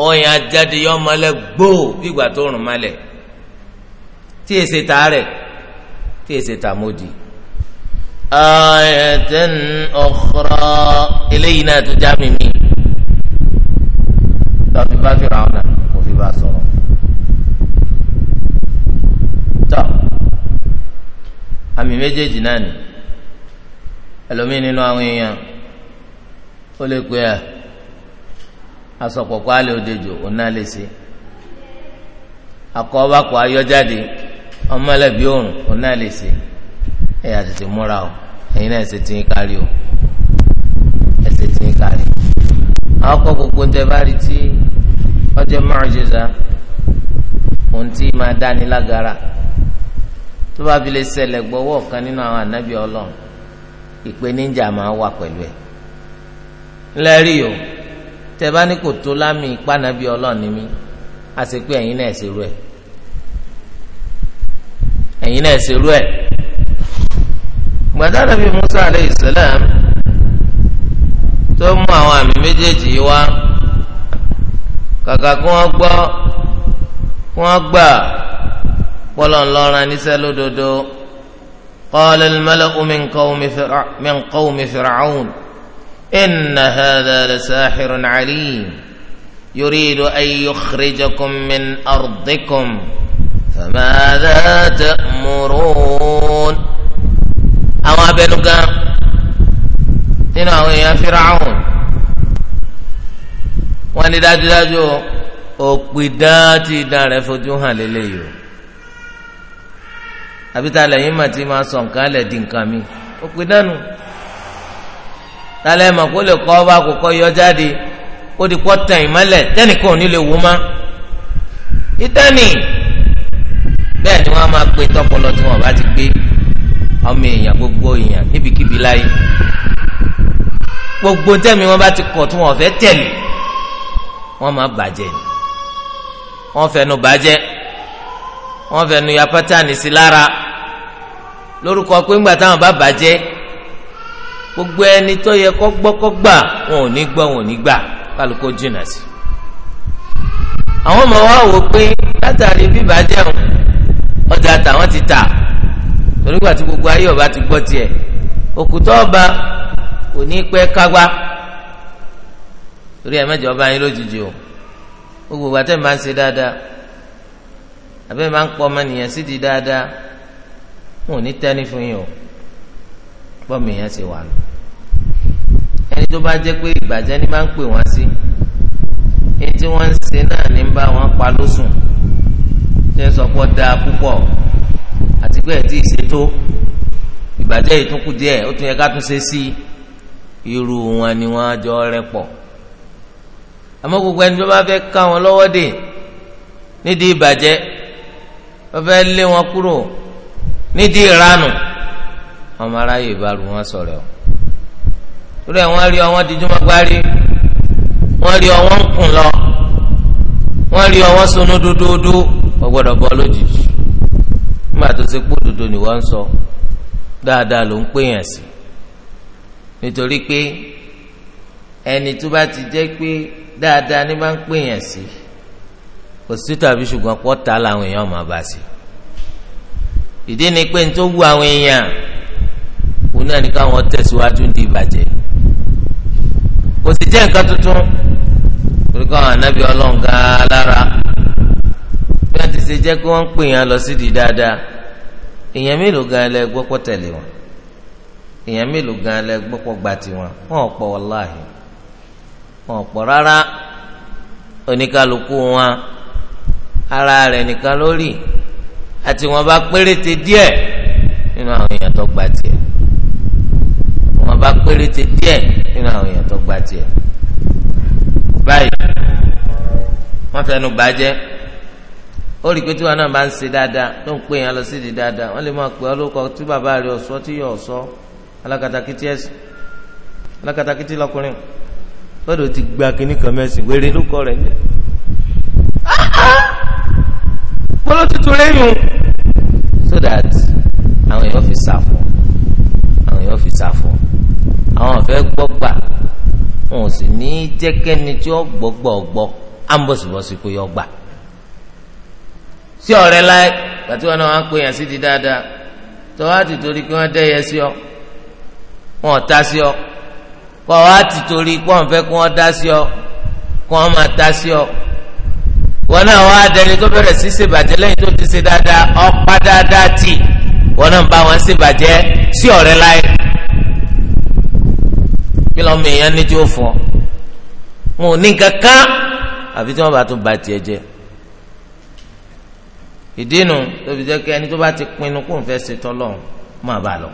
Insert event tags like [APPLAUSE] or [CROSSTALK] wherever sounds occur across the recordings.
ọwọ́ yẹn ajáde yọ ọmọlẹ̀ gbóò gbígbà tó rùn malẹ̀ tí èsè ta rẹ̀ tí èsè ta mọ́dì. ayatan ukhra eléyìí náà tó já mi mí tọ́fi bá fi ràn án kò fi bá sọ̀rọ̀. tọ́ àmì méjèèjì náà ni ẹlòmíín nínú àwọn èèyàn ó lè pè é asọ̀pọ̀pọ̀ alẹ́ òdejò ọ̀nà lè ṣe akọ́bàpọ̀ ayọ́jáde ọmọlẹ́bí òrùn ọ̀nà lè se ẹ̀yà tètè múra o ẹ̀yin náà ẹ̀sẹ̀ tí ń kárí o ẹ̀sẹ̀ tí ń kárí àwọn kọ́ gbogbo ǹjẹ́ bá rí tí ọjọ́ mọ́ọ̀jẹ́sà ohun tí máa dáni lágara tó bá fi lè ṣẹlẹ̀ kan nínú àwọn ànábì ọlọ́run ìpèníjà máa wà pẹ̀lú ẹ̀ ńlẹ́rìí o tẹ́bá ní kò tó lámì ìpànàbí ọlọ́ọ̀ni mi a sì pé ẹ̀yin náà ṣerú ẹ̀ ẹ̀yin náà ṣerú ẹ̀ gbàdá nàbí Musa aleyhi salam tó mú àwọn àmì méjèèjì wá kàkà kí wọ́n gbọ́ kí wọ́n gbà pọ́lọ̀ ńlọrọ̀ níṣẹ́ lódodo qala al mala'u min qawmi fir'aun. إن هذا لساحر عليم يريد أن يخرجكم من أرضكم فماذا تأمرون àwọn abẹnugan nínú àwọn èèyàn Fíráùn wọ́n ní dájúdájú òpìdán tí idán rẹ̀ fojú hàn lélẹyìí o àbí ta lẹ́yìn mà tí máa sọ nǹkan lẹ di nǹkan mi òpìdán nù lálẹ́ mọ̀ kó lè kọ́ ọba kò kọ́ yọ jáde ó di kọ́ tàn ìmọ́lẹ̀ tẹ́nìkan ò ní lè wò má. ìtẹ́nì bẹ́ẹ̀ ni wọ́n á máa pe tọpọlọ tí wọ́n bá ti gbé ọmọ èèyàn gbogbo èèyàn níbikíbi láyé gbogbo tẹ́mi wọ́n bá ti kọ̀ tí wọ́n fẹ́ tẹ̀lé wọ́n máa bàjẹ́ ni wọ́n fẹnu bàjẹ́ wọ́n fẹnu ya pátánì sí lára lórúkọ pé ńgbà táwọn bá bàjẹ́ gbogbo ẹni tó yẹ kó gbọ́ kó gbà wọn ò ní gbọ́ wọn ò ní gbà kálukó jìnnà sí. àwọn ọmọ wa wò pé látàrí bíbàjẹ́ òun ọjà tàwọn ti tà torígbà tí gbogbo ayé ọba ti gbọ́ tiẹ̀ òkútọ́ ọba kò ní pẹ́ kágbá torí ẹ̀ ọba yín lójijì o gbogbo ìgbà tẹ́ máa ń ṣe dáadáa àbẹ́ máa ń pọ̀ ọmọ nìyẹn sídìí dáadáa wọn ò ní tẹ́ni fún yín o. bọ́ọ̀mù yẹn ṣe wà nù ẹni tó bá jẹ́ pé ìbàjẹ́ ni máa ń pè wọ́n sí ẹni tí wọ́n ń ṣe náà ní bá wọn pa lóṣùn ṣe ń sọ pé dáa púpọ̀ àti pé ẹ̀ tí ì ṣètò ìbàjẹ́ yìí tún kù díẹ̀ ó tún yẹ ká tún ṣe sí irú wọn ni wọ́n jọ rẹ́ pọ̀ àmọ́ gbogbo ẹni tó bá fẹ́ ká wọn lọ́wọ́ dè nídìí ìbàjẹ́ wọ́n fẹ́ lé wọn kúrò nídìí ìranù ọmọ aráyè ìbáru wọn sọ̀rọ̀ ọ torí ẹ wọ́n rí ọ wọ́n dijú magbárí wọ́n rí ọ kùn lọ wọ́n rí ọ wọ́n dúdúdú wọ́n gbọ́dọ̀ lójijì nígbà tó ṣe pé òdodo ni wọ́n ń sọ dáadáa ló ń pè yàn sí nítorí pé ẹni tó bá ti jẹ́ pé dáadáa ni máa ń pè yàn sí kò sí tàbí ṣùgbọ́n pọ́ta làwọn èèyàn máa bá sí ìdí ni pé ní tó wu àwọn èèyàn òun náà ní káwọn tẹ̀síwájú di ìbàjẹ́ kò sì jẹ́ nǹkan tuntun torí káwọn anábì ọlọ́run gan lára bí wọ́n ti ṣe jẹ́ kí wọ́n ń pè yàn lọ sídìí dáadáa èèyàn mélòó gan lẹ gbọ́pọ̀ tẹ̀lé wọn èèyàn mélòó gan lẹ gbọ́pọ̀ gba tiwọn wọn ò pọ̀ wọláhì wọn ò pọ̀ rárá oníkálukú wọn ara rẹ̀ nìkan lórí àti wọn bá péréte díẹ̀ nínú àwọn èèyàn tó gba tiẹ̀ bá péréte díẹ̀ nínú àwọn èèyàn tó gba tiẹ̀ báyìí wọ́n fẹnu bàjẹ́ ó rí i pé tí wọn náà bá ń ṣe dáadáa tó ń pè yẹn lọ sí di dáadáa wọ́n lè máa pè ọ́ lóko tí bàbá rẹ̀ ọ̀sọ́ tí yóò ọ̀sọ́ alákatakítí ẹ̀sìn alákatakítí lọkùnrin lọ́dọ̀ ti gba kínní kan mẹ́sìn wéré lóko rẹ̀ ń jẹ́ kọ́lọ́ tuntun lẹ́yìn so that àwọn èèyàn fi sá fún àwọn èèyàn fi sá fún àwọn ọ̀fẹ́ gbọ́gbà wọn ò sì ní jẹ́kẹ́ni tí ó gbọ́gbà ọ̀gbọ́ ámbọ̀sibọ̀sì kò yọ gbà sí ọ̀rẹ́ láì gbàtí wọn náà wọn pè yàn sí di dáadáa tó wá ti torí pé wọn dẹ́yẹ sí ọ wọn ò ta sí ọ kọ́ wá ti torí pé wọn fẹ́ kí wọ́n dá sí ọ kí wọ́n máa ta sí ọ wọn náà wá dẹni tó bẹ̀rẹ̀ sí ṣèbàjẹ́ lẹ́yìn tó ti ṣe dáadáa ọ̀pá dáadáa tì wọn náà bá wọn ṣèbàjẹ́ sí ọ̀rẹ́ láì kí lọ́mọ èèyàn ní tí ó fọ́ wọn ò ní kankan àfi tí wọ́n bá tún ba tiẹ̀ jẹ́ ìdí nu tóbi jẹ́ kí ẹni tó bá ti pinnu kó n fẹ́ ṣe tọ́lọ́hún máa bá lọ.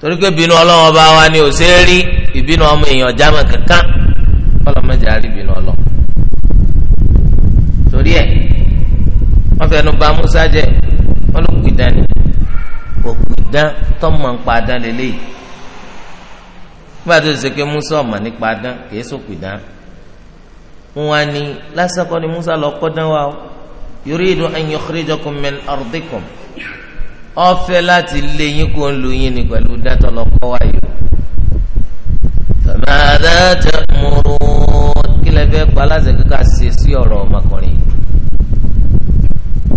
torí pé ìbínú ọlọ́wọ́n bá wa ni ò ṣe é rí ìbínú ọmọ èèyàn jámọ̀ kankan ọlọ́mọdé àrí ìbínú ọlọ́wọ́. torí ẹ̀ wọ́n fẹnu ba Musa jẹ́ wọ́n ló pìdán ni òpìdán tọ́mọ̀ ń pa dán lélẹ́yìí nígbà tó ṣe pé musa ọmọ nípa dán kìí sòkè dán wọn ni lásìkò ni musa lọ kọ́ dán wa o yuridu an yukhrijakum min ardikum ó fẹ́ láti lé yín kó ń lu yín ni pẹ̀lú dátọ lọ kọ́ wa yìí fàmàdà tẹ múrú kílẹ̀ fẹ́ pa aláṣẹ kíkà ṣe sí ọ̀rọ̀ ọmọkùnrin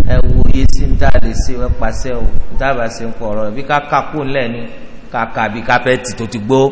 ẹ wo iye tí ń tà lè ṣe pàṣẹ o dábàá ṣe ń kọ ọ̀rọ̀ bí ká kakú ńlẹ̀ ni kàkà bí kápẹ́ẹ̀tì tó ti gbó.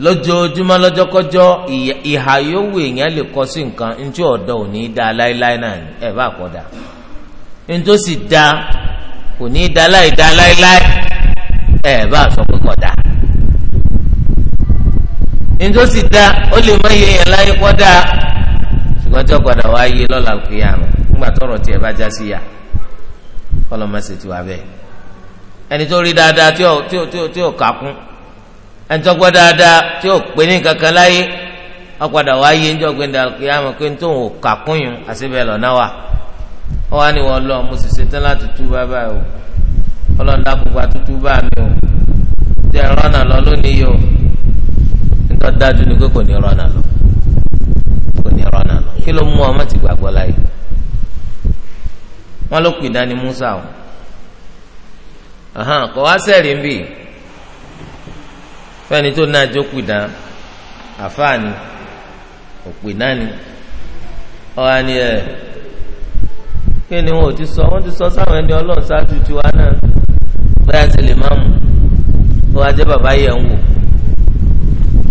lójoojúmọ́ lọ́jọ́kọ́jọ́ ìhà yòówù èèyàn lè kọ sí nǹkan ntí ọ̀dọ́ ò ní í da láéláé náà ẹ̀ bá kọ́ ntòsí da kò ní í da láì da láéláé ẹ̀ bá sọ pé ntòsí da ó lè má yẹ láyé ṣùgbọ́n tí wá yé lọ́la nígbà tọrọ tiẹ̀ bá já sí yà kọ́lọ́ ẹnitọ́gbọ́ dáadáa tí ó pè ní kankan láyé wọ́n padà wá yé njọ́ gbé ndàlùkì àmọ́ pé n tó ń kà kúnyùn àṣebẹ̀ lọ́nà wa wọ́n wá ní wọ́n lọ mo sì ṣetán láti tú bàbá o ọlọ́dà gbogbo àtútù bá mi o tẹ rọ́nà lọ lónìí yìí o nítorí wọ́n dájú ni pé kò ní rọ́nà lọ kò ní rọ́nà lọ kí ló mú ọmọ ti gbàgbọ́ láyé wọ́n ló pè dání Musa o kò wá sẹ́rìí ń bì í fẹ́ni tó náà jókòó dán àfáàní òpè náà ni ọ̀hà ni ẹ̀ kí ni wọn ò ti sọ wọn ti sọ sáwọn ẹni ọlọ́run ṣáájú ju wa náà bóyá sì lè má mú kó wá jẹ́ bàbá yẹ̀ ń wò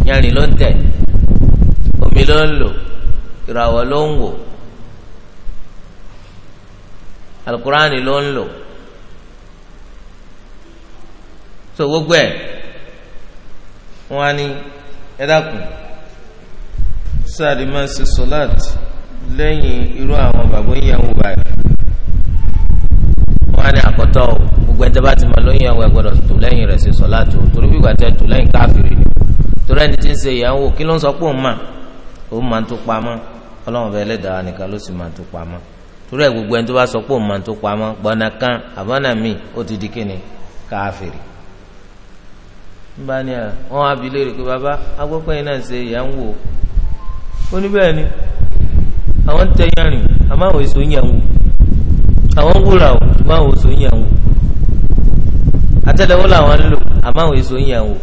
yanrìn ló ń tẹ̀ omi ló ń lò ìràwọ̀ ló ń wò alukuraani ló ń lò so gbogbo ẹ̀ wọn á ní ẹ dákun sáàdì máa ń ṣe sọláàt lẹ́yìn irú àwọn bàbá ìyàwó báyìí wọn á ní àkọ́tọ́ gbogbo ẹni tó bá ti máa lóyún àwọn ẹgbẹ́dọ̀ tó lẹ́yìn rẹ̀ ṣe sọláàt o torí bí ìgbà tẹ́ tó lẹ́yìn káfíìrì ni torí ẹni tí ń ṣe ìyàwó kí ló ń sọ pé òun mà òun máa ń tó pamọ́ ọlọ́run bẹ́ẹ̀ lẹ́dàá nìkan ló sì máa ń tó pamọ́ torí ẹ gbogbo ẹni tó bá sọ pé òun máa ń tó pamọ́ gbọ́nà bá ní à wọn á bi léèrè pé bàbá agbọ́pẹ́ yìí náà ṣe ìyá ń wò ó ní bẹ́ẹ̀ ni àwọn tẹ yanrìn àmọ́ àwọn èso yàn wò àwọn wúrà o ṣùgbọ́n àwọn èso yàn wò àtẹ́lẹwọ́ làwọn ń lò àmọ́ àwọn èso yàn wò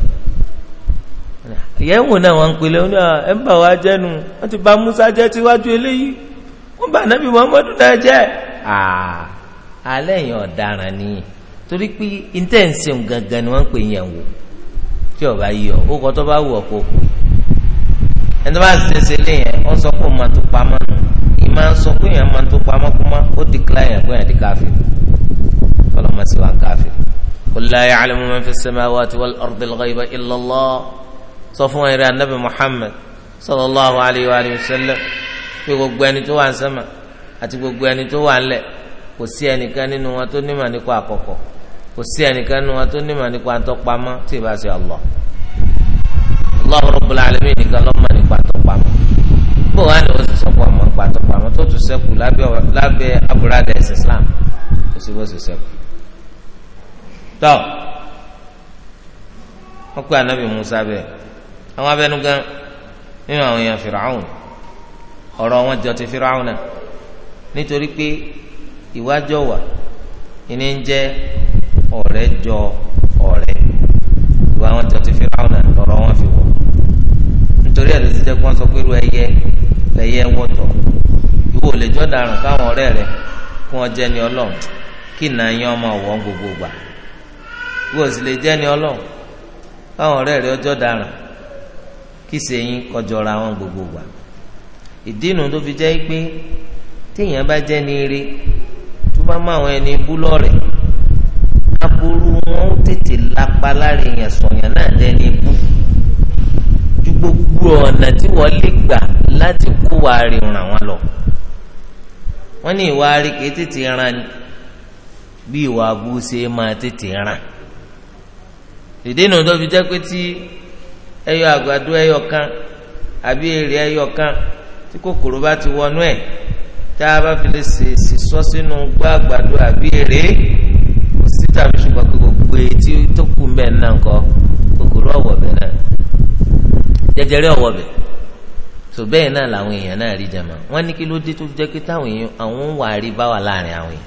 ìyá ń wò náà wọn ń pèlè wọn ní à ẹ ń bà wá jẹ́nu wọn ti bà Musa jẹ́ tiwájú eléyìí wọn bà nàbí Muhammadu náà jẹ́ àlẹ́ yẹn ọ̀daràn nìyẹn torí pé intention gangan tí o bá yọ ó kọ́ tó bá wù ọ́ kó kù ẹni tó bá ṣẹṣẹ léyìn ọ sọ pé o máa tó pamọ́ nù ìmọ̀ sọ pé èèyàn máa tó pamọ́ kó má ó ti kílá yẹn pé èèyàn di káfíìn kọ́lọ́ máa sì wá káfíìn. qul la ya'lamu man fi as-samawati wal ardi al-ghayba sọ fún wọn yẹrẹ anabi Muhammad sallallahu alayhi wa sallam pé gbogbo ẹni tó wà ń àti gbogbo ẹni tó wà ń kò sí ẹnìkan nínú wọn tó nímọ̀ nípa àkọ́kọ́ kò sí ẹnìkan nu wọn tó ní màá nípa tó pamọ́ tí ì bá ṣe Allah Allah Rabbul Alamin nìkan ló mọ̀ nípa tó pamọ́ bó wà ní oṣù sọ́kù àmọ́ nípa tó pamọ́ tó tún sẹ́kù lábẹ́ àbúradà ẹ̀sìn Islam kò sí bó ṣe sẹ́kù. tọ́ wọ́n pe anabi Musa bẹ́ẹ̀ àwọn abẹnugan nínú àwọn èèyàn Fir'aun ọ̀rọ̀ wọn jọ ti Fir'aun náà nítorí pé ìwájọ wà ìní ń jẹ́ ọ̀rẹ́ jọ ọ̀rẹ́ ìwà àwọn jọ ti fíráwọn náà lọ́rọ́ wọn fi wọ nítorí ẹ̀ ló ti jẹ́ kí sọ pé irú ẹyẹ ẹyẹ ń ìwọ jọ dàrún káwọn ọ̀rẹ́ rẹ kí wọ́n jẹ́ ni ọlọ́run kí ìnà ọmọ gbogbo gbà ìwọ sì lè jẹ ni káwọn rẹ kí gbogbo gbà tó fi jẹ́ pé téèyàn bá jẹ́ eré tó bá aburú wọn ó tètè lápá láàrin yẹn sọ̀yàn náà dẹni ibú ju gbogbo ọ̀nà tí wọ́n lè gbà láti kó wa rìnrìn wọn lọ wọ́n ní ìwà àríkè tètè ràn ní bí ìwà abú ṣe máa tètè ràn ìdènà tó fi jẹ́ pé tí ẹyọ àgbàdo ẹyọ kan àbí èrè ẹyọ kan tí kòkòrò bá ti wọnú ẹ̀ tá a bá fi lè ṣe sísọ sínú gbọ́ àgbàdo àbí èrè sí tàbí ṣùgbọ́n pé gbogbo etí tó kù ń bẹ̀ náà kọ́ kòkòrò ọ̀wọ̀ bẹ̀ náà jẹjẹrẹ ọ̀wọ̀ bẹ̀ tó bẹ́ẹ̀ náà làwọn èèyàn náà rí jama wọ́n ní kí ló dé tó fi jẹ́ pé táwọn èèyàn àwọn ń wà rí bá wà láàrin àwọn èèyàn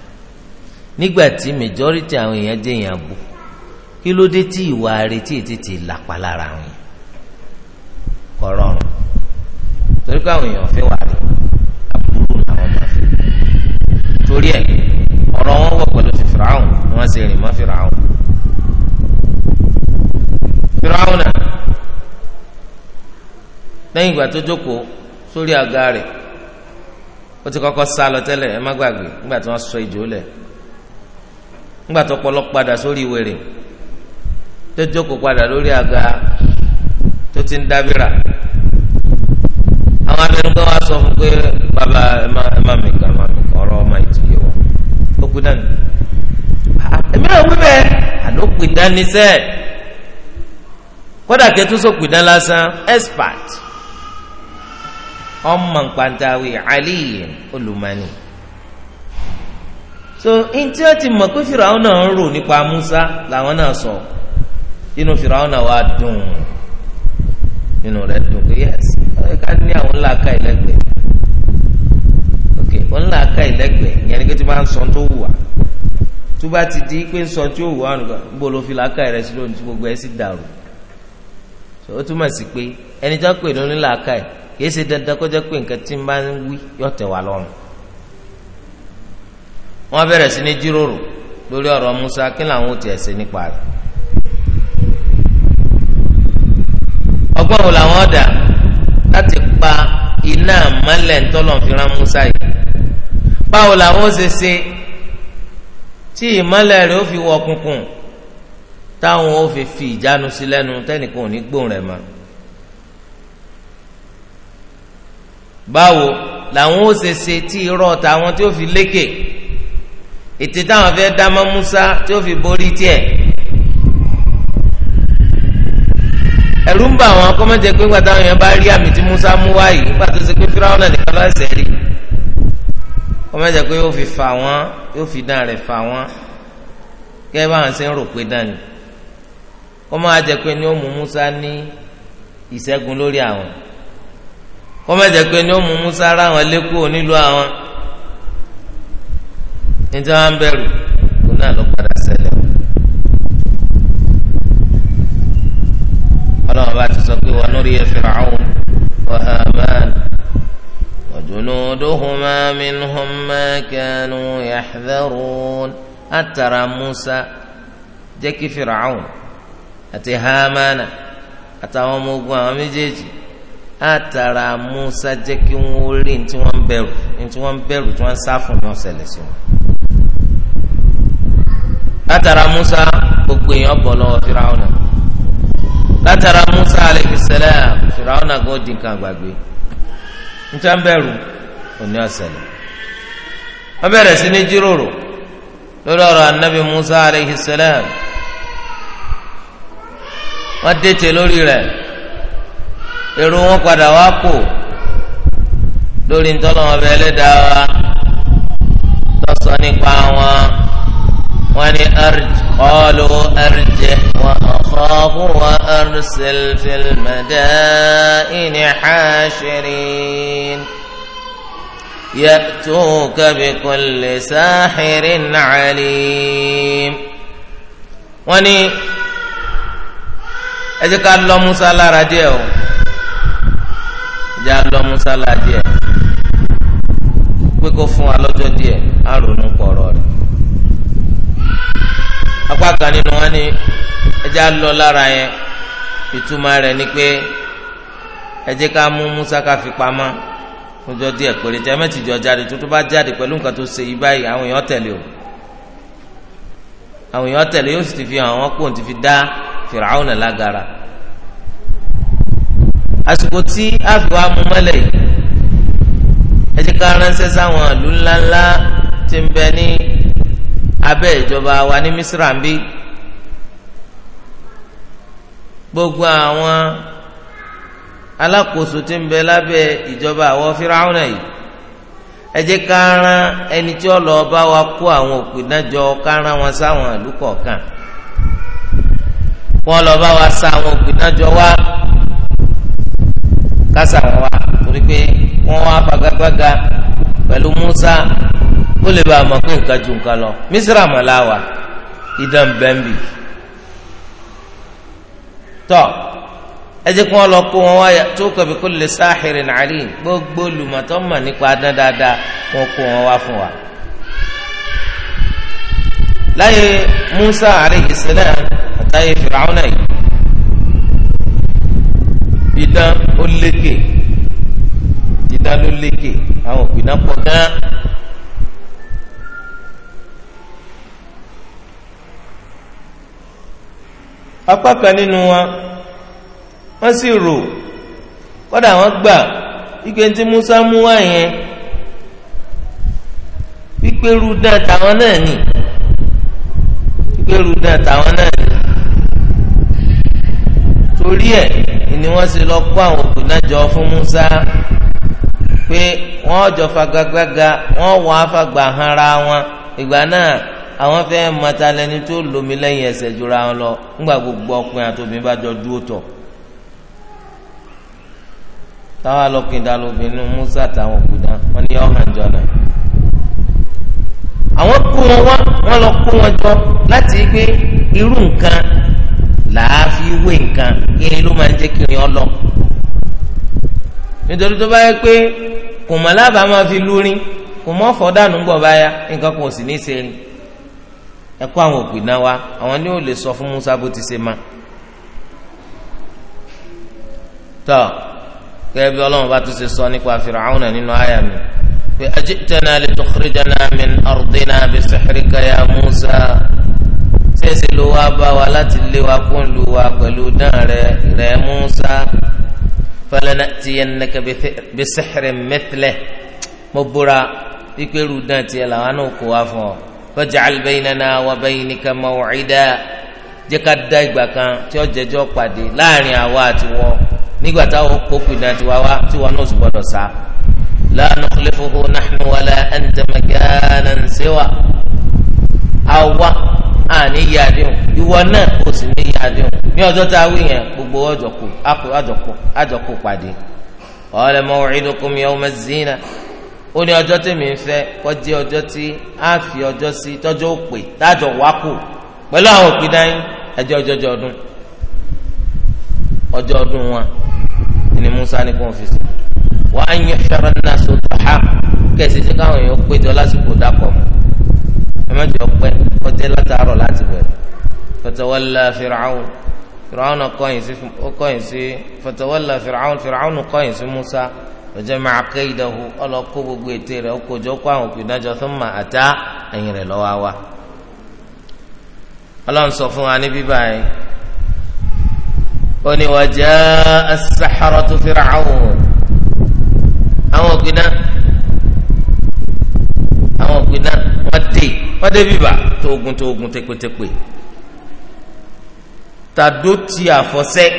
nígbà tí majority àwọn èèyàn jẹ́ èèyàn bù kí ló dé tí ìwà retí tètè làpá lára àwọn èèyàn kọ́ rọrùn torí pé àwọn èèyàn fẹ́ wà rí àbúrò làwọn máa fi firaun ni wọ́n ṣe rìn mọ́ fìràwùn. fìràwùn ìgbà tó jókòó sórí àga ó ti kọ́kọ́ sá lọ tẹ́lẹ̀ ẹ má gbàgbé nígbà tí wọ́n sọ ìjó lẹ̀ nígbà tó pọlọ padà sórí wèrè tó jókòó padà lórí àga tó ti ń dábìrà àwọn abẹnugan wa sọ fún pé bàbá ẹ má mi kàn èmi ò wí bẹ́ẹ̀ àló pìdán kódà expert ọmọ nǹkantawe aliyu olumani so ntí ti mọ̀ pé fìràwọ́ náà ń rò nípa Musa làwọn náà sọ inú fìràwọ́ náà wà dùn inú rẹ̀ dùn pé yẹs ká ní àwọn ok wọ́n ìlẹ́gbẹ̀ẹ́ ìyẹn ni kí tí wọ́n á sọ tó wù wá. tó bá ti di pé ń sọ tí ó wù ọ́nù kan níbo ló fi làákà rẹ sí lónìí tí gbogbo ẹ sì dàrú ó túmọ̀ sí pé ẹni tó pè lónìí làákà yìí kì í ṣe dandan kó jẹ́ pé nǹkan tí ń bá ń wí tẹ̀ wá lọ́rùn wọ́n bẹ̀rẹ̀ Musa kí làwọn ò tiẹ̀ ṣe nípa rẹ̀ ọgbọ́n wo làwọn ọ̀dà láti pa iná mọ́lẹ̀ Musa yìí báwo làwọn ó tí ìmọ́lẹ̀ rẹ̀ ó fi wọ kunkun táwọn ó fi fi ìjánu sí lẹ́nu tẹ́nìkan ò ní gbóhùn rẹ̀ mọ́. báwo làwọn ó ṣe ṣe tí irọ́ tàwọn tí ó fi lékè ètè táwọn fẹ́ dá mọ́ Musa tí ó fi borí tiẹ̀. ẹ̀rù ń bà wọn kọ́mọ́jẹ pé ńgbà táwọn èèyàn bá rí àmì tí Musa mú wáyé nígbà tó ṣe pé Fíráwọn nìkan lọ́sẹ̀ rí kọ́mọ́jẹ pé ó fi fà wọ́n yóò fi dán rẹ̀ fà wọ́n kẹ́ bá wọn ṣe ń rò pé dání kó máa jẹ pé ní ó mú Musa ní ìṣẹ́gun lórí àwọn kó máa jẹ pé ní ó mú Musa ráwọn lẹ́kọ̀ọ́ nílùú àwọn níta wọn bẹ̀rù kó náà lọ padà ṣẹlẹ̀ ọlọ́run bá ti sọ pé wọn lórí ẹ Fir'aun wa Haman. جلودهما منهم ما كانوا يحذرون أترى موسى جكي فرعون أتي هامان أتاهم ogun àwọn méjèèjì àtàrà Musa jẹ́ kí wọ́n rí ní tí wọ́n ń bẹ̀rù ní tí wọ́n ń bẹ̀rù tí wọ́n ń sá fún ní ọ̀sẹ̀lẹ̀ sí wọn. látàrà Musa gbogbo èèyàn bọ̀ lọ́wọ́ Firaona látàrà Musa aleyhi salam Firaona gan di nǹkan àgbàgbé níta ń bẹ̀rù òní ọ̀sẹ̀lẹ̀ wọ́n bẹ̀rẹ̀ sí ní jíròrò lórí ọ̀rọ̀ anabi musa aleyhi salam wọ́n dẹ́tẹ̀ lórí rẹ̀ èrò wọn padà wá kò lórí ntọ́lọ́mọbẹ ẹlẹ́dàá wa tọ́sọ nípa wọn wọ́n ní qalu arjih wa akhafu wa arsil fil madaini hashirin ya'tuka bikulli sahirin alim wọ́n ní ẹ jẹ́ ká lọ Musa lára díẹ̀ o jẹ́ lọ Musa lára díẹ̀ pé kó fún wa lọ́jọ́ díẹ̀ á ronú pọ̀rọ̀ rẹ̀ apá kan nínú wọn ni ẹja lọ lára yẹn ìtumọ̀ rẹ̀ ni pé ẹ jẹ́ ká mú Musa ká fi pamọ́ fúnjọ díẹ̀ péré jẹ́ mẹ́tìjọ jáde tó tó bá jáde pẹ̀lú nǹkan tó ṣe yí báyìí àwọn èèyàn tẹ̀lé o àwọn èèyàn tẹ̀lé yóò sì ti fi hàn wọ́n pò ti fi dá Fìràwọn lágara àsìkò tí àfihàn amúmọ́lẹ̀ yìí ẹ ká ránṣẹ́ sáwọn ìlú ńláńlá tí ń bẹ ní abẹ́ ìjọba wa ní Misra ń bí gbogbo àwọn alákòóso tí ń bẹ lábẹ́ ìjọba àwọn Fíráúnà yìí ẹ jẹ́ ká rán ẹni tí ó lọ bá wa kó àwọn òpìdájọ ká rán wọn sáwọn ìlú kọ̀ọ̀kan wọn lọ bá wa sa àwọn òpìdájọ wa kásà wọn wa torí pé wọn wá fagagbága pẹ̀lú Musa. ó lè bá a mọ̀ pé nǹkan ju nǹkan lọ mísírà mọ̀láwà idán bẹ́ńbì tọ́ ẹ jẹ́ kí wọ́n lọ kó wọn wáyà tó kọ̀bí kó lè sáàhìrì nàálì gbogbo olùmọ̀tọ́ mọ̀ nípa adán dáadáa wọn kó wọn wá fún wa. láyé Musa alayhi salam àtàyè fìràwọ́nà yìí idán ó lékè idán ló lékè àwọn òpinna pọ̀ gan-an. apá kan nínú wọn wọ́n sì rò kódà wọ́n gbà wípé tí Musa mú wá yẹn wípé rúdà táwọn náà nì wípé rúdà táwọn náà nì torí ẹ̀ ni wọ́n sì lọ kó àwọn òkú náà jọ fún Musa pé wọ́n jọ fagagbága wọ́n wọ́n afagbà hanra wọn ìgbà náà àwọn fẹ́ mọta lẹni tó lomi lẹ́yìn ẹsẹ̀ jura wọn lọ ńgbà gbogbo ọkùnrin àtòbìnrin bá jọ dúró tọ̀ táwọn alọ́kìndá lóbìnrin Musa táwọn òkúta wọn ni ọ̀hàn jọ náà àwọn kó wọn wá wọn lọ kó wọn jọ láti gbé irú nǹkan làáfi wé nǹkan yẹn ló máa ń jẹ́ kí lọ pé kò mọ̀ fi lórí kò mọ̀ fọ́ dànù ẹ kó àwọn òpè náà wá àwọn ni ó lè sọ fún Musa bó ti ṣe ma tọ gẹ́gẹ́ bí Ọlọ́run bá tún ṣe sọ nípa Fir'auna nínú àyà mi pé ajitana litukhrijana min ardina bisihrika ya Musa ṣèṣe ló wá bá wa láti lé wa kó ń lu wa pẹ̀lú dán rẹ rẹ Musa falana'tiyannaka bisihrin mithlihi mo búra ikú eru dán làwọn náà kó wa fún ọ waj'al baynana wa baynaka maw'ida jẹ́ ká dá ìgbà kan tí ó jẹjọ́ pàdé láàrin àwa àti wọ́ nígbà táwọn kókò iná tiwa wá tí wọn náà sì gbọdọ̀ sá. la nukhlifuhu nahnu wala anta makanan siwa. àwa àní yí ìwọ náà ó sì ní yí ní ọjọ́ tá a wí yẹn gbogbo àjọkò àjọkò pàdé. qala maw'idukum yawma az-zina ó ní ọjọ́ tèmi ń fẹ́ kọjá ọjọ́ tí a fi ọjọ́ sí tọ́jú òpè tájọ wákò pẹ̀lú àwọn òpin dání ẹjọ́ ọjọ́jọ́ ọdún ọjọ́ ọdún wọn ni Musa ní kó n fi sí wa an yuhshara an-nasu duha kẹsì tí káwọn èèyàn péjọ lásìkò dákọ̀ ẹ má jọ pẹ́ kọjá látàárọ̀ láti bẹ̀rẹ̀ fatawalla Fir'aun Fir'aun kọ̀yìn sí fatawalla Fir'aun Fir'aun kọ̀yìn sí Musa ọjọ́ máa ké ìdánwò ọlọ́kọ́ gbogbo ètè rẹ̀ ọkọ̀jọ́ kó àwọn òkú ìdájọ́ tó ń mà àtá ẹ̀yìn rẹ̀ lọ́wọ́ wa. ọlọ́run sọ fún wa ní bíbá yìí ó ní wa jaa as-saharatu Fir'aun àwọn òkú iná àwọn òkú iná wọ́n dé wọ́n dé bíbá tóògùn tóògùn tẹ́pẹ́tẹ́pẹ́ tàdó ti àfọ́sẹ́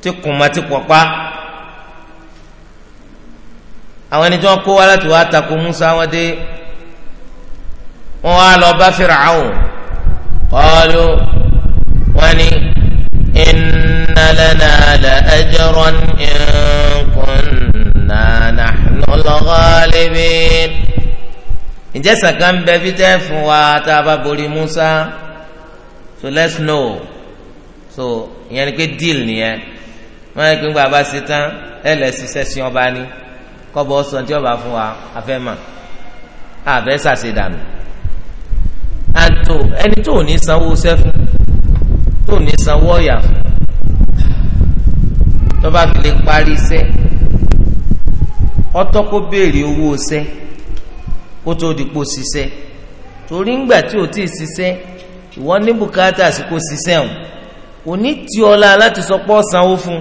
tí kùn máa ti pọ̀ pa àwọn ẹni tí wọ́n kó wá láti wá tako Musa wọ́n dé wọ́n wá lọ bá Fir'aun qalu wọ́n ní inna lana la ajran in kunna nahnul ghalibin ǹjẹ́ sàkà ń bẹ bí tẹ́ fún wa tá a bá borí Musa so let's know so ìyẹn ni pé deal nìyẹn wọ́n yẹ kí n gbà bá ṣe tán ẹ lẹ́ ṣiṣẹ́ sí ọba ni kọ́bọ̀ sọ tí ọba fún wa afẹ́ mọ̀ àfẹ́ sàṣedànù àtò ẹni tó ní sanwó sẹ́fún tó ní sanwó ọ̀yà fún tọ́ba fi lè parí iṣẹ́ ọtọ́ kó béèrè owó iṣẹ́ kó tó dìpọ̀ ṣiṣẹ́ torí ńgbà tí o ti ṣiṣẹ́ ìwọ ní bùkátà sí kó ṣiṣẹ́ òun òní tí ọlá láti sọ pé ó fún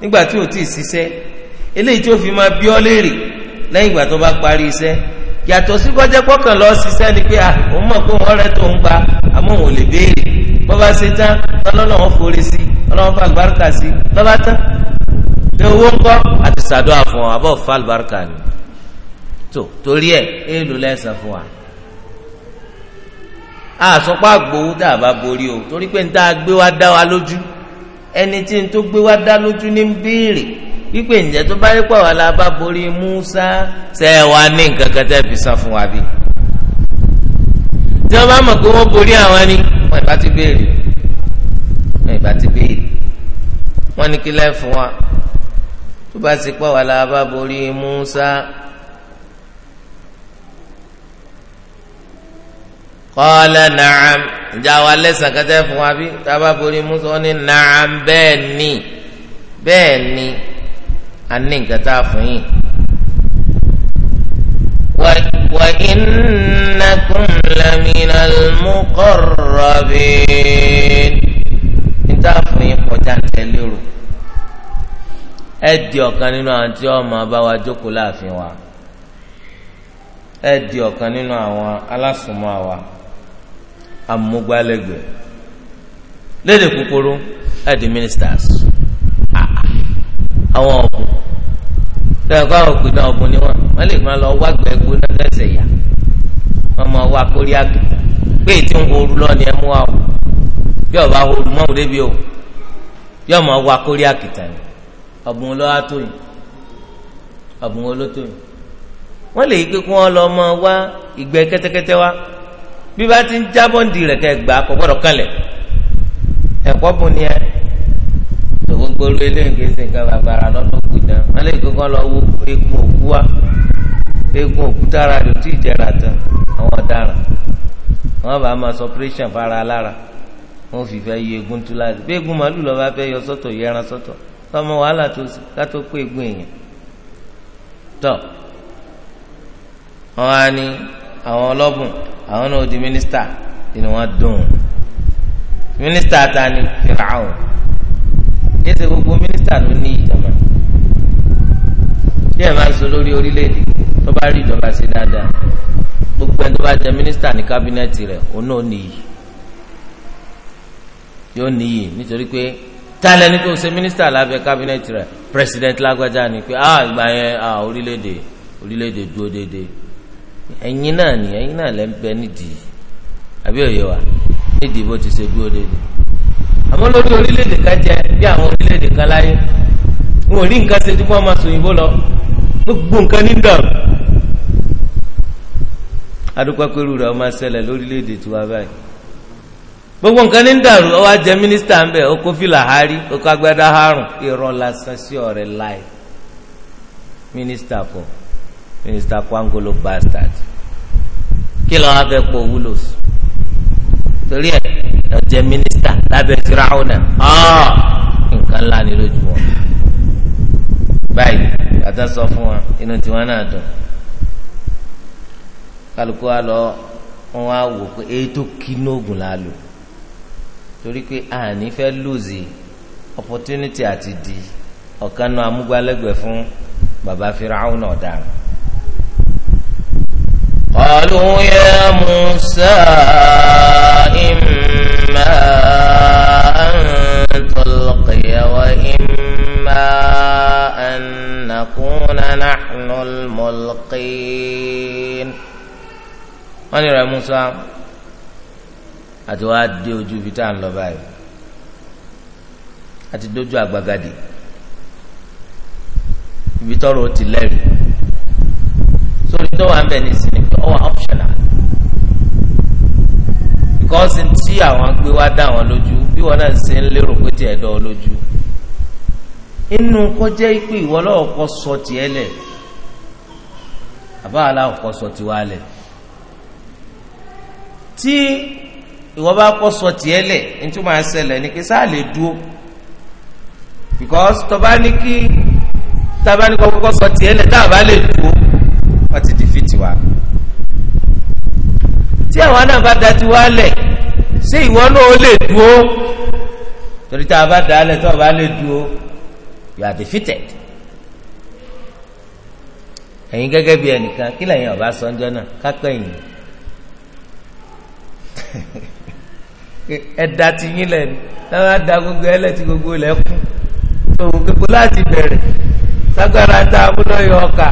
nígbà tí o ti ṣiṣẹ́ eléyìí tí ó fi máa bí ọ léèrè lẹ́yìn ìgbà tó bá parí iṣẹ́ yàtọ̀ sí kọjá pọ́kàn lọ ṣiṣẹ́ ni pé òun mọ̀ pé òun rẹ̀ tó ń gba àmọ́ òun ò lè béèrè bọ́ bá ṣe tán ọlọ́run forí sí ọlọ́run fa àlùbáríkà sí lọ́ba tán ṣé owó ń kọ́ àti ṣàdúrà fún ọ àbọ̀ fa àlùbáríkà ni tó torí ẹ̀ èèlò lẹ́sàn fún wa àsopọ̀ àgbòwú tá a bá borí o torí pé n tá gbé wá dá wa lójú ẹni tí n tó gbé wá dá lójú ní ń béèrè wípé ǹjẹ́ tó bá yẹ pọ̀ wá la bá borí Musa ṣe é wá ní nǹkan kan tẹ́ fi san fún wa bí. tí wọ́n bá mọ̀ pé wọ́n borí àwọn ni wọ́n ìbá ti béèrè wọ́n ìbá ti béèrè wọ́n ní kí fún wa tó bá ti pọ̀ wá la bá borí Musa. kọ́lá nàám ìjà wa lẹ́sàn kẹtẹ́ fún wa bí tá a bá borí Musa wọ́n ní nàám bẹ́ẹ̀ ni bẹ́ẹ̀ ni a ní nǹkan tá a fún yín. wa innakum laminal muqarrabin níta fún yín kọjá tẹ̀lé rò ẹ di ọ̀kan nínú àwọn tí ọmọ bá jókòó láàfin wa ẹ di ọ̀kan nínú àwọn alásùnmọ́ àwa amúgbálẹ́gbẹ̀ẹ́ lédè kúkúrú ẹ di ministers ah, ah. àwọn ọ̀bùn sọ̀rọ̀ kọ́ àwọn òpinnu ọ̀bùn ni wọ́n wọ́n lè máa lọ wá gbẹ́gbó náà lẹ́sẹ̀ yá wọ́n máa wá kórí àgbà pé ètí ń horu lọ́ni ẹ̀ mú wa o bí ọba horu mọ́ òun débi o bí ọmọ wa kórí àkìtà ni ọ̀bùn olówó tó yìí ọ̀bùn olówó tó yìí wọ́n lè yí pé kí wọ́n lọ mọ wá ìgbẹ́ kẹ́tẹ́kẹ́tẹ́ wa bí bá ti ń jábọ̀ ń di rẹ̀ kẹ́ gbà kọ́ gbọ́dọ̀ kalẹ̀ ẹ̀kọ́ bùn ni ẹ gbogbo eléyìí ṣe nǹkan bàbàrà lọ́nà òkúta wọn lè gbogbo lọ wo eegun òkú wa eegun òkúta ara rẹ̀ tí ìjẹra tán àwọn ọ̀daràn wọn bá máa sọ pírẹ́sàn fara alára wọn fi fẹ́ yọ eegun tú láti bí eegun màálù lọ́ba fẹ́ yọ sọ́tọ̀ yẹran sọ́tọ̀ tọmọ wàhálà tó sí ká tó kó eegun èèyàn tọ wọn á ní àwọn ọlọ́bùn àwọn náà di mínísítà ni wọ́n dùn mínísítà ta ni fìràwọ̀. kéésì gbogbo mínísítà ló ní ìjọba tí ẹ máa ń sọ lórí orílẹ̀-èdè rí ìjọba ṣe dáadáa gbogbo ẹni tó bá jẹ mínísítà ní kábínẹ́ẹ̀tì rẹ̀ òun náà níyì yóò níyì nítorí pé tálẹ̀ ní kó lábẹ́ rẹ̀ president lágbájá ni pé ah ìgbà yẹn ah orílẹ̀-èdè orílẹ̀-èdè ni ẹ̀yin náà lẹ́ ń bẹ nídìí àbí òye wa ti ṣe dúró àwọn lórí orílẹ̀-èdè kan jẹ bí àwọn orílẹ̀-èdè kan láyé wọn ò ní nǹkan ṣe tí wọ́n máa sòyìnbó lọ gbogbo nǹkan ní dàn. adúpẹ́pẹ́rù rẹ̀ ṣẹlẹ̀ lórílẹ̀-èdè tiwa báyìí gbogbo nǹkan ní dàrú ọwọ́ ajẹ́ mínísítà ń bẹ̀ ọkọ̀ fìlà hárí ọkọ̀ agbádá hárùn irọ́ lásán sí ọ̀rẹ́ láì mínísítà kọ́ mínísítà kwangolo bastard kí lọ́wọ́ torí ẹ ọjẹ mínísítà lábẹ́ firawuna ah! ọ nǹkan ńlá ni lójú wọn báyìí bàtà sọ fún wa inú tiwọn náà dùn kálukú wa lọ wọn wá wò pé ètò kínógùn la lò torí pé àní fẹ́ lùzì opportunity àti di ọ̀kan náà amúgbálẹ́gbẹ̀ẹ́ fún baba firawuna ọ̀daràn قالوا يا موسى إما أن تلقي وإما أن نكون نحن الملقين wọ́n ní rẹ̀ Musa àti wàá dé ojú ibi tá à ń lọ báyìí àti dójú àgbagadè ibi tọrọ ó ti lẹ́rìí torí tó wà ń bẹ̀ ní sinmi pé ó wà optional because tí àwọn gbé wá dá wọn lójú bí wọn náà ṣe ń lérò pé tiẹ̀ dán ọ lójú inú kọjá ipò ìwọ lọ́wọ́ kọ́ sọ tiẹ̀ lẹ̀ àbá aláwọ̀ kọ́ sọ tiwa lẹ̀ tí ìwọ bá kọ́ sọ tiẹ̀ lẹ̀ nítorí máa ṣẹlẹ̀ ní kí sáà lè dúró because tọba ní kí tábà ní kọ́ kọ́ sọ tiẹ̀ lẹ̀ tá a bá lè dúró wọ́n ti defeat wa. tí àwọn náà bá da tiwa lẹ̀ ṣé ìwọ náà ó lè dúró torí tá a bá da lẹ̀ tó a bá lè dúró you are defeated. ẹ̀yin gẹ́gẹ́ bí ẹnìkan kí lẹ́yìn ọ̀bá sọ́njọ́ náà kápẹ́yìn ẹ̀dá [LAUGHS] ti yín lẹ́nu náà da gbogbo ẹlẹ́tì gbogbo lẹ́kún tó gbogbo láti bẹ̀rẹ̀ sagbara ta múlò yọ ọkà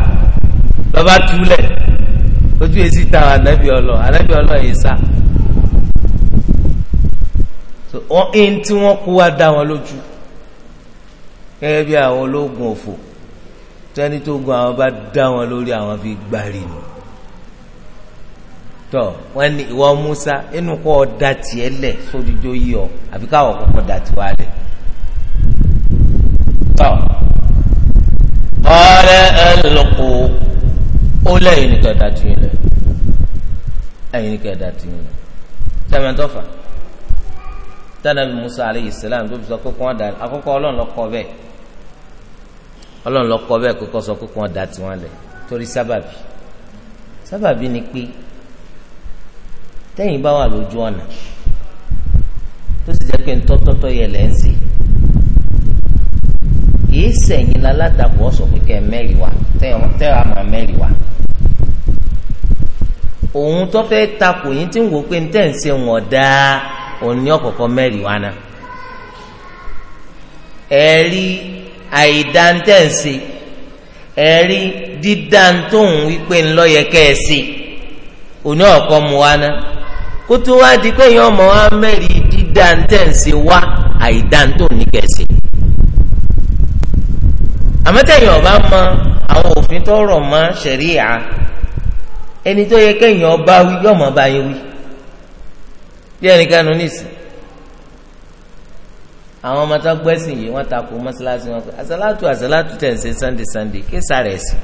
lọ́ba túlẹ̀ ojú èsì ta Anabi ọlọ Anabi ọlọ yìí sá wọn ẹni tí wọn kó wa dá wọn lójú gẹ́gẹ́ bí àwọn ológun òfò tẹni tó gun àwọn bá dá wọn lórí àwọn fi gbàrí ni tọ wọn ni ìwọ Musa inú kọ ọdà tiẹ̀ lẹ sódìjọ yìí ọ àfi káwọn kọ́kọ́ dà tiwa lẹ tọ. قال ألق O lẹ́yìn ní kẹ̀dá tì yín lẹ̀ ẹ̀yìn ní kẹ̀dá tì yín Musa aleyhi salam tó fi sọ pé kí da akọ́kọ́ ọlọ́run lọ lọ torí sábàbí sábàbí ni pé tẹ́yìn bá wà lójú ọ̀nà tó sì jẹ́ pé kìí sẹ̀yìn la látakò ọ̀sọ̀ pé kẹ́ mẹ́rì wá tẹ́ra máa mẹ́rì wá òun tó fẹ́ takò yín tí ń wò pé ntẹ́ ń ṣe wọ̀n dáa òun ní ọ̀kọ̀ọ̀kọ̀ mẹ́rì wá náà ẹ̀rí àìdáńtẹ́ ń ṣe ẹ̀rí dídáńtóhùn wípé ńlọ́yẹ kẹ́ ẹ ṣe òní ọ̀kọ́ mu wá náà kó tó wá di pé èèyàn ọmọ wa mẹ́rì dídáńtẹ́ ń ṣe wá àìdáńtóhùn ní kẹ́ ẹ ṣe àmọ́tẹ̀yìn ọba mọ àwọn òfin tó rọ̀ mọ́ ṣẹ̀ríà ẹni tó yẹ kẹ́yìn ọba wí yọ̀mọ̀ ọba yẹn wí bí ẹnìkan nù nísì àwọn ọmọ tó gbẹ́sìn yìí wọ́n takò mọ́ṣáláṣí wọn pé àṣàlátù àṣàlátù tẹ̀ ń ṣe sunday sunday kí sáré ẹ̀sìn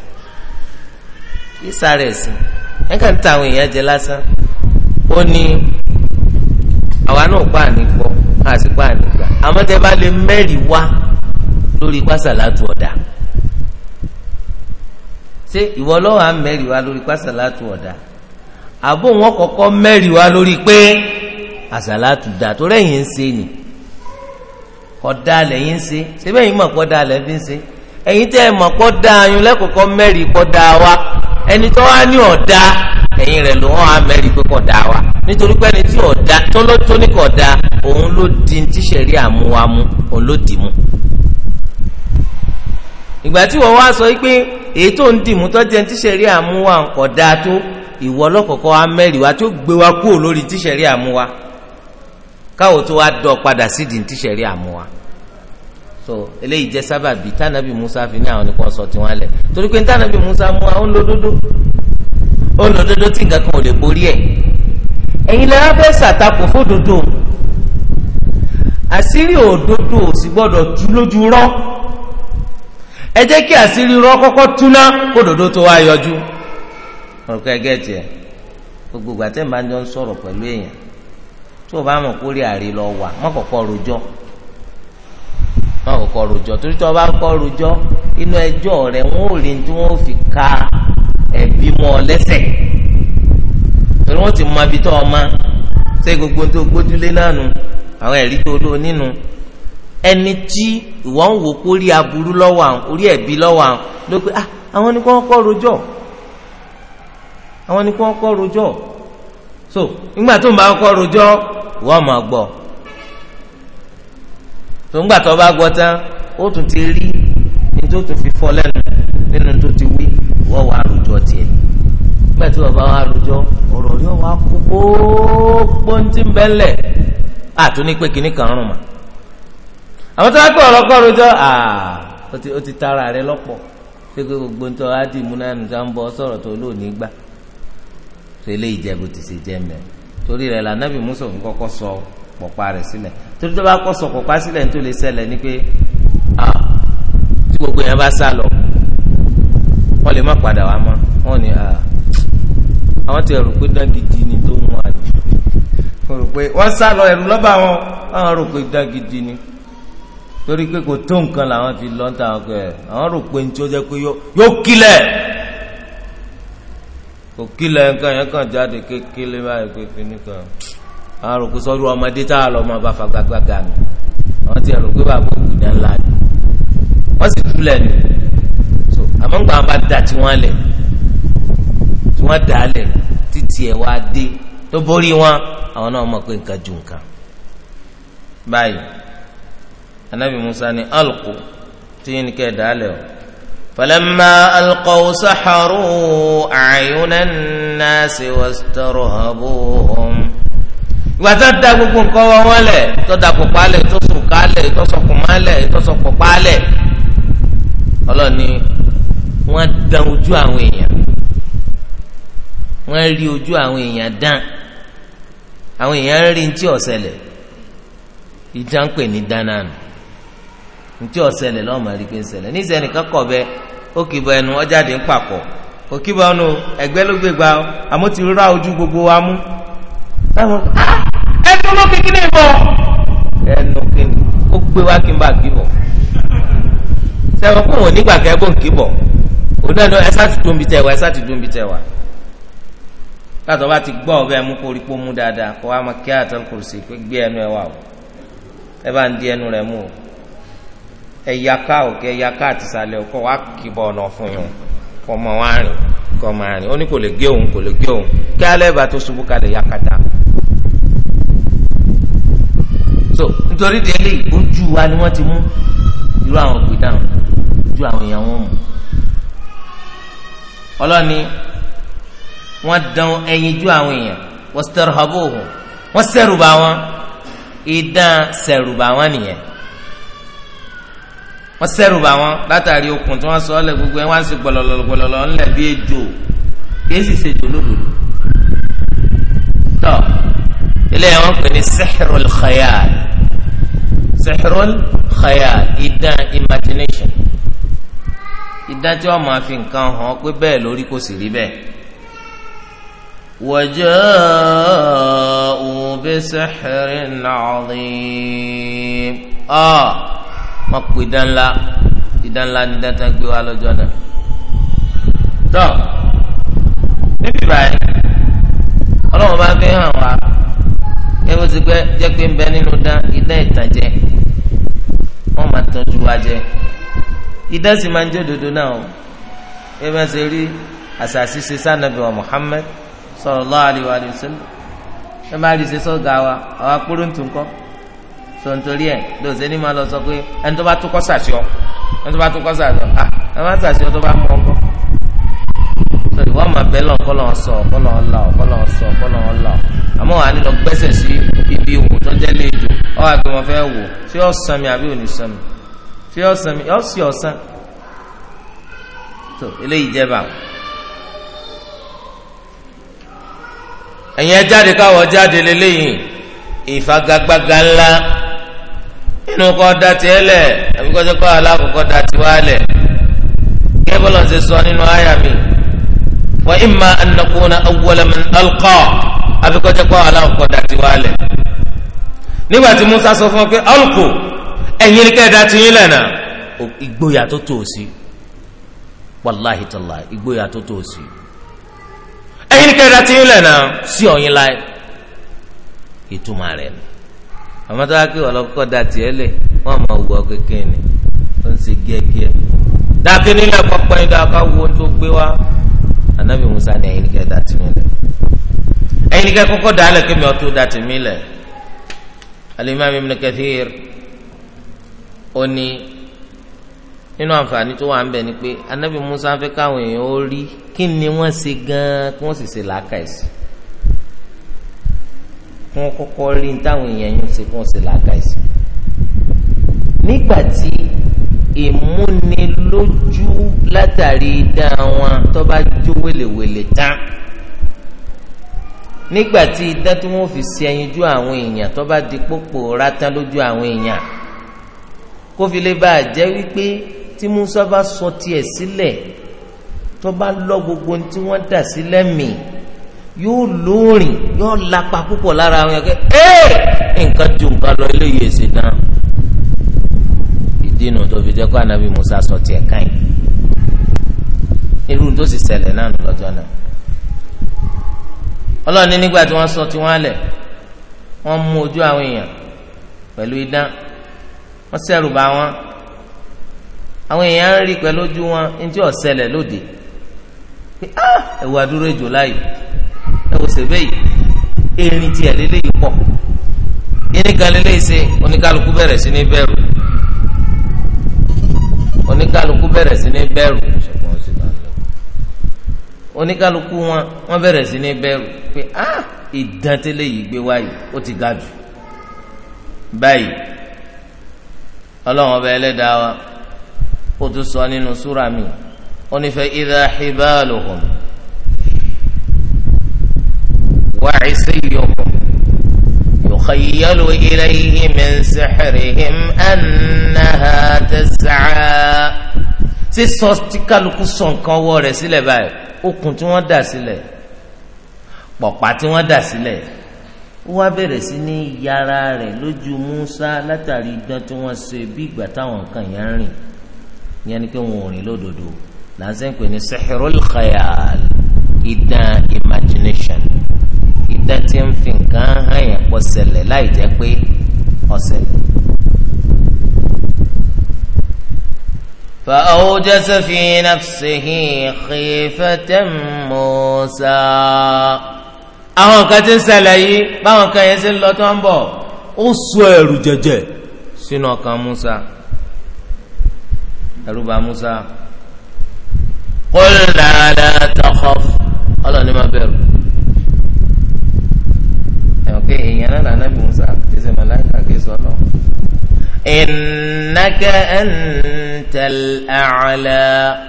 kí sáré ẹ̀sìn ẹ̀ka ń ta àwọn èèyàn jẹ lásán ó ní àwa náà pa àníkọ́ àti pa àníkà àmọ́tẹ́ bá lè mẹ́rìí wá lórí pásálàtù ọ̀dà ṣé ìwọ lọ́wọ́ à ń mẹ́rin wa lórí pásálàtù ọ̀dà àbò wọn kọ́kọ́ mẹ́rin wa lórí pé àsálàtù dà tó rẹ̀yìn ń ṣe ni kọ́dà lẹ́yìn ń ṣe ṣé bẹ́ẹ̀ yín mọ̀ kọ́dà lẹ́bí ń ṣe ẹ̀yin tẹ́ ẹ mọ̀ kọ́dà ayún lẹ́kọ̀ọ́kọ́ mẹ́rin kọ́dà wa ẹni tó wá ní ọ̀dà ẹ̀yin rẹ̀ ló hàn mẹ́rin pé kọ́dà wa nítorí pé ẹni tí ọ̀dà tó ló tó ní kọ́dà òun ló di ti ṣẹ̀rí àmúwámú òun ló dì mú ìgbà tí wọ́n wá sọ pé èyí tó ń dìmú tọ́jú ẹni tíṣẹ̀rí àmúwá kò dáa tó ìwọ lọ́kọ̀ọ́kọ́ amẹ́rì wa tó gbé wa kúrò lórí tíṣẹ̀rí àmúwá káwọ́ tó wá dọ̀ padà sídìí tíṣẹ̀rí àmúwá so eléyìí jẹ́ sábàbí tànàbí Musa fi ní àwọn nìkan sọ tiwọn lẹ̀ torí pé tànàbí Musa mú àwọn olódodo olódodo tí nǹkan kan ò lè borí ẹ̀ ẹ̀yin lẹ́yìn abẹ́ sàtakò fódodo àṣírí òdodo ò sì gbọ́dọ̀ tú lójú rọ́ ẹ jẹ́ kí àṣírí irọ́ kọ́kọ́ túná kó dòdó tó wá yọjú ọ̀rọ̀kọ́ ẹgẹ́ tiẹ̀ gbogbo ìgbà tẹ́ máa ń jọ ń sọ̀rọ̀ pẹ̀lú èèyàn tó o bá mọ̀ àrí lọ wà má kọ́kọ́ rojọ́ má kọ́kọ́ rojọ́ torí tó o bá kọ́ rojọ́ inú ẹjọ́ rẹ̀ wọ́n fi ka ẹ̀bí mọ abitọ́ ẹni tí ìwọ ń wò pé orí aburú lọ́wọ́ àwọn orí ẹ̀bí lọ́wọ́ àwọn ló pé ah àwọn ni kò wọ́n kọ́ rojọ́ àwọn ni kò wọ́n kọ́ rojọ́ so nígbà tó ń bá kọ́ rojọ́ ìwọ máa gbọ́ tó ń gbà tó bá gbọ́ tán ó tún ti rí ní tó tún fi fọ́ lẹ́nu nínú tó ti wí ìwọ wàá rojọ́ tiẹ̀ nígbà tí bàbá wa rojọ́ ọ̀rọ̀ rí ọ wá kó gbóngbó ń àtúní pé kinní kan rùn mà. àwọn tó bá pè ọlọ́kọ́ rojọ́ ó ti tara rẹ lọ́pọ̀ pé gbogbo nítorí adi múná nìkan ń bọ sọ̀rọ̀ tó lónìí gbà tó eléyìí jẹ́ ti ṣe torí lànàbì ń kọ́kọ́ sọ pọ̀pá rẹ̀ sílẹ̀ torí tó bá kọ́ sọ pọ̀pá sílẹ̀ tó lè ṣẹlẹ̀ ni pé tí gbogbo yẹn bá sá lọ wọ́n lè má padà wá mọ́ wọ́n ní àwọn ti rò pé torí pé kò tó nǹkan làwọn fi lọ ta àwọn kẹ àwọn rò pé nítorí jẹ pé yóò kílẹ̀ kò kílẹ̀ nǹkan yẹn kàn jáde kékeré báyìí pé kíní kan àwọn rò pé sọ́ọ́rù ọmọdé tá a lọ máa bá fagagbága mi àwọn ti rò pé bàbá òkùnà ńlá ni wọ́n sì dúlẹ̀ ni so àmọ́ nǹkan àwọn bá da tiwọn lẹ̀ tiwọn dà á lẹ̀ títí ẹ̀ wá dé tó borí wọn àwọn náà mọ̀ pé nǹkan ju nǹkan báyìí anabi musa ni alqu tíyìn kẹ dàálẹ o falamma alqaw saharu ayunan nasi wastarhabuhum ìgbà tó da gbogbo nǹkan wọn wọlé tó da pupa lẹ tó sùn kálẹ tó sọkùn málẹ tó sọkùn pálẹ ọlọ́ni wọ́n dán ojú àwọn èèyàn wọ́n rí ojú àwọn èèyàn dán àwọn èèyàn rí ní tí ọ̀sẹ̀lẹ̀ ìjà ń pè ní dánáà ntí ọ̀sẹ̀lẹ̀ lọ́mọ rí pé ń ṣẹlẹ̀ ní bẹ ó kì bọ ẹnu ọjáde ń papọ̀ ó kì bọ ojú gbogbo wa mú. Ah! ẹnu ló kí ẹnu kíni ó gbé wá kí n bá kí bọ̀ sẹ́wọ́n kó wọn nígbà kẹ́gbọ́n kí bọ̀ òun náà ẹ sáà ti dùn bí wá ẹ sáà ti dùn bí wá látọ̀ bá ti o ẹ bá ń di ẹnu rẹ ẹ̀yà ká òkè ẹ̀yà ká àtìsàlẹ̀ ọkọ̀ wá kíbọ̀ ọ̀nà fún yìí kọ́ ọmọ wa rìn kọ́ ọmọ rìn ó ní kò lè gé òun kò lè gé òun kí alẹ́ bá tó ṣubú kalẹ̀ ya kàtà. so nítorí délé ojú wa ni wọ́n ti mú irú àwọn òkè dáhùn ojú àwọn èèyàn wọn mú ọlọ́ni wọ́n dán ẹyin ju àwọn èèyàn wọ́n sẹ́rù bá wọn ìdán sẹ́rù bá wọn nìyẹn wọ́n sẹ́rù bá wọn látàrí okùn tí wọ́n sọ ọ́lẹ̀ gbogbo ẹ̀ wọ́n á sì gbọ̀lọ̀lọ̀ gbọ̀lọ̀lọ̀ ńlẹ̀ bí ejò kìí sì ṣe jò lódodo. tọ́ ilé wọn pè ní sihrul khayal sihrul khayal idán imagination idán tí wọ́n máa fi nǹkan hàn pé bẹ́ẹ̀ lórí kò sì rí bẹ́ẹ̀. waja'u bi sihrin 'azim wọn pè dánlá ìdánlá ni dáńtà gbé wa lọ́jọ́ náà. tó níbi báyìí ọlọ́run bá fi hàn wá ewu ti gbẹ jẹ́ pé ń bẹ nínú dán idán ìtànjẹ wọ́n máa tọ́jú wa jẹ idán sì máa ń jẹ́ òdodo náà o ẹ bá ṣe rí àṣàṣì ṣe sànàbí wa Muhammad sallallahu alaihi wa sallam ẹ máa rí ṣe sọ́gà wa àwọn akpọ́rọ̀ ń tún kọ́ tontori ẹ lóòsè ni màá lọ sọ pé ẹni tó bá tún kọ́ sàṣọ ẹni tó bá tún kọ́ sàṣọ à ah, ẹ má sàṣọ tó bá mú ọkọ tó ìwọ ọmọ abẹ lọ kọ́ lọ́n sọ kọ́ lọ́n la ọ kọ́ lọ́n sọ kọ́ lọ́n la ọ àmọ́ wàá nílò gbẹ́sẹ̀ sí ibi ohun tó jẹ́ léèdò ọ wà pé wọ́n fẹ́ wò ṣé ọ̀sán mi àbí òní sàn mi ṣé ọ̀sán mi ọ̀sì ọ̀sán tó eléyìí jẹ́ bá ẹ̀yin ẹ jáde káwọ́ jáde lélẹ́yìn ìfagagbága ńlá nínú kọ́ da tiẹ̀ lẹ̀ àbí kọ́ jẹ́ kọ́ alákọ̀ọ́kọ́ da tiwa lẹ̀ kẹ́ bọ́lá ṣe sọ nínú àyà mi wa imma an nakuna awwala man alqa àbí kọ́ jẹ́ kọ́ alákọ̀ọ́kọ́ da tiwa lẹ̀ nígbà tí Musa sọ fún ọ pé alqu ẹ̀yin ni kẹ́ da tiyín lẹ̀ ìgboyà tó tó o sí wàláhi tàlá ìgboyà tó tó o sí ẹ̀yin ni kẹ́ da tiyín lẹ̀ sí ọ̀yin láì ìtumọ̀ rẹ̀ ni àmọ́ tó wá pé ọlọ́kọ́ da tiẹ̀ lẹ̀ wọ́n mọ òwò kékeré ni ó ń ṣe gíẹ́gíẹ́ dákẹ́ nílẹ̀ pọ́pọ́ yìí dáká wo tó gbé wá anabi musa ni ẹ̀yin kẹ́ da tìmí lẹ̀ ẹ̀yin kẹ́ kọ́kọ́ da alẹ́ kémi ọtún da tìmí lẹ̀ alimam ibn kathir ó ní nínú àǹfààní tó wà ń bẹ ni pé anabi musa fẹ́ káwọn èèyàn ó rí kí ni wọ́n ṣe gan-an kí wọ́n sì ṣe làákàyèsí kún kọ́kọ́ rí táwọn èèyàn yín ṣe kún ṣe làákà ìsìn nígbà tí ìmúnilójú látàrí idán wọn tó bá jó wélewèle tán nígbà tí idán tí wọn fi ṣe ẹyinjú àwọn èèyàn tó bá di pópò rátán lójú àwọn èèyàn kó bá a jẹ́ wípé tí Musa bá sọ tiẹ̀ sílẹ̀ tó bá lọ gbogbo tí wọ́n dà sílẹ̀ mìí yóò lóorìn yóò lapa púpọ̀ lára àwọn ẹ̀kẹ́ nǹkan ju nǹkan lọ eléyìí èsì dán. ìdí inú tó fi musa sọ tiẹ̀ káyìn irú tó sì ṣẹlẹ̀ náà lọ́jọ́ náà ọlọ́ọ̀ni nígbà tí wọ́n sọ tí wọ́n lẹ̀ wọ́n mú ojú àwọn èèyàn pẹ̀lú idán wọ́n ṣẹ̀rù bà wọ́n àwọn èèyàn ń rí pẹ̀lú ojú wọn ní tí ó ṣẹlẹ̀ lóde pé ah! ṣe bẹ́ẹ̀ erin tiẹ̀ lélẹ́yìí pọ̀ yínníkan lélẹ́yìí ṣe oníkálukú bẹ̀rẹ̀ sí ní bẹ̀rù oníkálukú bẹ̀rẹ̀ sí ní bẹ̀rù oníkálukú wọn wọn bẹ̀rẹ̀ sí ní bẹ̀rù pé á ah, ìdántẹ́lẹ̀ yìí gbé wáyé ó ti ga jù báyìí ọlọ́run ọba ẹlẹ́dàá wa ó tún sọ nínú súra mi ó ní fa idha hibaluhum. وعصيهم يخيل إليه من سحرهم أنها تسعى sísọ tí kálukú sọ nǹkan ọwọ́ rẹ̀ sílẹ̀ báyìí okùn tí wọ́n dà sílẹ̀ pọ̀pá tí wọ́n dà sílẹ̀ ó wá bẹ̀rẹ̀ sí ní yàrá lójú Musa látàrí idán tí wọ́n ṣe bí ìgbà táwọn nǹkan yẹn ń rìn ìyẹn ni pé wọn ò rìn lódodo là ń sẹ́ ń pè ní imagination dá tí ń fi nǹkan hàn pọ̀ ṣẹlẹ̀ láì jẹ́ pé ọ̀sẹ̀. فأوجس في نفسه خيفة موسى àwọn kan tí ń ṣẹlẹ̀ yìí báwọn kan yẹn ṣe ń lọ tó ń bọ̀ ó sọ ẹ̀rù jẹjẹ sínú ọkàn Musa ẹ̀rù bà Musa قلنا لا تخف ọlọ́ni má bẹ̀rù ẹ̀wọ̀n pé èèyàn náà lànà bí musa kìí ṣe màláìka kìí sọ lọ. ìnáka ẹ̀ǹtẹ̀l àlà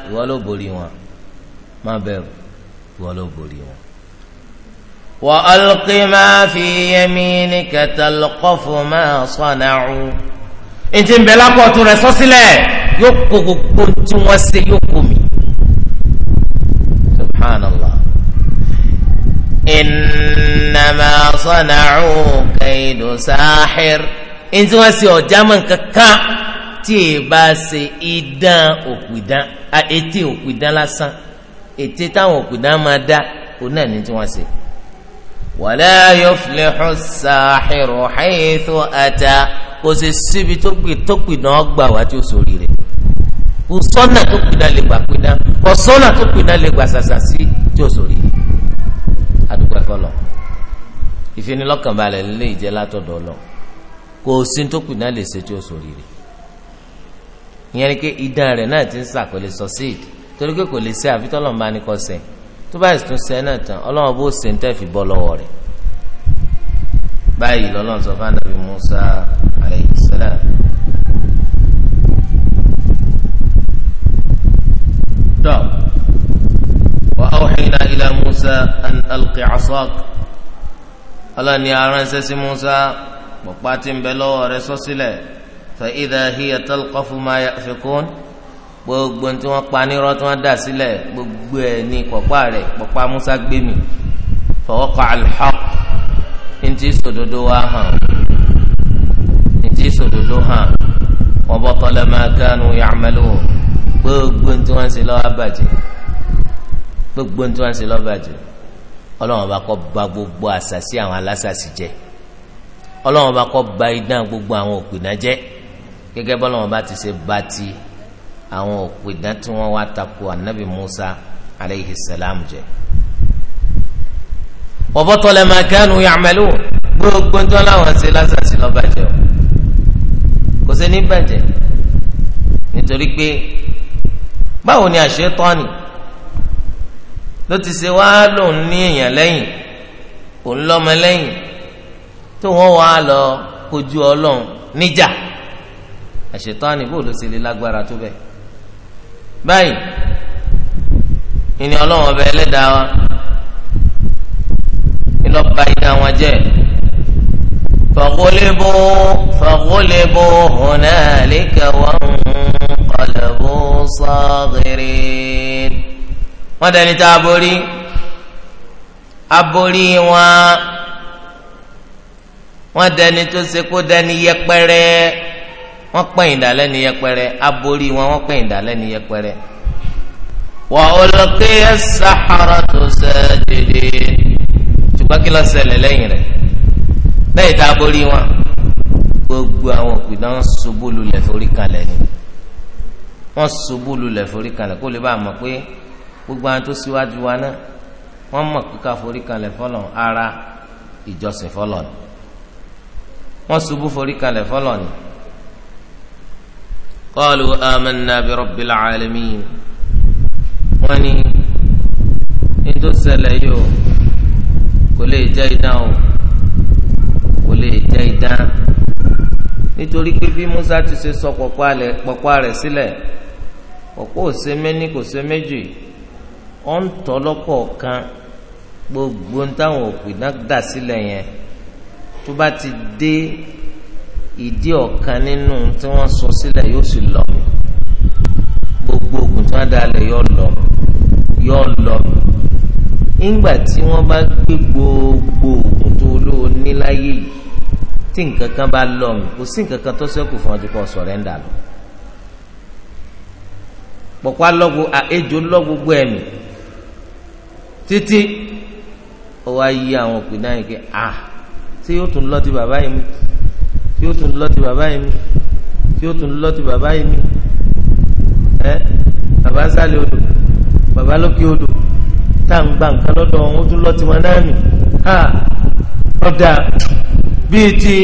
ìwọ ló borí wọn má bẹ̀rù ìwọ ló borí wọn. wà á lọ́kì máa fi yẹmí ní kẹta lọ́kọ́fù máa sọ̀nà ọ̀hún. ètí ń bẹ lápò ọ̀tún rẹ̀ sọ́sílẹ̀ yóò kó gbogbo tí wọ́n ṣe yóò kó mi. subhanallah innama sana'u kaidu sahir ntí wọ́n ṣe ọjà mọ kankan tí e bá ṣe idán òpìdán etí òpìdán lásán ètè táwọn òpìdán máa dá òun náà ní tí wọ́n ṣe. wala yuflihu sahiru haythu ata kò sì síbi tó pìdán gbà wá tí ó sórí kò sọ́nà tó pìdán lè gbà pìdán kò sọ́nà tó pìdán lè gbà ṣàṣà sí tí ó sórí adúgbò ẹ̀fọ́ lọ ìfinilọ́kànbalẹ̀ lè jẹ́ látọ̀dọ̀ lọ kò sí tó kù náà lè ṣe tí ó sòrí rẹ̀ ìyẹn ni pé idán rẹ̀ náà ti ń sà kò lè sọ seed torí pé kò lè ṣe àfi tọ́lọ́mù bá ní kọ́ sẹ̀ tó bá ìsìn sẹ́ náà tán ọlọ́run bó ṣe ń tẹ́ fi bọ́ lọ́wọ́ rẹ̀ báyìí lọ́lọ́run sọ fún anabi Musa alayhi salam وأوحينا إلى موسى أن ألقي عصاك ألا ني موسى وقاتم بلو رسوسله فإذا هي تلقف ما يأفكون gbogbo tí wọn pa nírọ́ tí wọn dà sílẹ̀ gbogbo ẹ ní pọpá rẹ pọpá musa gbé mi fọwọ́kọ alhaq ntí sòdodo wa hàn ntí sòdodo hàn wọn bọ tọlẹ máa kánú yàmẹlú gbogbo tí wọn sì lọ abàjẹ́ gbogbo ní tí wọ́n ṣe lọ́bàjẹ́ ọlọ́run bá kọ́ ba gbogbo àṣàṣì àwọn alásàṣì jẹ́ ọlọ́run bá kọ́ ba idán gbogbo àwọn òpìdán jẹ́ gẹ́gẹ́ bọ́lọ́run bá ti ṣe ba ti àwọn òpìdán tí wọ́n wá tako anabi musa aleyhi salam jẹ́ ọ̀bọ̀tọ̀lẹ̀ màkánù yàmẹ́lú gbogbo ní tí wọ́n láwọn ṣe lásàṣì lọ́bàjẹ́ o kò sí ní bàjẹ́ nítorí pé báwo ni àṣetọ́ni ló ti ṣe wáá lòun ní èèyàn lẹ́yìn òun lọ́mọ lẹ́yìn tó wọ́n wàá lọ kojú ọlọ́run níjà àṣetán níbo ló ṣe lè lágbára tó bẹ́ẹ̀ báyìí ìní ọlọ́run ọba ẹlẹ́dàá wa ìlọ ba ìdá wọn jẹ́ faghulibu faghulibu hunalika wa nqalabu saghirin wọ́n dẹni tá a borí aborí wọn wọ́n dẹni tó ṣe kó dẹni yẹpẹrẹ wọ́n pẹ̀yìn dà lẹ́ni yẹpẹrẹ aborí wọn wọ́n pẹ̀yìn dà lẹ́ni yẹpẹrẹ. wà á lọ́kẹ́ ẹ sàhárà tó ṣe dédé ṣùgbọ́n kí ló ṣẹlẹ̀ lẹ́yìn rẹ̀ lẹ́yìn tá a borí wọn gbogbo àwọn òpìdán ṣubú lulẹ̀ forí kalẹ̀ ni wọ́n ṣubú lulẹ̀ forí kalẹ̀ kó lè bá a mọ̀ pé gbogbo àwọn tó síwájú wa náà wọ́n mọ̀ kíkà forí kalẹ̀ fọlọ ara ìjọsìn fọlọ ni wọ́n ṣubú forí kalẹ̀ fọlọ ni. qalu amanna bi rabbil alamin wọ́n ní nítorí ṣẹlẹ̀ yìí o kò lè jẹ́ idán o kò lè jẹ́ idán nítorí pé bí Musa ti ṣe sọ pọ̀pọ̀ rẹ̀ sílẹ̀ pọ̀pọ̀ ò ṣe méní kò ṣe méjì ọ̀ ń tọ́ lọ́kọ̀ọ̀kan gbogbo ń táwọn òpè náà dà sílẹ̀ yẹn tó bá ti dé ìdí ọ̀kan nínú tí wọ́n sọ sílẹ̀ yóò sì lọ mi gbogbo ògùn tí wọ́n dá lẹ̀ yóò lọ yóò lọ mi ńgbà tí wọ́n bá gbé gbogbo ògùn tó lóo ní láyé yìí tí nǹkan kan bá lọ mi kò sí nǹkan kan tó ṣẹ́kù fún ọjọ́ kan sọ̀rẹ́ńdà lọ pọ̀pọ̀ alọ́gbó àejò lọ gbogbo ẹ̀mí títí ó wá yí àwọn òpè náà yìí pé à ṣé yóò tún lọ ti bàbá yìí mi tí yóò tún lọ ti bàbá yìí mi tí yóò tún lọ ti bàbá yìí mi ẹ bàbá ń sálẹ̀ odò bàbá lókè odò tá à ń gba nǹkan lọ́dọ̀ wọn ó tún lọ ti wọn náà mi ha ọ̀dà bíi ti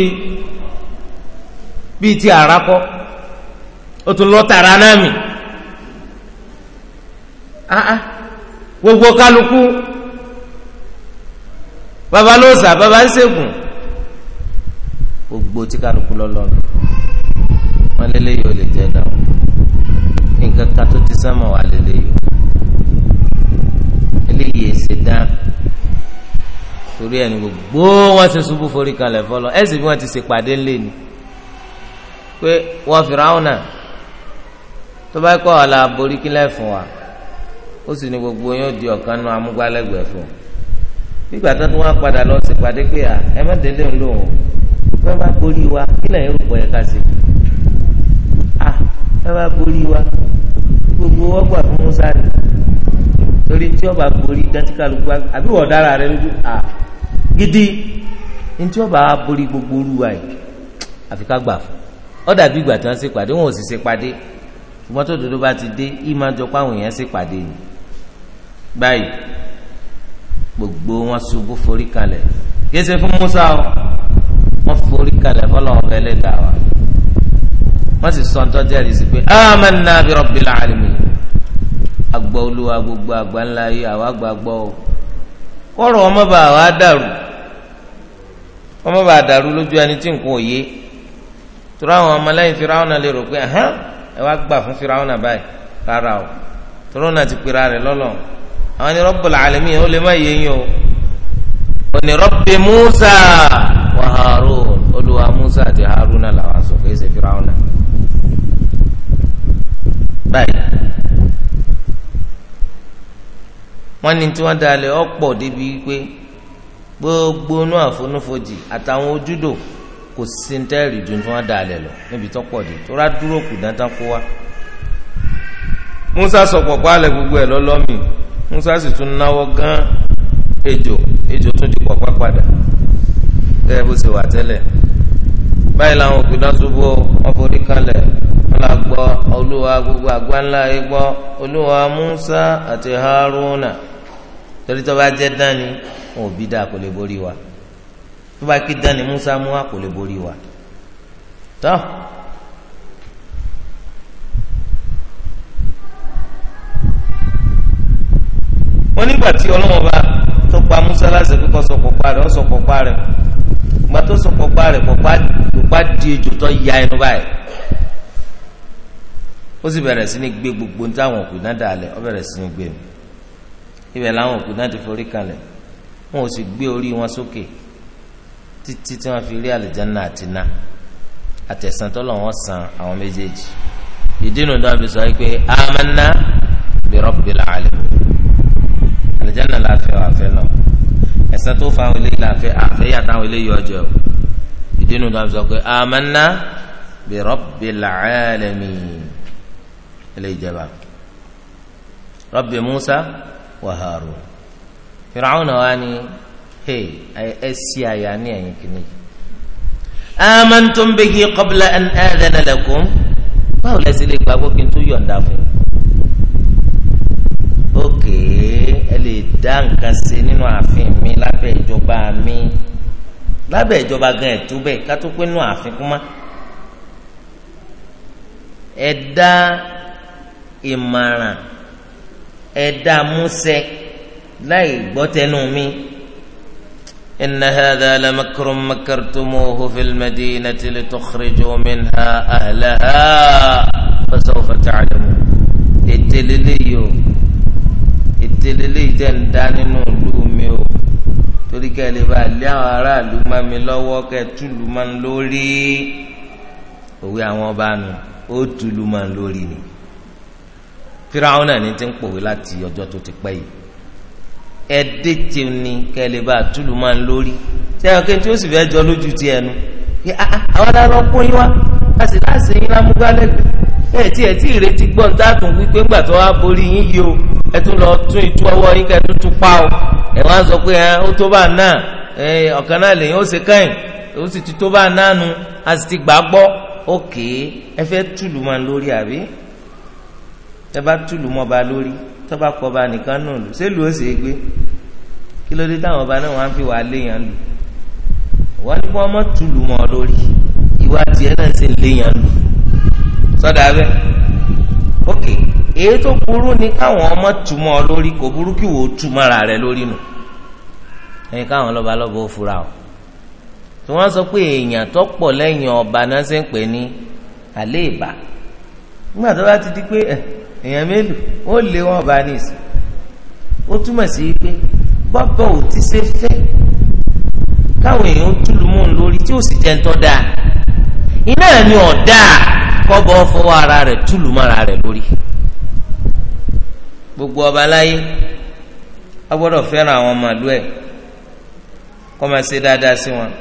bíi ti àràkọ ó tún lọ tààrà náà mi. Ah ah gbogbo kálukú babalóòsà baba ń ṣègùn gbogbo tí kálukú lọlọrun wọn lélẹyìí ò lè jẹ dáhùn nǹkan kan tó ti sánmọ̀ wà lélẹyìí eléyìí èsè dán torí ẹni gbogbo wọn ti ṣubú forí kalẹ̀ fọlọ ẹsẹ bí wọn ti ṣèpàdé ńlẹ ni pé wọn fìrà ọ̀nà tó bá kọ́ ọ̀la borí kílẹ̀ fún wa ó sì ní gbogbo yóò di ọ̀kan nu amúgbálẹ́gbẹ̀ẹ́ fún un nígbà tó tún wá padà lọ sí pàdé pé à ẹ má dédé ń lòun bí wọ́n bá borí wa kí lẹ́yìn rò pọ̀ yẹ ká sí à ẹ bá borí wa gbogbo ọgbà fún Musa ni torí tí ọba borí dantikaluku àbí wọ́n dára rẹ lójú à gidi ntí ọba borí gbogbo olúwa yìí àfi ká gbà fún ọ dàbí ìgbà tí wọ́n ṣe pàdé wọn ò sì ṣe pàdé ṣùgbọ́n bá ti dé ìmájọpọ̀ àwọn èèyàn ṣe pàdé yìí báyìí gbogbo wọn ṣubú forí kalẹ̀ kése fún Musa o wọn forí kalẹ̀ fọlọ́wọ́ bẹ́ẹ̀ lè dà wá wọn sì sọ ntọ́ jẹ́rìí sí pé amanna bi rabbil alamin agbọ́ olúwa gbogbo àgbà ńlá yìí àwa gbà gbọ́ o kọ́rọ̀ ọmọ bá wa dàrú ọmọ bá dàrú lójú ẹni tí nǹkan òye tó ráwọn ọmọlẹ́yìn Fíráúnà lè rò pé ẹ wá gbà fún Fíráúnà báyìí rárá o tó rọ́nà ti pera rẹ̀ lọ́lọ́run. àwọn ni Rabbul Alamin ó lè má yé yín o Musa wa Harun Musa àti Haruna làwọn sọ fún ẹsẹ Firaun báyìí tí wọ́n dalẹ̀ ọ̀pọ̀ débi pé gbogbo inú àfonúfojì àtàwọn ojúdò kò sí ní tẹ́ẹ̀rì ju tí lọ níbi tó dé tó rá dúró kù dáńtá kó gbogbo musa sì tún náwó gan ejò ejò tún di pọ̀pá padà gẹ́gẹ́ bó ṣe wà tẹ́lẹ̀ báyìí làwọn òpinnu ṣubú wọn forí kalẹ̀ wọn là gbọ́ olúwa gbogbo àgbà ńlá yìí gbọ́ olúwa musa àti haruna torí tó bá jẹ́ dání wọn ò bí dáa kò lè borí wa tó bá kí dání musa mú wa kò lè borí wa tó. wọ́n nígbà tí ọlọ́wọ́n bá tó pa Musa láṣẹ pé kó sọ pọ̀pá rẹ̀ ó sọ pọ̀pá rẹ̀ ìgbà tó sọ pọ̀pá rẹ̀ pọ̀pá di ejò tó ya ẹnu báyìí ó sì bẹ̀rẹ̀ sí ní gbé gbogbo ní táwọn òkú náà dàlẹ̀ ó bẹ̀rẹ̀ sí ní gbé mi ibẹ̀ làwọn òkú náà ti forí kalẹ̀ wọn ò sì gbé orí wọn sókè títí tí wọn fi rí àlùjáná àti náà àtẹ̀sán tọ́lọ̀ wọn san àwọn méjèèjì ìdí nu dábìsọ yìí pé amanna bi rabbil alamin àlùjánnà la fẹ́ wà fẹ́ lọ ẹ̀san tó fa àwọn eléyìí la fẹ́ àfẹ́ yàtọ̀ àwọn eléyìí ọjọ́ o ìdí nu dàbí sọ pé amanna bi rabbil alamin eléyìí jẹba rabbi musa wa harun fìràwọn náà wà ní hey ẹ àyà ní ẹ̀yìn kìnìyì amantum bihi qabla an adana lakum báwo lẹ lè gbàgbọ́ kí n tó yọ̀ǹda fún yín. okay dá nǹkan ṣe nínú ààfin mi lábẹ́ ìjọba mi lábẹ́ ìjọba gan ẹ̀tú bẹ́ẹ̀ ká tó pé nínú ààfin kúmá ẹ ìmọ̀ràn ẹ dá láì gbọ́ tẹnu mi. إن هذا لمكر مكرتموه في المدينة لتخرجوا منها أهلها فسوف تعلمون ètè lélẹ́yìí o tẹ́lẹ̀lẹ́ ìtẹ́ ń dá nínú ìlú mi o torí kẹ́ ẹ lè bá lé àwọn aráàlú má mi lọ́wọ́ kẹ́ túlù má ń lórí òwe àwọn ọba nù ó túlù má ń lórí ni fíráwọn náà ní ti ń pòwe láti ọjọ́ tó ti pẹ́ yìí ẹdẹ tí o ní kẹlẹ bá túlù máa ń lórí ṣé ọkẹ tí ó sì fẹ́ jọ lójú ti ẹnu ah, ah, àwọn adarọ kó yín wá a sì láṣẹ yín lámúgbálẹ́gbẹ̀ẹ́ ẹ̀ tí ẹ̀ tí ìrètí gbọ́n dátùn wípé ńgbà tó wá borí yín yìí o ẹ tún lọ tún ìtú ọwọ́ yín ká ẹ tún tún pa o ẹ wá sọ pé ẹ ó tó bá náà ẹ ọ̀kan náà lèyìn ó ṣe káyìn ó sì ti tó bá náà nu a sì ti gbà gbọ́ òkè ẹ fẹ́ tùlù mọ́ lórí àbí ẹ bá tùlù mọ́ ba lórí tó bá kọ́ ba nìkan náà lù ṣé lù ó ṣe é gbé kí ló dé táwọn ọba náà wá ń fi wàá léèyàn lù wọ́n ní kí wọ́n mọ́ tùlù mọ́ lórí ìwà tiẹ̀ náà ṣe léèyàn lù sọ́dà abẹ́ òkè. Okay èyí tó burú ni káwọn ọmọ túmọ̀ lórí kò burú kí wò ó túmọ̀ ara rẹ lórí nù ẹni káwọn lọ́ba lọ́ba ó fura o tí wọ́n sọ pé èèyàn tó pọ̀ lẹ́yìn ọba náà ṣe ń pè ní àlẹ́ ìbà nígbà tó bá ti di pé èèyàn mélòó ó lé wọn ọba ní ìsìn ó túmọ̀ sí pé bọ́bọ̀ ò ti ṣe fẹ́ káwọn èèyàn ó túlù mọ́ òun lórí tí ó sì jẹ́ ń tọ́ dáa iná ni ọ̀dà kọ́bọ̀ fọwọ́ ara rẹ̀ túlù mọ́ ara rẹ̀ lórí. gbogbo ọba láyé a gbọ́dọ̀ fẹ́ràn àwọn màlúù ẹ̀ kó máa ṣe dáadáa sí wọn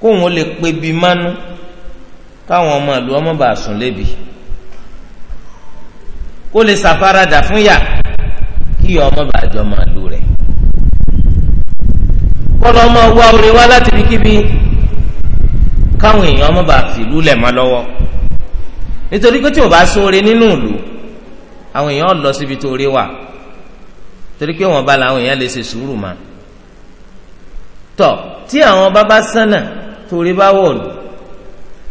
kóun ó lè pé bíi mánú káwọn màlúù ọmọ bá sùn lébi kó lè ṣàfaradà fún yà kí ọmọ bá jọ màlúù rẹ̀ kọ́lọ́ ọmọ wa orí wa láti bí kíbi káwọn èèyàn ọmọ bá fìlú lẹ̀ mọ́ lọ́wọ́ nítorí pé tí o bá sóore nínú ìlú àwọn èèyàn lọ síbi tó rí wà torí pé wọn bá làwọn èèyàn lè ṣe sùúrù mà tọ tí àwọn bàbá sánà torí bá wọlù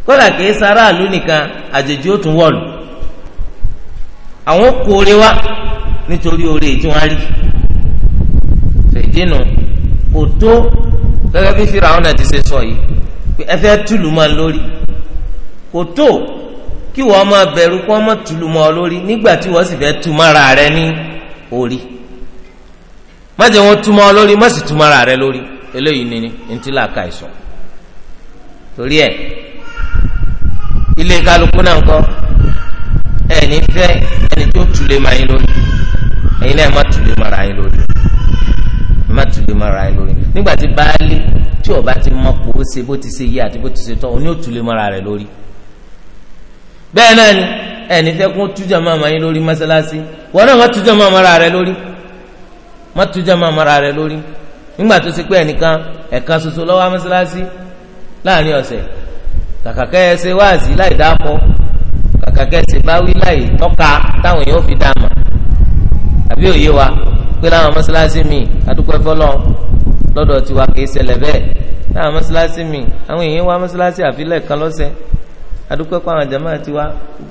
kódà kìí sara àlù nìkan àjèjì ó tún wọlù àwọn kò rí wá nítorí oore tí wọn rí fèjìnnù kò tó gẹ́gẹ́ bí fìrà àwọn ti ṣe sọ yìí ẹ fẹ́ tùlù máa lórí kò tó kí wọ́n máa bẹ̀rù kí wọ́n máa tùlù mọ́ ọ lórí nígbà tí wọ́n sì fẹ́ tu mọ́ra rẹ ní orí má jẹ́ wọ́n tu mọ́ ọ lórí má sì tu mọ́ra rẹ lórí eléyìí ni ntí làákà ìsọ torí ẹ ilé kálukú náà kọ ẹ ní fẹ́ ẹni tó tulè máa yín lórí ẹ̀yin náà má tulè máa ra yín lórí má tulè máa ra yín lórí nígbà tí baálé tí ọba ti mọ kó o ṣe bó ti ṣe yí àti bó ti ṣe tọ́ ọ ní ò tulè máa ra rẹ lórí. bẹ́ẹ̀ náà ni ẹni fẹ́ kó tú ma àmà yín lórí mọ́sálásí wọn náà má tú jàmá àmàrà rẹ lórí má tú jàmá mara rẹ lórí nígbà tó ṣe pé ẹnìkan ẹ̀kan ṣoṣo lọ́wọ́ mọ́sálásí láàrin ọ̀sẹ̀ kàkàkẹ́ ẹ ṣe láì dáàpọ̀ kàkàkẹ́ báwí láì tọ́ka táwọn èèyàn fi dáàmà àbí òye wa pé láwọn mọ́sálásí mi àdúpẹ́ fọlọ́ lọ́dọ̀ tiwa kì ṣẹlẹ̀ bẹ́ẹ̀ láwọn mọ́sálásí mi adúpẹ́ kó àwọn jama ti wá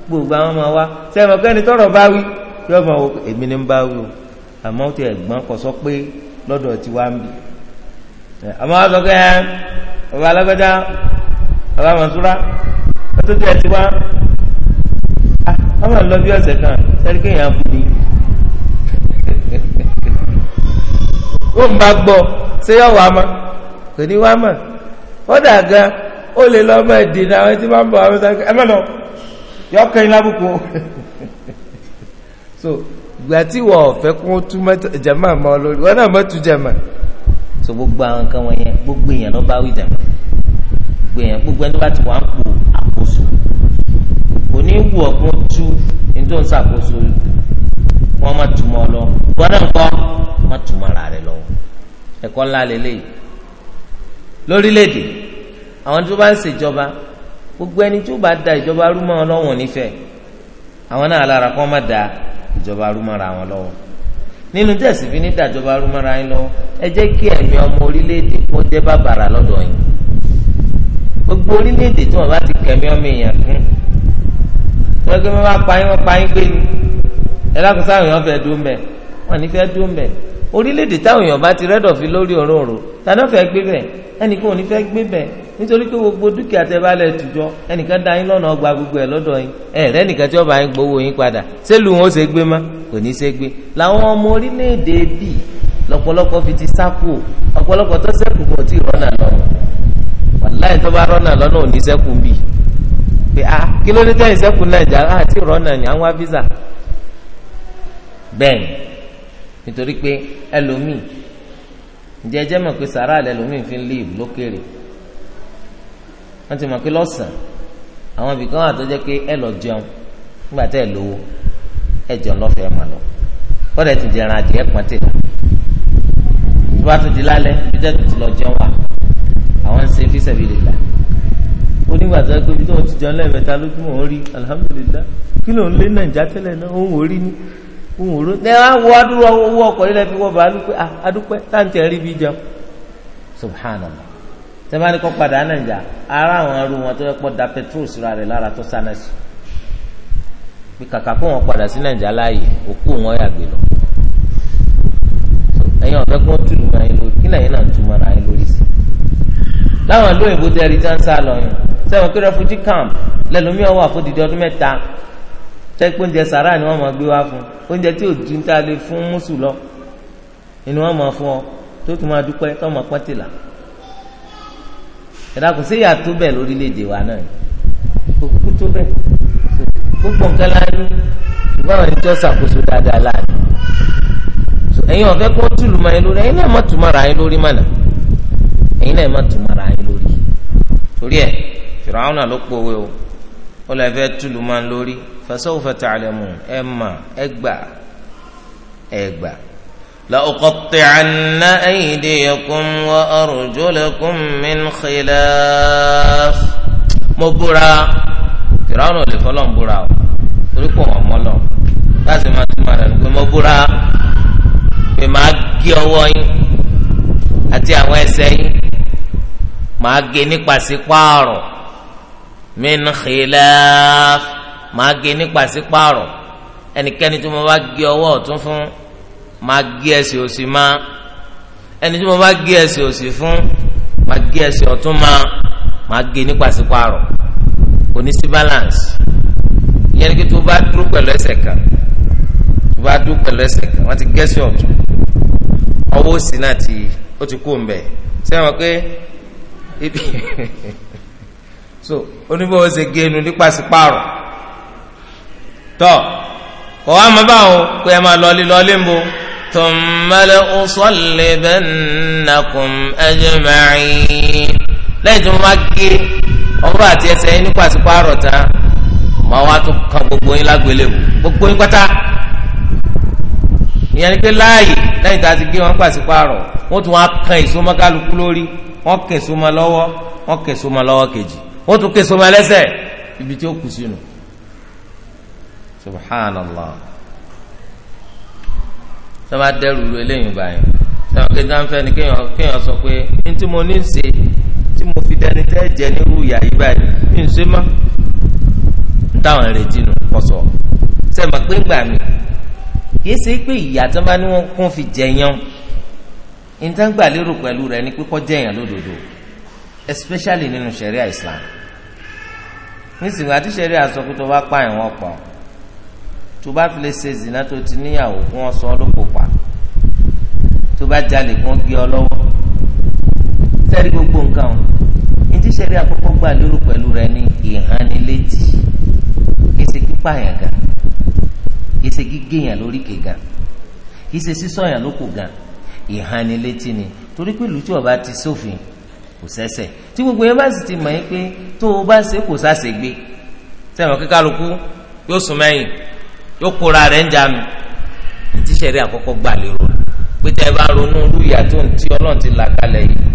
gbogbo àwọn ọmọ wa sẹ́yìn ọ̀kẹ́ni tọrọ bá wí yóò máa wò èmi ni ń bá wí o àmọ́ ó ti ẹ̀gbọ́n kọ sọ pé lọ́dọ̀ ti wá ń bì àmọ́ wá sọ pé ẹ bàbá alágbẹ́dá bàbá mọ̀túrá ó tó tiẹ̀ ti wá àwọn ah, lọ bí ọ̀sẹ̀ kan sẹ́ni kéèyàn bù ni [LAUGHS] ó ń bá gbọ́ ṣé yọ̀ wá mọ́ kò ní wá mọ́ ó dà gan ó lè lọ ọmọ ìdènà àwọn tí wọ́n bọ̀ àwọn ìsàkó ẹ mẹ́lọ yọ kẹ́ iná bùkù [LAUGHS] so ìgbà tí wọ́n ọ̀fẹ́ kún tú jẹ̀mọ́ àmọ́ lórí wọ́n náà mọ́tú jẹ̀mọ́ so gbogbo àwọn nǹkan wọn yẹn gbogbo èèyàn ló bá wí jẹ̀mọ́ gbogbo èèyàn gbogbo ẹni bá ti wà ń pò àkóso kò ní wù ọ̀gbọ́n tú ní tó ń ṣàkóso wọ́n má túmọ̀ lọ wọ́n náà ń kọ́ má túmọ̀ ara rẹ̀ lọ ẹ̀kọ́ ńlá lélẹ́yìí lórílẹ̀ àwọn tó bá ń ṣèjọba gbogbo ẹni tó bá da ìjọba rúmọ́ wọn lọ́wọ́ nífẹ̀ẹ́ àwọn náà lára kọ́ má da ìjọba rúmọ́ ra wọn lọ́wọ́ nínú tẹ̀sí fi ní ìdàjọba rúmọ́ ra yín lọ́wọ́ ẹ jẹ́ kí ẹ̀mí ọmọ orílẹ̀-èdè kó jẹ́ bàbàrà lọ́dọ̀ yín gbogbo orílẹ̀-èdè tí wọ́n bá ti kẹ̀mí ọmọ èèyàn kún wọ́n gbé wọn bá pa yín wọ́n gbé ni ẹ lákòóso àwọn fẹ́ dúró mbẹ́ wọ́n ní fẹ́ dúró mbẹ́ orílẹ̀-èdè táwọn èèyàn bá ti rẹ́dọ̀ fi lórí òróǹro tani wọ́n gbé bẹ́ẹ̀ ẹnìkan ò ní fẹ́ gbé bẹ́ẹ̀ nítorí pé gbogbo dúkìá tẹ bá lẹ̀ ẹnìkan da yín lọ́nà ọgbà gbogbo ẹ̀ lọ́dọ̀ yín ẹ̀rẹ́ nìkan tí yín gbowó yín padà wọn ó ṣe gbé mọ́ kò ní ṣe gbé làwọn ọmọ orílẹ̀-èdè lọ́pọ̀lọpọ̀ fi ti sẹ́kù a ah, kí nítorí pé ẹlòmíì ǹjẹ́ ẹjẹ́ mọ̀ pé sàrà àlẹ́ ẹlòmíì fi ń lé ìlú lókèrè wọ́n ti mọ̀ pé lọ́sàn-án àwọn ibìkan wà tó jẹ́ pé ẹ lọ jẹun nígbà tẹ́ ẹ lówó ẹ jẹun lọ́fẹ̀ẹ́ mà lọ kọ́dẹ̀ ti jẹran adìẹ pọ́n tè tó bá tún di lálẹ́ bí tó ti lọ jẹun wà àwọn ń ṣe fisabilillah onígbà tó pé bí tó ti jẹun lẹ́ẹ̀mẹ́ta lójúmọ́ orí alhamdulillah kí ló ń lé nàìjà tẹ́lẹ̀ náà òun ò rí ni òun ò ló ní wọ́n wọ adúrú owó ọkọ̀ nílẹ̀ fi wọ bàálù pé ah, táǹtì rí ara àwọn arú wọn tó yẹ da petrol síra rẹ̀ lára tó sáná sí pé kàkà kó wọn padà sí nàìjà láàyè òkú wọn yàgbé lọ ẹ̀yin ọ̀fẹ́ kó tùlù mọ́ ẹ̀yin lórí kí lẹ́yìn náà tù mọ́ ara lórí sí láwọn ìlú òyìnbó tí tẹ́kpé oúnjẹ sàrà ni wọ́n máa gbé wá fún oúnjẹ tí ò ju ń ta lè fún mùsùn lọ ni wọ́n máa fún ọ tó tún máa dúpẹ́ tó máa pọ́n ya ẹ̀dá kò sí ìyàtọ̀ bẹ́ẹ̀ lórílẹ̀‐èdè wa náà kò tó bẹ́ẹ̀ gbogbo nǹkan láàánú ṣùgbọ́n ṣàkóso dáadáa láàánú ẹ̀yin ọ̀fẹ́ kó máa yín lórí ẹ̀yin náà má ra yín lórí ẹ̀yin náà má ra yín lórí torí ẹ̀ Fìràwọn ọlọ́ọ̀fẹ́ túlù máa ń lórí fasawfa ta'lamun ẹ mà ẹ gbà ẹ gbà. لأقطعن أيديكم وأرجلكم من خلاف mo búra Fìráúnà lè fọlọ́n búra o torí kò wọ́n mọ́ lọ láti máa tún máa pé mo búra pé màá gé ọwọ́ yín àti àwọn ẹsẹ̀ yín màá gé nípasẹ̀ pààrọ̀ min khilaf máa gé nípa sí pààrọ̀ ẹnikẹ́ni tí mo bá gé ọwọ́ ọ̀tún fún máa gé ẹsẹ̀ òsì má ẹni tí mo bá gé ẹsẹ̀ òsì fún máa gé ẹsẹ̀ ọ̀tún má máa gé nípa sí pààrọ̀ kò ní sí balance yẹn kí tó bá dúró pẹ̀lú ẹsẹ̀ kan tó bá dúró pẹ̀lú ẹsẹ̀ kan wọ́n ti gẹ́sẹ̀ ọ̀tún ọwọ́ òsì náà ti ó ti kú ń sẹ́wọ̀n pé ibi. [LAUGHS] so oníbòwò ṣe géènù ní pàṣípààrọ̀ tọ́ kọ́ wa máa bá wọn pé ẹ máa lọlé lọlé ń bo tòmálẹ̀ ọ̀sọ́lẹ̀ bẹ́ẹ̀ nàkùn ẹ̀jẹ̀mẹ̀rin lẹ́yìn tí mo máa gé ọwọ́ àti ẹsẹ̀ yín ní pàṣípààrọ̀ ta màá wá tún kan gbogbo yín gbogbo yín pátá ìyẹn ni pé láàyè lẹ́yìn tá a ti gé wọn pàṣípààrọ̀ wọ́n tún wá kan èso mọ́ kálukú lórí wọ́n kẹ̀só mọ́ lọ́wọ́ wọ́n kẹ̀só ó tún ké sọmọ ẹlẹ́sẹ̀ ibi tí ó kù sínú subhanallah sọba dẹrù ru eléyìí báyìí sọba kí sáńfẹ ni kéèyàn kéèyàn sọ pé ní tí mo ní ń ṣe tí mo fi dẹni tẹ́ jẹ nírú ìyá yìí báyìí mi ń ṣe mọ́ ń táwọn retí nù kọ́sọ̀ sẹ́mi pé ń gbà mí kìí ṣe pé ìyá tó bá ní wọn kún fi jẹyàn ìtàn gbà lérò pẹ̀lú rẹ̀ ní pípọ́ jẹyàn lódodo especially nínú sharia Islam nísìnyí àti sẹ́rí àsọkú tó bá pààyàn wọn pọ̀ tó bá fi lè ṣe zina tó ti níyàwó kó wọn sọ ọ́ lóko pa tó bá jalè kó gé ọ lọ́wọ́ sẹ́rí gbogbo nǹkan o ìdí sẹ́rí àkọ́kọ́ gbà lérò pẹ̀lú rẹ ní ìhánilétí kìí ṣe pípààyàn gan kìí ṣe gígéyàn lóríkè gan kìí ṣe sísọ̀yàn lóko gan ìhánilétí ni torí pé lùtí ọba ti sófin. So kò sẹ́sẹ̀ tí gbogbo yẹn bá sì ti mọ̀ yín pé tó o bá ṣe kò sáṣe gbé sẹ́wọ̀n kíkálukú yóò sùn mẹ́yìn yóò kóra rẹ̀ ń jánu tí sẹ́rí àkọ́kọ́ gbà lérò pé tẹ́ ẹ bá ronú olúyà tó ń tí ọlọ́run ti là kalẹ̀ yìí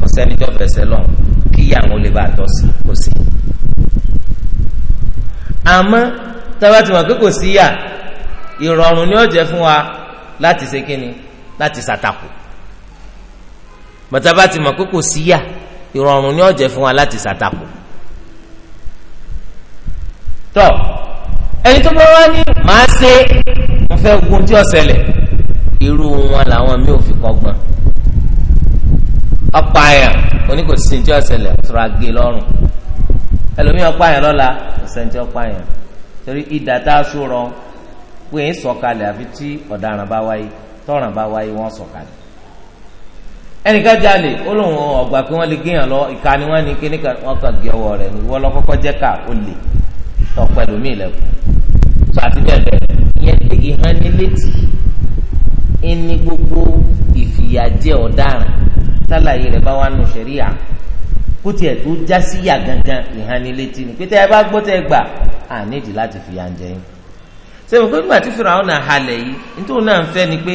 kò sẹ́ni tó fẹsẹ̀ lọ kí àwọn olè bá tọ́ sí kò sí. àmọ́ tábà tí mọ̀ pé kò síyà ìrọ̀rùn ni ó jẹ́ fún wa láti ṣe kíni láti ṣàtàkùn bàtà bá ti mọ̀ pé kò síyà ìrọ̀rùn ni ó jẹ́ fún wa láti ṣàtakò. tọ́ ẹni tó bá wá ní màá ṣe mo fẹ́ gun tí ó ṣẹlẹ̀ irú wọn làwọn mi ò fi kọ́gbọ́n ọ̀pá àyàn oníkòsí tí ó ṣẹlẹ̀ ọ̀ṣọ́ra gé lọ́rùn ẹlòmíì ọ̀pá àyàn lọ́la ọ̀sẹ̀ntì ọ̀pá àyàn torí ìdá tá a sọ̀rọ̀ pé sọ̀kalẹ̀ àfi tí ọ̀daràn bá wáyé tọ̀ràn bá wáyé wọ́n sọ̀kalẹ̀ ẹnìkan jalè ó lóun ọgbà pé wọn lè géèyàn lọ ìka ni wọn ní kí wọn kàn gé ọwọ́ rẹ̀ ni wọn lọ kọ́kọ́ jẹ ká ó lè tọ pẹ̀lú mi tó àti ti ẹni gbogbo ìfìyàjẹ ọ̀daràn sálàyé rẹ̀ bá wà nù sẹríà kó tiẹ̀ tó já sí yà gangan ìhánilétí ni pété ẹ bá gbọ́ tẹ gbà á nídìí láti jẹ yín sẹ́wọ̀n pé nígbà tí halẹ̀ yìí nítorí náà ń fẹ́ ni pé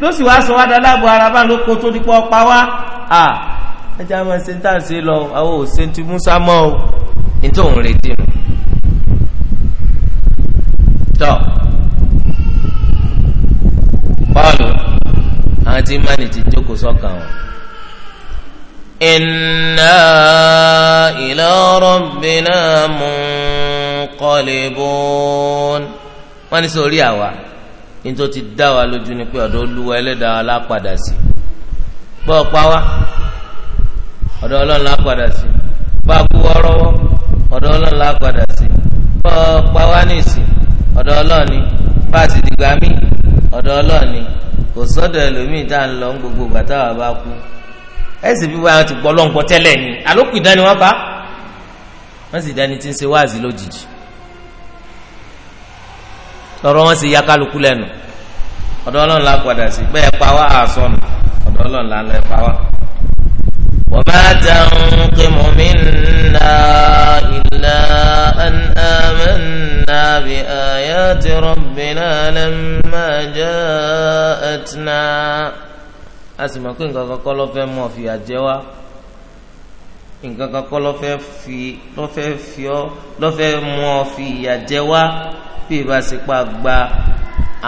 tó sì wáá sọ wá dá láàbò ara bá lóko tó di pọ́ pa wá à ẹja máa ṣe ń tà ṣe lọ àwọn ò ṣe ń ti Musa mọ́ o ní tó ń retí mu. tọ́ Pọ́ọ̀lù àwọn tí mánì ti jókòó sọ́kàn wọn. Inna ila rabbina munqalibun wọ́n ní sọ orí àwa nítorí ti dá wa lójú ni pé ọ̀dọ̀ olúwa ẹlẹ́dàá wa lápadà sí bọ́ ọ pa wá ọ̀dọ̀ ọlọ́run lápadà sí bá a kú wọ́ọ́rọ́wọ́ ọ̀dọ̀ ọlọ́run lápadà sí bọ́ ọ pa wá ní ìsìn ọ̀dọ̀ ọlọ́run ni bá a ti dìgbà mí ọ̀dọ̀ ọlọ́run ni kò sọ́dọ̀ ẹlòmíì tá à ń lọ gbogbo ìgbà táwa bá kú ẹ̀sìn bí wọ́n ti gbọ́ ọlọ́run tẹ́lẹ̀ ni àlòkù ìdánimọ̀ bá wọ́n sì dání tí ń ṣe wáàzì lójijì lọ́rọ̀ wọn sì ya kálukú lẹ́nu ọ̀dọ̀ ọlọ́run la padà sí bẹ́ẹ̀ pa wá àsọnù ọ̀dọ̀ ọlọ́run la lẹ́ pa wá. wa ma tanqimu minna illa an amanna bi ayati rabbina lamma ja'atna. a sì mọ̀ pé nǹkan kan kọ́ ló fẹ́ mọ̀ fìyà jẹ wá nǹkan kan kọ́ ló fẹ́ fi ló fẹ́ fi ọ́ ló fẹ́ mọ̀ fìyà jẹ wá bí ìbá sì pa gba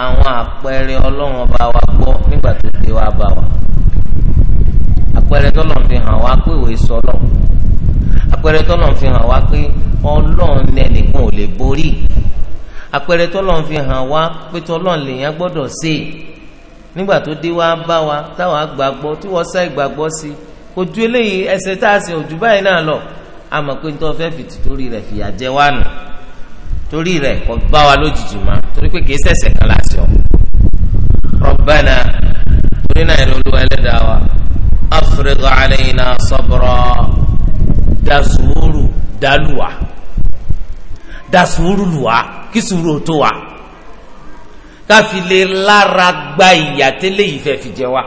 àwọn àpẹẹrẹ ọlọ́run ọba wa gbọ́ nígbà tó dé wa bá wa àpẹẹrẹ tọ́lọ̀ fi hàn wá pé ìwé sọ lọ àpẹẹrẹ tọ́lọ̀ fi hàn wá pé ọlọ́run nẹnìkan ò lè borí àpẹẹrẹ tọ́lọ̀ fi hàn wá pé tọ́lọ́run lèèyàn gbọ́dọ̀ ṣe nígbà tó dé wa bá wa táwa gbàgbọ́ tí wọ́n sá ìgbàgbọ́ sí ojú eléyìí ẹsẹ̀ tá a sìn ojú báyìí náà lọ àmọ́ pé nítorí fẹ́ fìtì torí rẹ̀ fìyà jẹ wá torí rẹ̀ kò bá wa lójijì mọ́ torí pé kìí ṣẹ̀ṣẹ̀ kan láti ọ Rabbana torí náà yẹn Olúwa Ẹlẹ́dàá wa afrigh alayna sabra dasùúrù dálùwà dasùúrù lùwà kí sùúrù tó káfi lè lára gba ìyà tẹ́lẹ̀ yìí fẹ́ fi jẹ wa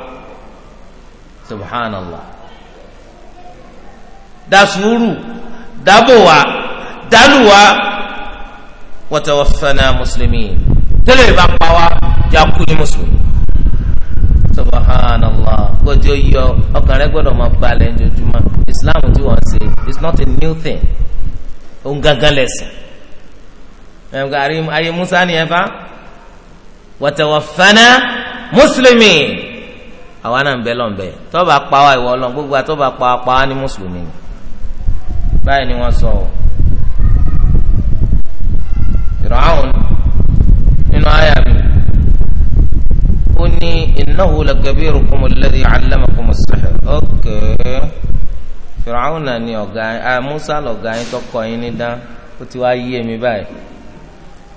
subhanallah dasùúrù dábò wa dálùwà watawaffana muslimin tẹ́lẹ̀ ìbá pa wá já kú ní mùsùlùmí. subhanallah gbọ́dọ̀ yọ ọkàn rẹ gbọ́dọ̀ máa balẹ̀ ojoojúmọ́ islam tí wọ́n ṣe it's not a new thing òun gangan lẹ̀sìn. ayé musa ni ẹ bá watawaffana muslimin àwa náà ń bẹ lọ́nbẹ tọ́ba pa wá ìwọ ọlọ́n gbogbo àtọ́ba pa wá ní mùsùlùmí báyìí ni wọ́n sọ ọ́ fìràwọn nínú àyà mi ó ní innahu lakabirukum alladhi allamakum as-sihr ok fìràwọn náà ni ọ̀gá ẹ Musa lọ̀gá yín tọkọ yín ní dán ó ti wá yé mi báyìí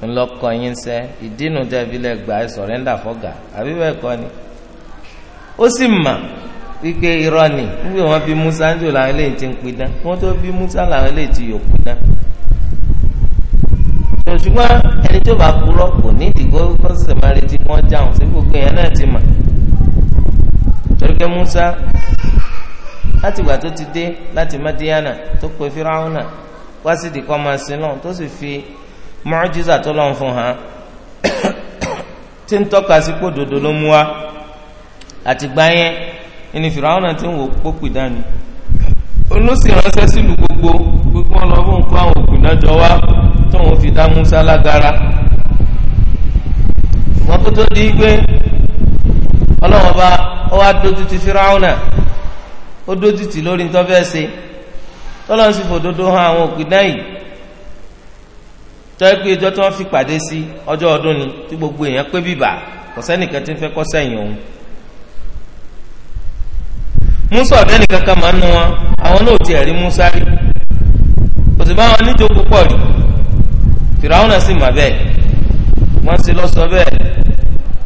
ńlọkọ yín sẹ ìdínú dẹbi lẹgbàá ẹ sọrẹńdà fọgà àbí bẹ́ẹ̀ kọ́ ni ó sì mà wípé irọ́ ni wípé wọ́n Musa ń jò làwọn eléyìí ti ń pidán wọ́n tó bí Musa làwọn eléyìí ti yòókù dán ṣùgbọ́n ẹni tó bá purọ́ kò ní ìdìgbò kọ́sẹ̀ máa retí kí wọ́n jáwọn sí gbogbo yẹn náà ti mà torí pé Musa láti ìgbà tó ti dé láti Madiana tó pe Firaona wá sí ìdìkọ́ máa sin náà tó sì fi mọ́jísà tó lọ́n fún hàn [COUGHS] tí ń tọ́ka sí pò dòdò ló mú wa àtìgbà yẹn ẹni Firaona ti ń wò pópì dání olùsìnránṣẹ́ sílùú gbogbo pé kí wọ́n àwọn òkú jọ wá. tóun fi dá Musa lágara ṣùgbọ́n kó tó di pé ọlọ́wọ́n bá ọ wá dójú ti Fíráúnà ó dójú ti lórí nítorí ṣe tọ́lọ́ sì hàn àwọn tọ́ ìjọ tí wọ́n fi pàdé sí ọjọ́ ọdún ni tí gbogbo èèyàn pé bíbà kò sẹ́nìkan musa máa ń nu wọn àwọn fìràwọn náà sì mà bẹ́ẹ̀ wọ́n sì lọ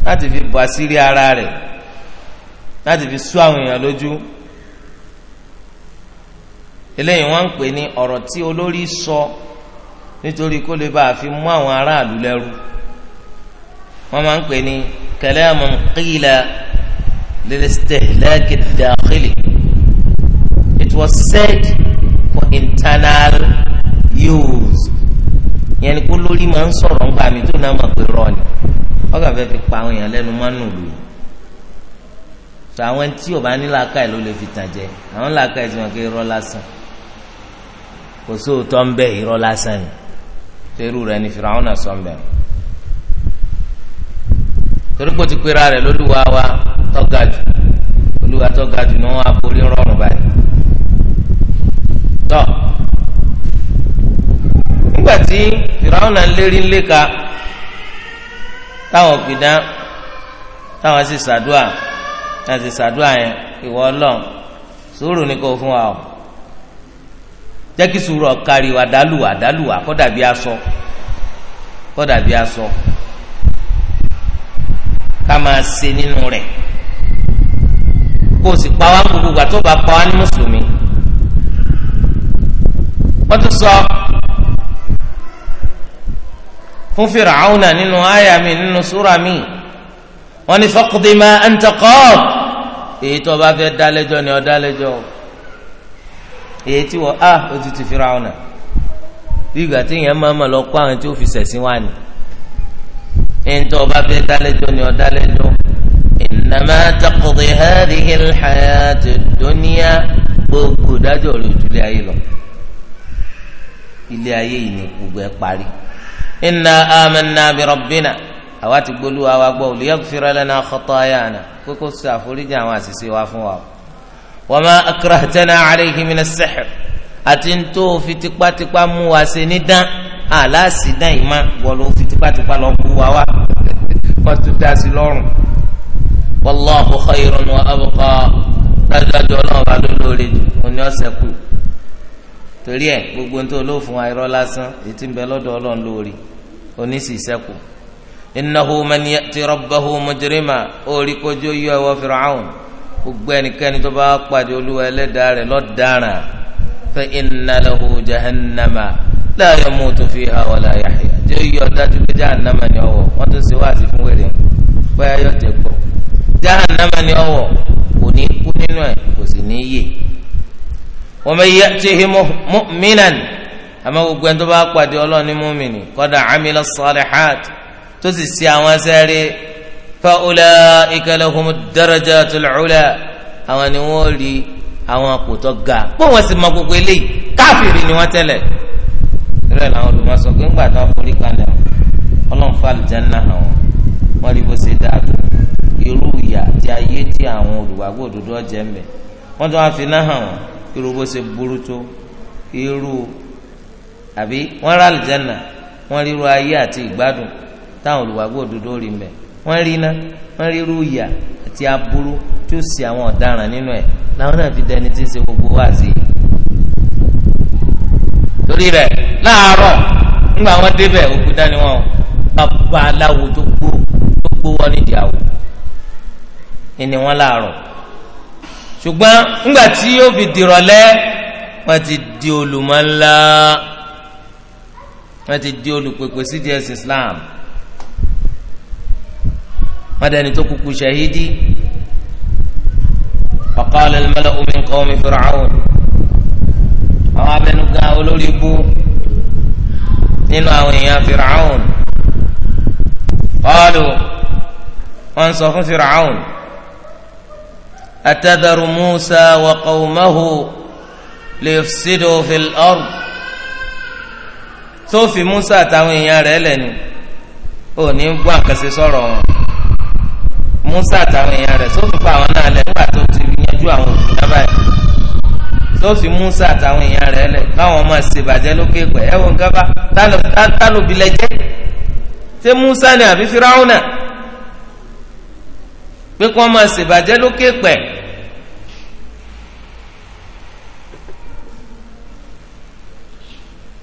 láti fi bọ àṣírí ara rẹ̀ láti fi sú àwọn èèyàn lójú eléyìí wọ́n ń pè ní ọ̀rọ̀ tí olórí sọ nítorí kó lè bá a fi mú àwọn aráàlú lẹ́rú wọ́n máa ń pè ní kalamun qila lil-istihlaki ad-dakhili it was said for internal use ìyẹn ni kó lórí máa ń sọ̀rọ̀ ń gbà mí tó náà mọ̀ pé rọ ni ọgà fẹ́ fi pa àwọn èèyàn lẹ́nu mọ́nù lù yìí sọ àwọn tí ò bá ní làákàyè ló lè fi tàn jẹ àwọn làákàyè ti wọn kí irọ́ lásán kò sóòótọ́ ń bẹ irọ́ lásán ni tẹ́rù rẹ ni fìràwọn náà sọ ń bẹ̀rù torí pé o ti pera rẹ lóluwà wa tọ́ga jù olúwa tọ́ga jù ni wọ́n á borí rọrùn báyìí tọ́ nígbà tí fìràwọnà lérí ńlẹ́ka táwọn gbìdán táwọn sì ṣàdúà láti ṣàdúà yẹn ìwọ Ọlọ́run sùúrù ni kò fún wa o jẹ́ kí sùúrù ọ̀kari wa dálùwà dálùwà kọ́dà bí aṣọ kọ́dà bí aṣọ ká máa ṣe nínú rẹ̀ kó o sì pa wá gbogbo gbà tó bá pa wá ní mùsùlùmí wọ́n tún sọ. So, fún fìràwùnà nínú àyà mi nínú súra mi wọn ni faqdi ma anta qad èyí tó bá fẹ́ dálẹ́jọ́ ni ọ dálẹ́jọ́ èyí tí wọ́n a ah, ó ti ti fìràwùnà bí ìgbà tí èèyàn máa ma lọ kó àwọn tí ó fi sẹ̀sìn wá ni èyí tó bá fẹ́ dálẹ́jọ́ ni ọ dálẹ́jọ́ innama taqdi hadhihi alhayati dunya gbogbo dájọ́ rẹ̀ ojúlé ayé lọ ilé ayé yìí ni gbogbo ẹ̀ parí inna amanna bi rabbina àwa ti gbólú àwa gbọ́ liyaghfir lana khatayana kókó sọ àforíjì àwọn àṣìṣe wa fún wa wa ma akrahtana alayhi min as-sihr àti ń tó fi tipátipá mú wa ṣe ní dán aláàsì dán ìmá wọ́n ló fi tipátipá lọ kú wa wá wọ́n tún dá sí wallahu khayrun wa abqa dájọ́ ọlọ́run bá ló lóore jù òní torí ẹ gbogbo nítorí ló fún wa irọ́ lásán ètí ń bẹ lọ́dọ̀ ọlọ́run lórí oníṣìṣẹ́kù innahu man ya'ti rabbahu mujrima orí kojú yọ ẹwọ Fir'aun gbogbo ẹnikẹ́ni tó bá pàdé olúwa ẹlẹ́dàá rẹ̀ lọ́daràn fa inna lahu jahannama la yamutu fiha wa la yahya tí ó yọ dájú pé jahannama ni ọwọ́ wọ́n tún ṣe wáàsí fún wèrè bóyá yọ jẹ gbọ́ jahannama ni ọwọ́ kò ní kú nínú ẹ̀ kò sì ní yè wa man ya'tihi mu'minan àmọ́ gbogbo ẹni tó bá pàdé Ọlọ́run ní mùmínì kọ́dà amila salihat tó sì ṣe àwọn sẹ́ẹ̀rẹ́ fa ulaika lahumud darajatul ula àwọn ni wọ́n rí àwọn àpòtọ́ ga pé wọ́n sì mọ gbogbo eléyìí káfíìrì ni wọ́n tẹ́lẹ̀ ìrẹ́ làwọn olùmọ̀sọ pé ńgbà tó forí kalẹ̀ wọn ọlọ́run fàlì jẹ́nà hàn wọn wọ́n rí bó ṣe dáa irú ìyà àti ayé tí àwọn olùwàgbọ́ òdodo ọ̀jẹ̀ ń bẹ̀ wọ́n tó wá fi náà hàn wọn irú bó ṣe burú tó irú àbí wọ́n rà àlùjáná wọ́n rí irú ayé àti ìgbádùn táwọn olùwàgbọ́ òdodo rí mbẹ wọ́n rí iná wọ́n rí irú ìyà àti aburú tí ó sì àwọn ọ̀daràn nínú ẹ̀ làwọn náà fi dẹni tí ń ṣe gbogbo wá sí i. torí rẹ̀ láàárọ̀ ńgbà wọ́n débẹ̀ òkúta ni wọ́n bàbá aláwo tó gbó tó gbó wọ́n nídìí àwò ẹni wọ́n láàárọ̀ ṣùgbọ́n ńgbà tí yóò fi dìrọ̀lẹ́ wọ́n ti di olùmọ̀ ńlá wọ́n ti di olùpèpè sí di ẹ̀sìn Islam wọ́n dẹni tó kúkú ṣahidi faqala al-mala'u min qawmi Fir'aun àwọn abẹnugan olórí ibú nínú àwọn èèyàn Fir'aun qalu wọ́n sọ fún Fir'aun. أتذر موسى وقومه ليفسدوا في الأرض tó fi Musa àtàwọn èèyàn rẹ̀ lẹ́nu ò ní gbọ́ àkànṣe sọ̀rọ̀ wọn Musa àtàwọn èèyàn rẹ̀ tó fi pa àwọn náà lẹ̀ nígbà tó ti yanjú àwọn òkú náà báyìí tó Musa àtàwọn èèyàn rẹ̀ lẹ̀ káwọn ọmọ ṣèbàjẹ́ lókè pẹ̀ ẹ̀wọ̀n gábà tálòbí lẹ́jẹ́ ṣé Musa ni àbí Firawuna. pé kí wọ́n máa ṣèbàjẹ́ lókè pẹ̀.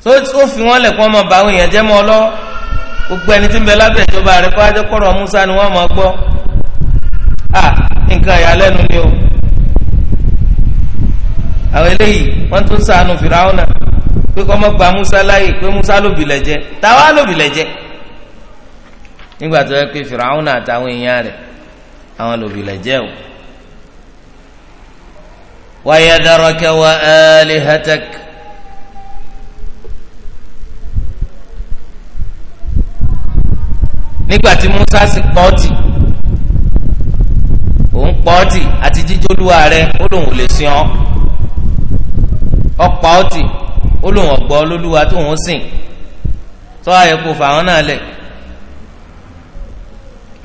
tó ó fi wọn lẹ̀ kí wọ́n máa èèyàn jẹ́ mọ́ lọ́ gbogbo ẹni tí ń bẹ lábẹ́ ìjọba rẹ̀ kọ́ ajẹ́ kọ́rọ̀ Musa ni wọ́n máa gbọ́ à nǹkan ìyàlẹ́nu ni o àwọn eléyìí wọ́n tún sànù Fìràwọ́nà pé kọ́ mọ́ gba Musa láàyè pé Musa ló jẹ́ táwa ló jẹ́ nígbà tó yẹ pé Fìràwọ́nà àtàwọn èèyàn rẹ̀ àwọn lòlùlẹ̀ jẹ́ o. ويذرك وآلهتك nígbà tí Musa sì pọ́ọ̀tì òun pọ́ọ̀tì àti jíjólúwa rẹ ó lòun ò lè sin ọ́ ọ pọ́ọ̀tì ó lòun ọ̀gbọ́ lólúwa tó òun sìn tó ayẹ fà wọ́n náà lẹ̀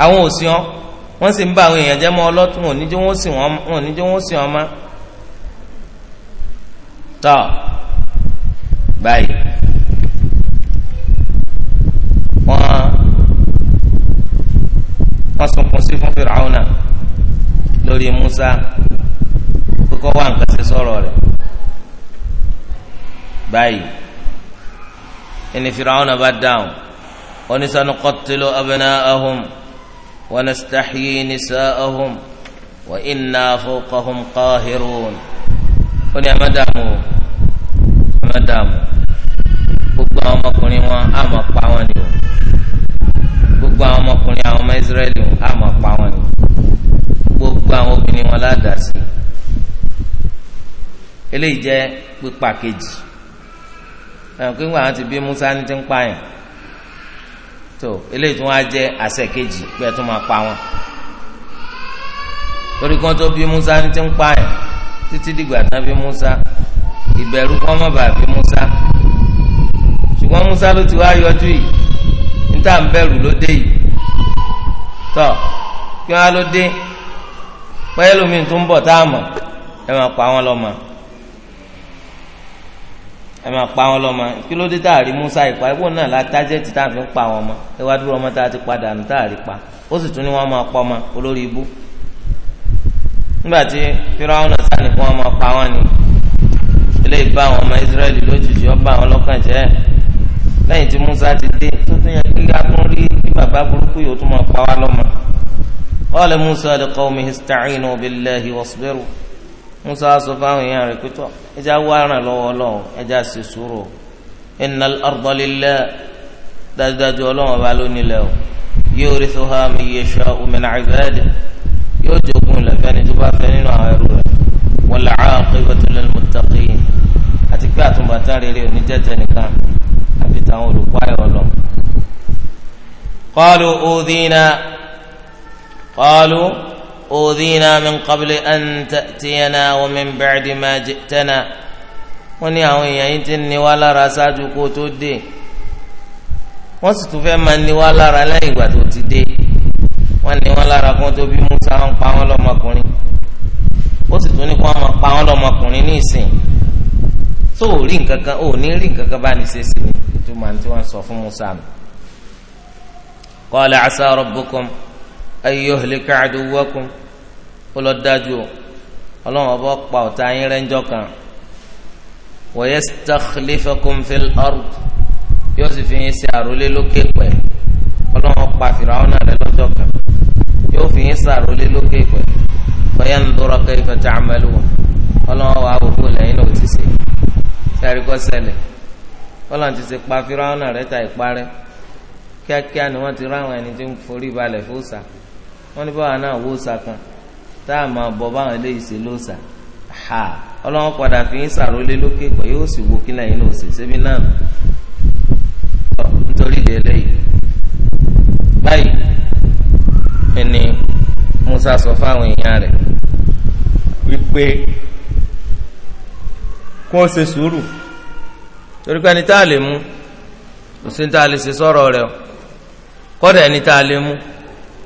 àwọn ò sin ọ́ wọ́n sì ń bá àwọn èèyàn jẹ́ mọ́ ọlọ́tún wọn níjẹ́ wọ́n sì wọ́n níjẹ́ wọ́n sì má. Musa kókó wà nǹkan ṣe sọ̀rọ̀ rẹ̀ báyìí ẹni Fìràwọ́nà bá dáhùn onísanukọ́tìlú ونستحيي نساءهم وإنا فوقهم قاهرون ó ní ẹ má dààmú o ẹ má dààmú gbogbo àwọn ọmọkùnrin wọn á máa pa wọn ni o gbogbo àwọn ọmọkùnrin àwọn ọmọ Ísírẹ́lì á máa pa wọn ni gbogbo àwọn obìnrin wọn ládàá eléyìí jẹ́ pípa kejì ẹ̀ wọn àti bí Musa ti ń pààyàn tó eléyìí tó wá jẹ́ àṣẹ kejì pé ẹ tó máa pa wọn torí kan tó bí Musa ní ti ń pa ẹ̀ títí dìgbà tán bí Musa ìbẹ̀rù kan má bàa bí Musa ṣùgbọ́n Musa ló ti wá yọjú yìí níta ń bẹ̀rù ló dé yìí tọ́ kí wọ́n á ló dé pẹ́ẹ́lómi tó ń bọ̀ tá a mọ̀ ẹ máa pa wọn lọ́mọ. ẹ máa pa wọn lọ́mọ kí ló dé Musa ìpa ẹ̀wọ́ náà la tájẹ́tì tá a fi ń pa wọn mọ́ ẹ wá ti padà nù tá pa ó sì tún ní wọn máa pọ́ ọmọ olórí ibú nígbà tí Fíráwọn náà ni kí wọn máa pa wọn ni eléyìí bá àwọn ọmọ Ísírẹ́lì lójijì ọba bá àwọn lọ́kàn jẹ́ lẹ́yìn Musa ti dé tó tún yẹ kí akún rí kí bàbá burúkú yóò tún máa pa lọ́mọ. musa sọ fáwọn èèyàn rẹ̀ pẹtọ ẹjá wá ràn lọ́wọ́ Ọlọ́run ẹjá sì sùúrù innal arda lillah dájúdájú Ọlọ́run ọba ló nílẹ̀ o yurithuha man yasha'u min ibadihi yóò jogún ìlẹ̀fẹ́ ni tó bá fẹ́ nínú àwọn ẹrú rẹ̀ wal aqibatu lil muttaqin àti pé àtúbọ̀tán rere òní jẹ́jẹ́ nìkan àfi táwọn olùkọ́ ayọ̀ lọ. qalu udhina qalu. أوذينا من قبل أن تأتينا ومن بعد ما جئتنا wọ́n ní àwọn èèyàn yìí ti ní wá lára ṣáájú kó tó dé wọ́n sì tún fẹ́ máa ní wá lára lẹ́yìn ìgbà tó ti dé wọ́n ní wá lára kó tó bí Musa ń pa wọ́n lọ́mọkùnrin ó sì tún ní kó wọ́n máa pa wọ́n lọ́mọkùnrin ní ìsìn tó ò rí nǹkan kan ò ní rí nǹkan kan bá ní ṣe sí ni tó máa ń tí wọ́n sọ fún Musa mi. qala asa rabbukum an yuhlika aduwakum ó lọ dájú ọlọ́run ọba pa ọ̀tá yín rẹ́ńjọ́ kan wa yastakhlifakum fil ard yóò sì fi yín sí àrólé lókè pẹ̀ ọlọ́run pa Fìràwọ́nà rẹ́ kan yóò fi yín sàrólé lókè pẹ̀ fa yanzura kayfa ta'malun ọlọ́run wà wò lẹ́yìn náà ti ṣe sáré kọ́ sẹlẹ̀ ọlọ́run ti ṣe pa Fìràwọ́nà rẹ́ ta ìparẹ́ kíákíá ni wọ́n ti ráwọn ẹni tí ń forí balẹ̀ fóòsà wọn ní báwa náà wó sàkàn tá a máa bọ̀ báwọn eléyìí ṣe ló sà ha ọlọ́wọ́n padà fi ń sàrólé lókè pọ̀ yóò sì wo kí lẹ́yìn náà ṣe ṣébi náà nítorí Musa sọ fáwọn èèyàn rẹ̀ wípé kó o ṣe sùúrù torí pé ẹni tá a lè mú kò sí ní tá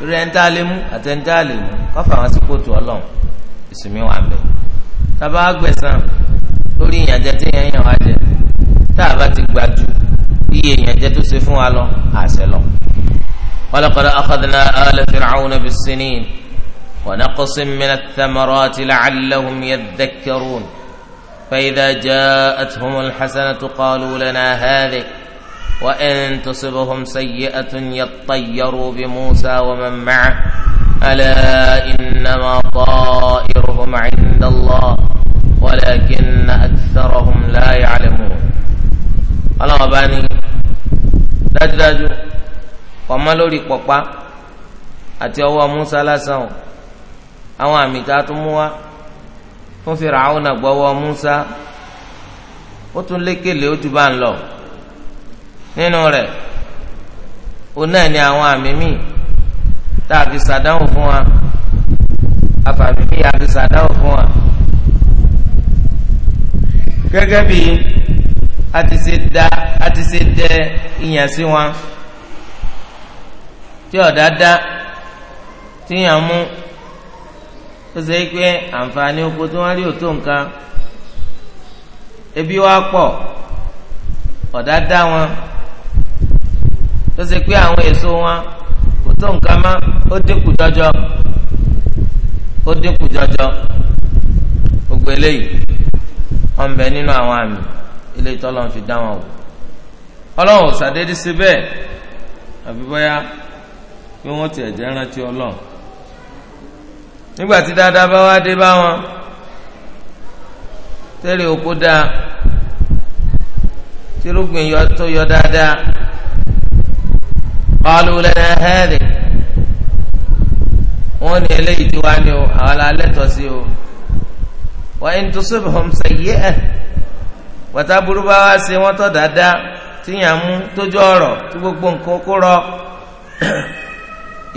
lórí ẹni tá a lè mú àti ẹni tá a lè mú kọfà wọn sí kóòtù Ọlọ́run ìsinmi wà bẹ tábà gbẹ̀san lórí ìyànjẹ tí yẹn yàn wá jẹ tá a bá ti gbà ju iye ìyànjẹ tó ṣe fún wa lọ àṣẹ lọ. ولقد أخذنا آل فرعون بالسنين ونقص من الثمرات لعلهم يذكرون فإذا جاءتهم الحسنة قالوا لنا هذه وإن تصبهم سيئة يطيروا بموسى ومن معه ألا إنما طائرهم عند الله ولكن أكثرهم لا يعلمون ọlọ́wọ́ bá ní dájúdájú pọ̀mọ́ lórí pọ̀pá àti ọwọ́ Musa lásán o àwọn àmì tá a tún mú wá fún Fir'auna gbọ́wọ́ Musa ó tún lékele ó ju bá ń lọ nínú rẹ̀ òun náà ni àwọn àmì míì tá a fi sàdánwò fún wa àfàmì míì a fi sàdánwò fún wa gẹ́gẹ́ bí a ti ṣe da a ti ṣe dẹ ìyàn sí wọn tí ọ̀dà dá tí yàn mú ó ṣe pé àǹfààní oko tí wọ́n rí òtó nǹkan ebi wa pọ̀ ọ̀dà dá wọn tó ṣe pé àwọn èso wọn kò tó nǹkan mọ́ ó dínkù jọjọ ó dínkù jọjọ gbogbo eléyìí wọn bẹ nínú àwọn àmì eléyìí tó lọ́n fi dá wọn wò ọlọ́run ṣàdédé sí bẹ́ẹ̀ àbí bóyá pé wọ́n ti ẹ̀jẹ̀ rántí ọlọ́run nígbà dáadáa bá wá dé bá wọn tẹ́lẹ̀ òkú dáa tírúgbìn yọ tó yọ dáadáa qalu lana hadhi wọ́n ní eléyìí tí wàá ní o àwọn alẹ́ tọ́ sí o wa in tusibhum sayyi'ah wàtá burú bá wá sí wọn tọ́ dáadáa tíyàn mú tójú ọ̀rọ̀ tí gbogbo nǹkan kó rọ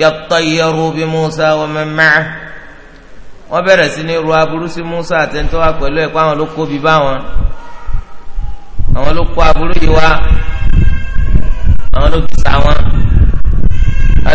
yattayyaru bi Musa wa man ma'ah wọ́n bẹ̀rẹ̀ sí ní ru aburú sí Musa àtẹ̀ntọ́ wa pẹ̀lú ẹ̀kọ́ àwọn ló kó bí báwọn àwọn ló kó aburú yìí wá àwọn ló fi sa wọn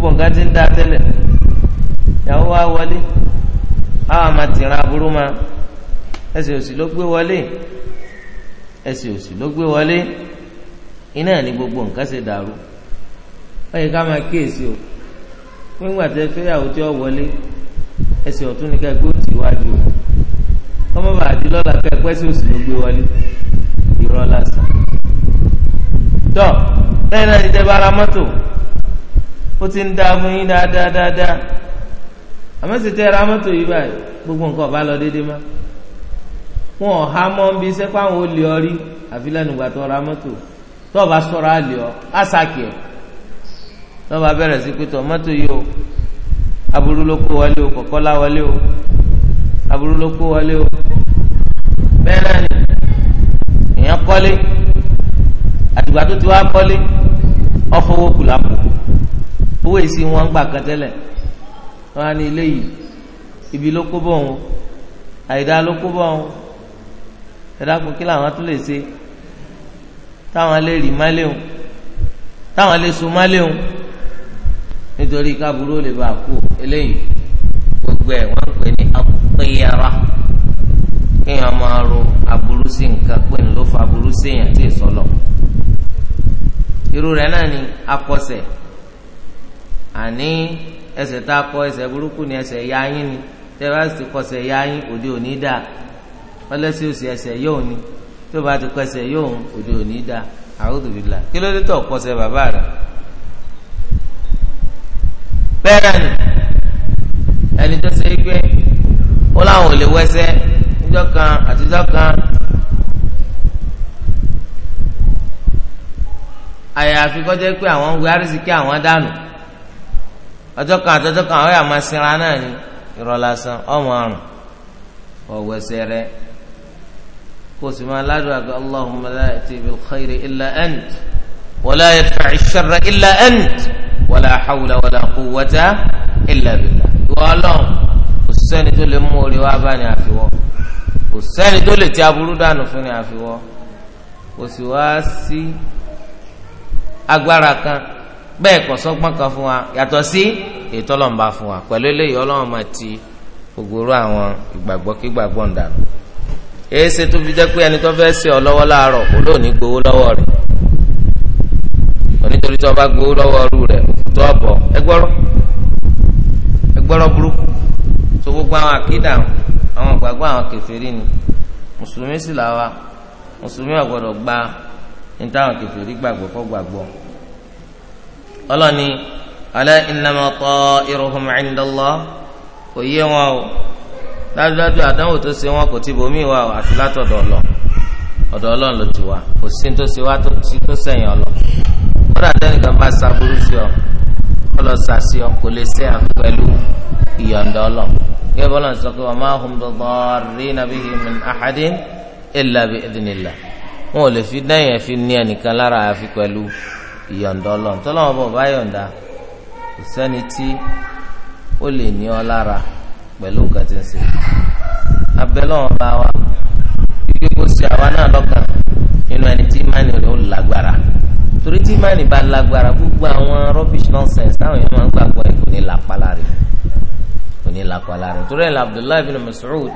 gbogbo nǹkan ti ń da tẹ́lẹ̀ ìyàwó wa wọlé àwọn àmà tìran aburú ma ẹsẹ̀ òsì ló gbé wọlé ẹsẹ̀ òsì ló gbé wọlé iná ní gbogbo nǹkan ṣe dàrú wọ́n yẹ ká máa kíyèsí o nígbà tẹ fẹ́yàwó tí ó wọlé ẹsẹ̀ ọ̀tún ní ká gbé òsì wájú o wọ́n má bàa di lọ́la ká ẹgbẹ́ sí òsì ló gbé wọlé irọ́ tọ́ bẹ́ẹ̀ náà ti tẹ́ bá mọ́tò ó ti ń dá fún yín dáadáa dáadáa àmọ́ sì tẹ́ ra mọ́tò yìí báyìí gbogbo nǹkan ọ̀bá lọ déédéé má wọn ò há mọ́ bí iṣẹ́ fáwọn olè ọ rí àfi lẹ́nu ìgbà tó ra mọ́tò tó o bá sọ̀rọ̀ àlè ọ á ẹ̀ tó o bá bẹ̀rẹ̀ sí pé tọ̀ mọ́tò yìí o aburú ló kó wọlé o kọ̀kọ́lá wọlé o aburú ló kó wọlé o bẹ́ẹ̀ náà ni èèyàn kọ́lé àtìgbà tó ti wá kọ́lé ọ̀fọwọ́kù lápò owó èsì wọn gbà kan tẹ́lẹ̀ wọn á ní ilé yìí ibi ló kó bọ̀ wọn àìdá ló kó bọ̀ wọn ẹ̀dá kun kí làwọn tún lè ṣe táwọn lè rì má léwu táwọn lè sun má léwu nítorí kábúrò lè bá kú eléyìí gbogbo ẹ wọn pè ní akpéyàrá kéèyàn máa ro aburú sí nǹkan pé ń ló fa aburú séèyàn tí ì sọlọ irú rẹ náà ni akọsẹ àní ẹsẹ̀ tá a kọ ẹsẹ̀ burúkú ni ẹsẹ̀ ya kọ ẹsẹ̀ ya òde òní dà òsì ẹsẹ̀ yóò ni tó bá ti kọ ẹsẹ̀ yóò òde òní dà a'udhu billah kí ló dé tó kọ ẹsẹ̀ bàbá rẹ̀ bẹ́ẹ̀ ni ẹni tó ṣe é gbé ó láwọn ò lè wẹ́sẹ́ níjọ́ kan àtijọ́ kan àyàfi kọjá pé àwọn ń àwọn dànù. ọjọ́ kan àtọ́jọ́ kan àwọn yà máa sinra náà ni irọ́ lásán ọmọ àrùn ọ̀wẹ́sẹ̀ rẹ kó o sì máa ládùúgbò àgbà allahumma la ya'ti bil khayri illa ant wa la yadfa'i sharra illa ant wa la hawla wa la quwwata illa ọlọ́run kò sẹ́ni tó lè mú orí wá bá ní àfiwọ́ kò sẹ́ni tó lè ti aburú dànù fún ní àfiwọ́ kò sì wá sí agbára kan bẹ́ẹ̀ kọ́ sọ́gbọ́n kan fún wa yàtọ̀ sí ètò ọlọ́mọba fún wa pẹ̀lú eléyìí ọlọ́mọba ti gbogbo àwọn ìgbàgbọ́ kí gbàgbọ́ ń dànù. èsì tó fi jẹ́ pé ẹni tó fẹ́ ṣe ọ lọ́wọ́ láàárọ̀ kò lóò ní gbowó lọ́wọ́ rẹ̀ onítorí tó bá gbowó lọ́wọ́ rú rẹ̀ tó ọ̀bọ̀ ẹgbọ́rọ̀ ẹgbọ́rọ̀ burúkú tó gbogbo àwọn àkídà àwọn gbàgbọ́ àwọn kèfèrí ni mùsùlùmí sì làwa mùsùlùmí ò gbọ́dọ̀ gba ní táwọn kèfèrí gbàgbọ́ kọ́ gbàgbọ́ ọlọ́ni alẹ́ ìnàmọ́tọ́ irúhùn ẹ̀ńdọ́lọ́ kò yé wọn o dájúdájú àdánwò tó ṣe wọn kò ti bomi wa o àti látọ̀dọ̀ ọlọ́ ọ̀dọ̀ ọlọ́run ló ti wá kò sí tó ṣe wá tó sẹ̀yìn ọlọ́ kódà tẹ́nìkan bá ṣàbúrú sí ọ ọlọ́ sàṣì ọ kò lè ṣe àfi pẹ̀lú ìyọ̀ǹda ọlọ́ kí ẹ bọ́lá ń sọ pé wa ma hum bidarrina bihi ìyọ̀ǹda ọlọ́run tọ́lọ́wọ́n bọ̀ bá yọ̀ǹda kò sẹ́ni tí ó lè ní ọ lára pẹ̀lú nǹkan tí ń ṣe abẹ́lọ́wọ́n bá wa wípé kó ṣe àwa náà lọ́kàn nínú ẹni tí ìmánì rẹ̀ ó lágbára torí tí ìmánì bá lágbára gbogbo àwọn rubbish nonsense táwọn èèyàn máa ń gbàgbọ́ ẹ̀ kò ní lápá lára kò ní lápá lára torí ẹ̀ la Abdullahi bin Mas'ud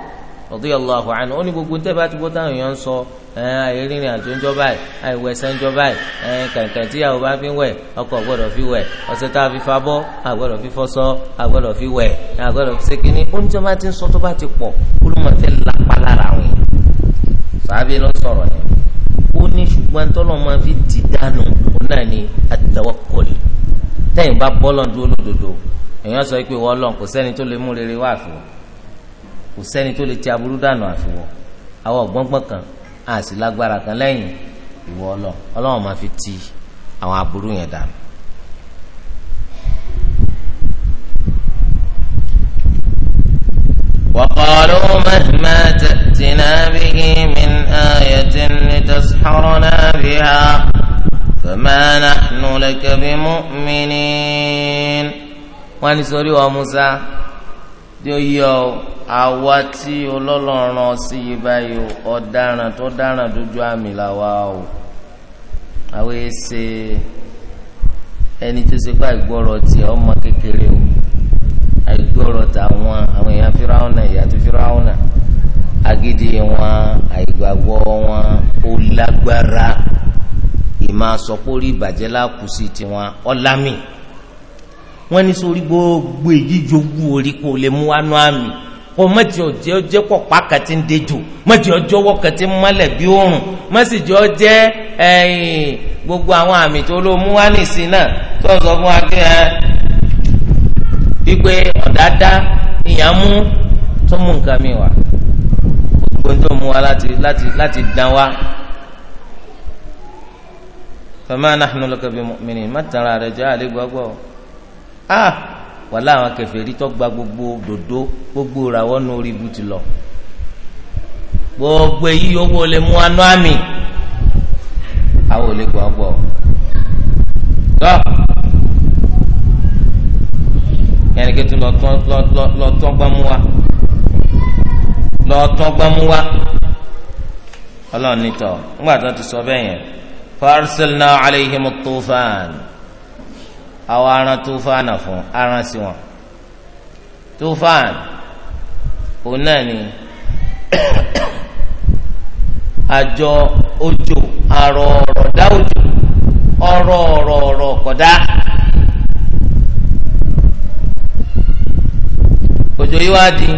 radiyallahu anhu ó ní gbogbo tẹ́ bá ti gbọ́ táwọn èèyàn ń sọ àìrìnrìn àjò ń jọ báyìí àìwẹsẹ ń jọ báyìí kẹ̀kẹ́ tíyàwó bá fi wẹ̀ ọkọ gbọ́dọ̀ fi wẹ̀ ọṣẹ tá a fi fa bọ́ àgbọ́dọ̀ fi fọṣọ àgbọ́dọ̀ fi wẹ̀ àgbọ́dọ̀ fi ṣe kínní oúnjẹ máa ti ń sọ tó bá ti pọ̀ olùmọ̀tẹ́ lápá lára àwọn yìí sàbí ló sọ̀rọ̀ yẹn ó ní ṣùgbọ́n tọ́lọ́ máa fi ti dànù òun náà ni at-tawakkul tẹ́yìn bá bọ́ lọ́n dúró lódodo èèyàn sọ pé wọ́n lọ́n kò sẹ́ni tó lè mú rere wá àfiwọ́ kò sẹ́ni tó lè ti aburú dànù àfiwọ́ àwọn ọ̀gbọ́ngbọ́n kan a sì lágbára kan lẹ́yìn ìwọ ọlọ́run ọlọ́run máa fi ti àwọn aburú yẹn dànù. وقالوا مهما تأتنا به من آية لتسحرنا بها فما نحن لك بمؤمنين wọ́n ní sórí wa Musa tí ó yẹ ọ àwa tí ọlọ́lọ́run sí yìí báyìí ọ̀daràn tó dáràn dójú àmì làwa o àwọn èsè e ẹni tó ṣe pé àìgbọ́rọ̀ tiẹ̀ ọmọ kékeré o àìgbọ́rọ̀ tàwọn àwọn èèyàn fíráhùnà ìyá tó fíráhùnà agídí wọn àìgbàgbọ́ wọn ó lágbára ìmọ̀ àsọpọ̀ orí ìbàjẹ́ lákùsí tiwọn ọ̀làmì wọ́n ní sórí gbogbo èyí jogún orí kò lè mú anú àmì kò mọ̀tì ọ̀jẹ́ ọjẹ́ pọ̀ pàkà tí ń dejò mọ̀tì ọjọ́ wọ́kà tí ń mọ́lẹ̀ bí oòrùn mọ̀sì jọ jẹ́ gbogbo àwọn àmì tó ló mú wá nìsín náà tó ń sọ fún wa kí ẹ wípé ọ̀dádá ìyàmú tó mú nǹkan mi wá gbogbo tó mú wa láti láti láti dán wa fama nahnu laka bi mu'minin má rẹ̀ jẹ́ àlégbàgbọ́ o. ah wàhálà àwọn kèfèrí tó gba gbogbo dòdó gbogbo ràwọ́ nù orí lọ gbogbo èyí yòówó lè mú anú àmì àwọn ò lè gbọ́ gbọ́ tọ́ lọ tán lọ ńgbà tó ti sọ àwọn aran tófàn fún aran sí wọn tófàn òun náà ni [COUGHS] àjọ òjò àrọ̀ ọ̀rọ̀ dá òjò ọrọ ọ̀rọ̀ ọ̀rọ̀ kọ̀dá. òjò yìí wá di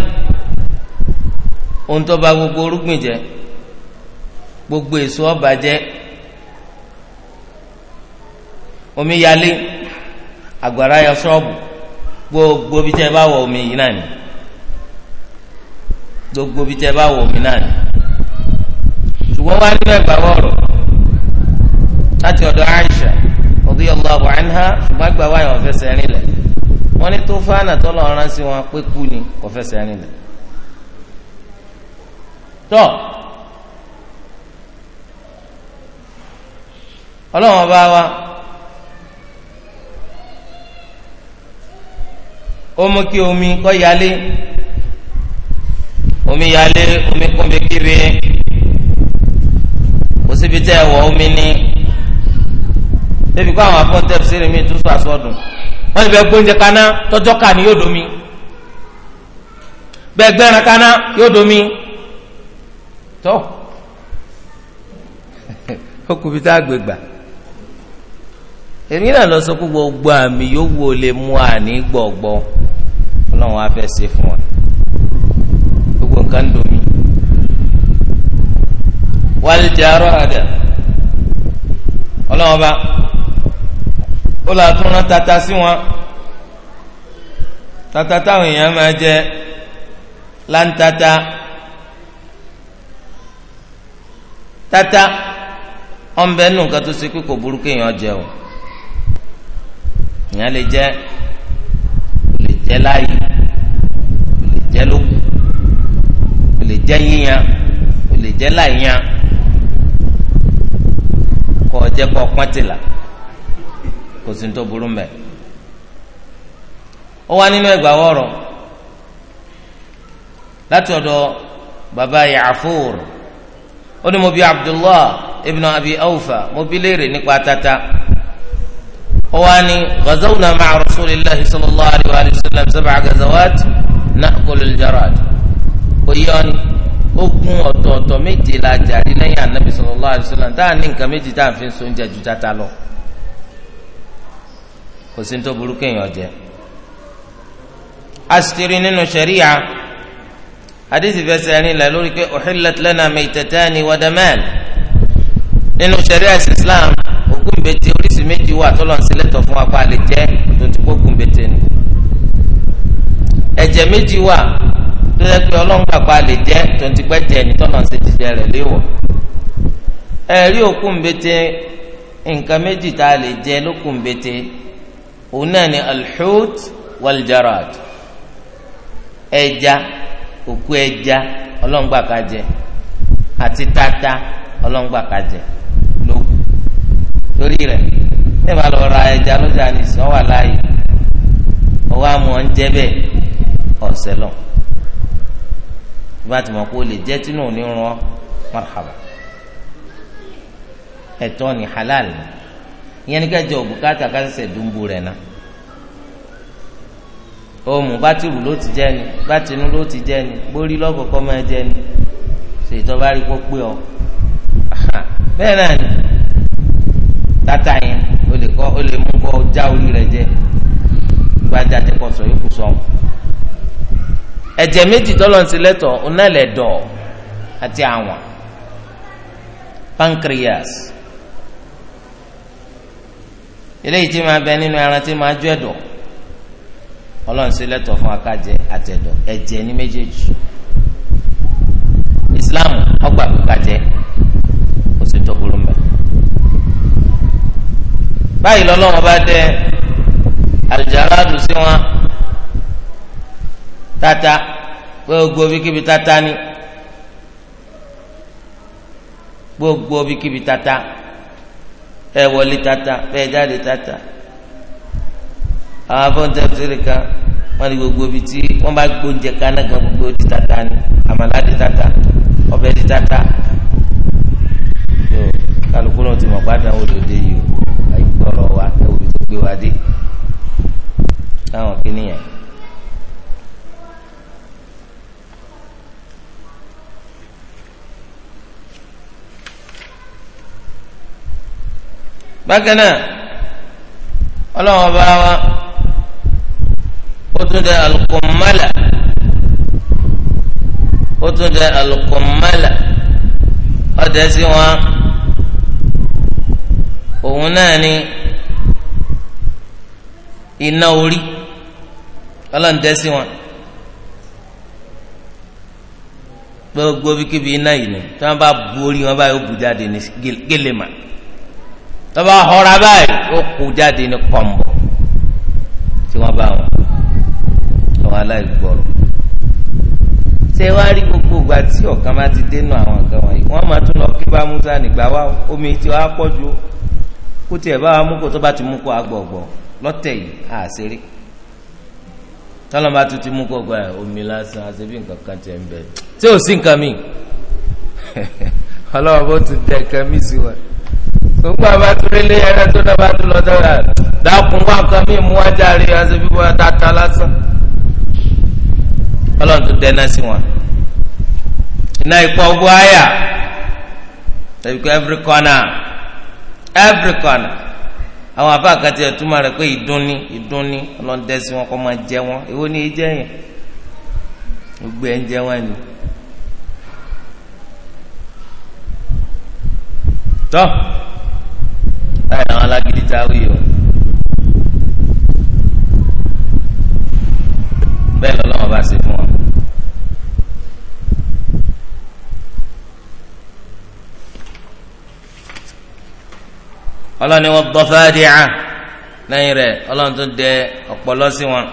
ohun tó ba gbogbo orúgbìn je gbogbo èso ọba omi omíyalé agbara ya ṣọ́ọ̀bù gbogbo bí wọ omi yìí náà ni gbogbo bí tẹ́ bá wọ omi náà ni ṣùgbọ́n wá nínú wọ̀rọ̀ láti ọ̀dọ̀ Aisha radiyallahu ha ṣùgbọ́n àgbà wáyà wọ́n fẹsẹ̀ rìn lẹ̀ wọ́n ní tó fáànà tọ́lọ̀ ọ̀ràn sí wọn pé kú ni kò fẹsẹ̀ rìn lẹ̀ tọ́ ọlọ́wọ́n bá wa. ó mú kí omi kọ́ yálé omi yálé omi kún bí kébé kò síbi tẹ́ ẹ wọ omi ní débi kó àwọn akọ́ńtẹ́ sílẹ̀ mi tún sọ àsọdùn wọ́n ti bẹ́ẹ̀ gbóúnjẹ kaná tọ́jọ́ kà ní yóò domi bẹ́ẹ̀ gbẹ́ran kaná yóò domi tó [LAUGHS] ó kù tá a gbé gbà èmi náà lọ sọ pé gbogbo àmì yóò wo lè mú àní gbọ̀gbọ́ ọlọ́run á fẹ́ ṣe fún ọ gbogbo nǹkan ń domi wàlìjàrọ̀ àdà ọlọ́run bá ó là tún rán tata sí wọn tata táwọn èèyàn máa jẹ láńtata tata ọ̀nbẹ́nu nǹkan tó ṣe pé kò burúkú èèyàn jẹ o. èèyàn lè jẹ o lè jẹ láàyè o lè jẹ lókù o lè jẹ yíyan o lè jẹ láìyan kọ jẹ kọ pọ́ntìlà kò sí ní tó burú mẹ́ ó wá nínú ẹgbàá wọ̀rọ̀ láti ọ̀dọ̀ baba yaafur ó ní mo bi abdullahi ibn abi awfa mo bi léèrè nípa tata واني غزونا مع رسول الله صلى الله عليه وآله وسلم سبع غزوات نأكل الجراد وياني ogun ọ̀tọ̀ọ̀tọ̀ méje la jàrí lẹ́yìn anabi sallallahu alaihi wasallam tá a ní nǹkan méjì tá a fi ń so oúnjẹ ju tata lọ kò sí ní tó burú kéèyàn jẹ. asitiri nínú sẹ̀ríya hadith fẹsẹ̀ rinlẹ̀ lórí pé uhillat lana maytatani wa daman nínú sẹ̀ríya islam òkú ìbẹ̀tẹ̀ orí. méjì wà tọ́lọ̀ ń sílẹ̀tọ̀ fún apá lè jẹ́ tó ti bẹ́tẹ̀ ni ẹ̀jẹ̀ méjì wà tó yẹ pé ọlọ́run apá lè jẹ́ tó ti pẹ́ jẹ́ ni tọ́lọ̀ rẹ̀ léwọ̀ ẹ̀rí bẹ́tẹ̀ nǹkan méjì tá a jẹ bẹ́tẹ̀ ni alḥut waljarad ẹja ẹja ọlọ́run tẹ́ bá lọ ra ẹja lọ́jà ní ìsìn ọ̀wà láàyè ọwọ́ àmọ́ ń jẹ́ bẹ́ẹ̀ ọ̀sẹ̀ lọ bá ti mọ̀ kó lè jẹ́ tínú òní rán marhaba ẹ̀tọ́ ni halal ni ìyẹn ní kẹjọ òbúkátà kásẹ̀sẹ̀ dùnbù rẹ̀ náà òmù bátìrù ló ti jẹ́ ni bátìnú ló ti jẹ́ ni borí lọ́kọ̀ọ́kọ́ máa jẹ́ ni ṣètò bá rí kó pé ọ bẹ́ẹ̀ náà ni tata yẹn kọ́ ó lè mú kọ́ já orí rẹ̀ jẹ gbájà tí kò sọ yóò kù sọ. ẹ̀jẹ̀ méjì tọ́lọ̀ ń silẹ́tọ̀ onálẹ̀dọ̀ àti àwọn pancreas eléyìí tí máa bẹ nínú ẹran tí máa jó ẹ̀dọ̀ ọlọ́run silẹ́tọ̀ fún akájẹ àtẹ̀dọ̀ ẹ̀jẹ̀ ní méjèèjì islam ọgbà kúkàjẹ kò sí tó burú mọ́ báyìí lọ́lọ́wọ́ bá dẹ àlùjáradù sí wọn tata gbogbo bíkíbi tata ni gbogbo bíkíbi tata ẹ wọlé tata ẹ jáde tata àwọn abọ́ntẹ́ tẹ̀lé kan wọ́n ní gbogbo ibi tí wọ́n bá gbóúnjẹ kaná gan gbogbo ti tata ni àmàlà di tata ọbẹ̀ di tata kálukú náà ti mọ̀ gbádùn àwọn òdòdó yìí o àyíkọ̀rọ̀ wa ẹ̀wù tó gbé wa dé táwọn kí nìyẹn. bákan náà ọlọ́wọ́n bá wa ó tún dẹ alukumala ó tún dẹ alukumala ọ̀dẹ̀ wọn òun náà ni iná orí ọlọ́run dẹ́ sí wọn gbogbo bíkíbi iná yìí ni tí wọ́n bá bu orí wọn báyìí ó bu jáde ní gélema tí wọ́n bá họra báyìí ó kú jáde ní kọ̀m̀bọ̀ tí wọ́n bá wọn àwọn aláìgbọ̀rọ̀ ṣé wàá rí gbogbo ìgbà tí ọ̀kan bá ti dénú àwọn nǹkan wọ̀nyí wọ́n máa tún lọ kí bá Musa nígbà wá omi tí wàá pọ̀ ju o. kó tiẹ̀ bá wa mú kó tó bá ti mú kó agbọ̀gbọ̀ lọ́tẹ̀ yìí àṣírí ti mú kó gba omi lásán àṣírí nǹkan kan tiẹ̀ ń bẹ tí ò sí nǹkan mi [LAUGHS] ọlọ́wọ́ bó ti dẹ nǹkan mi sí wa gbogbo àbá tó lélẹ̀ ẹ̀rọ tó dábàá tó lọ dára dákun wá nǹkan mi mú wá járe àṣírí wá tata lásán ọlọ́run tó dẹ́ná sí wọn iná ikú ọgbọ́ àyà every corner àwọn afa kan ti ẹtúmọ̀ rẹ̀ pé ìdúnni ìdúnni ọlọ́dẹ́sí wọn kọ́ máa jẹ wọn èwo ni èyí jẹ́ yẹn gbogbo ẹ̀ ń jẹ wọn ni. tọ́ báyìí làwọn alágídí tá a wí o bẹ́ẹ̀ lọ́lọ́wọ́ bá ṣe fún ọlọ́run ni wọ́n dọ́fàdìá lẹ́yìn rẹ̀ ọlọ́run tó dẹ ọ̀pọ̀lọ́ sí wọn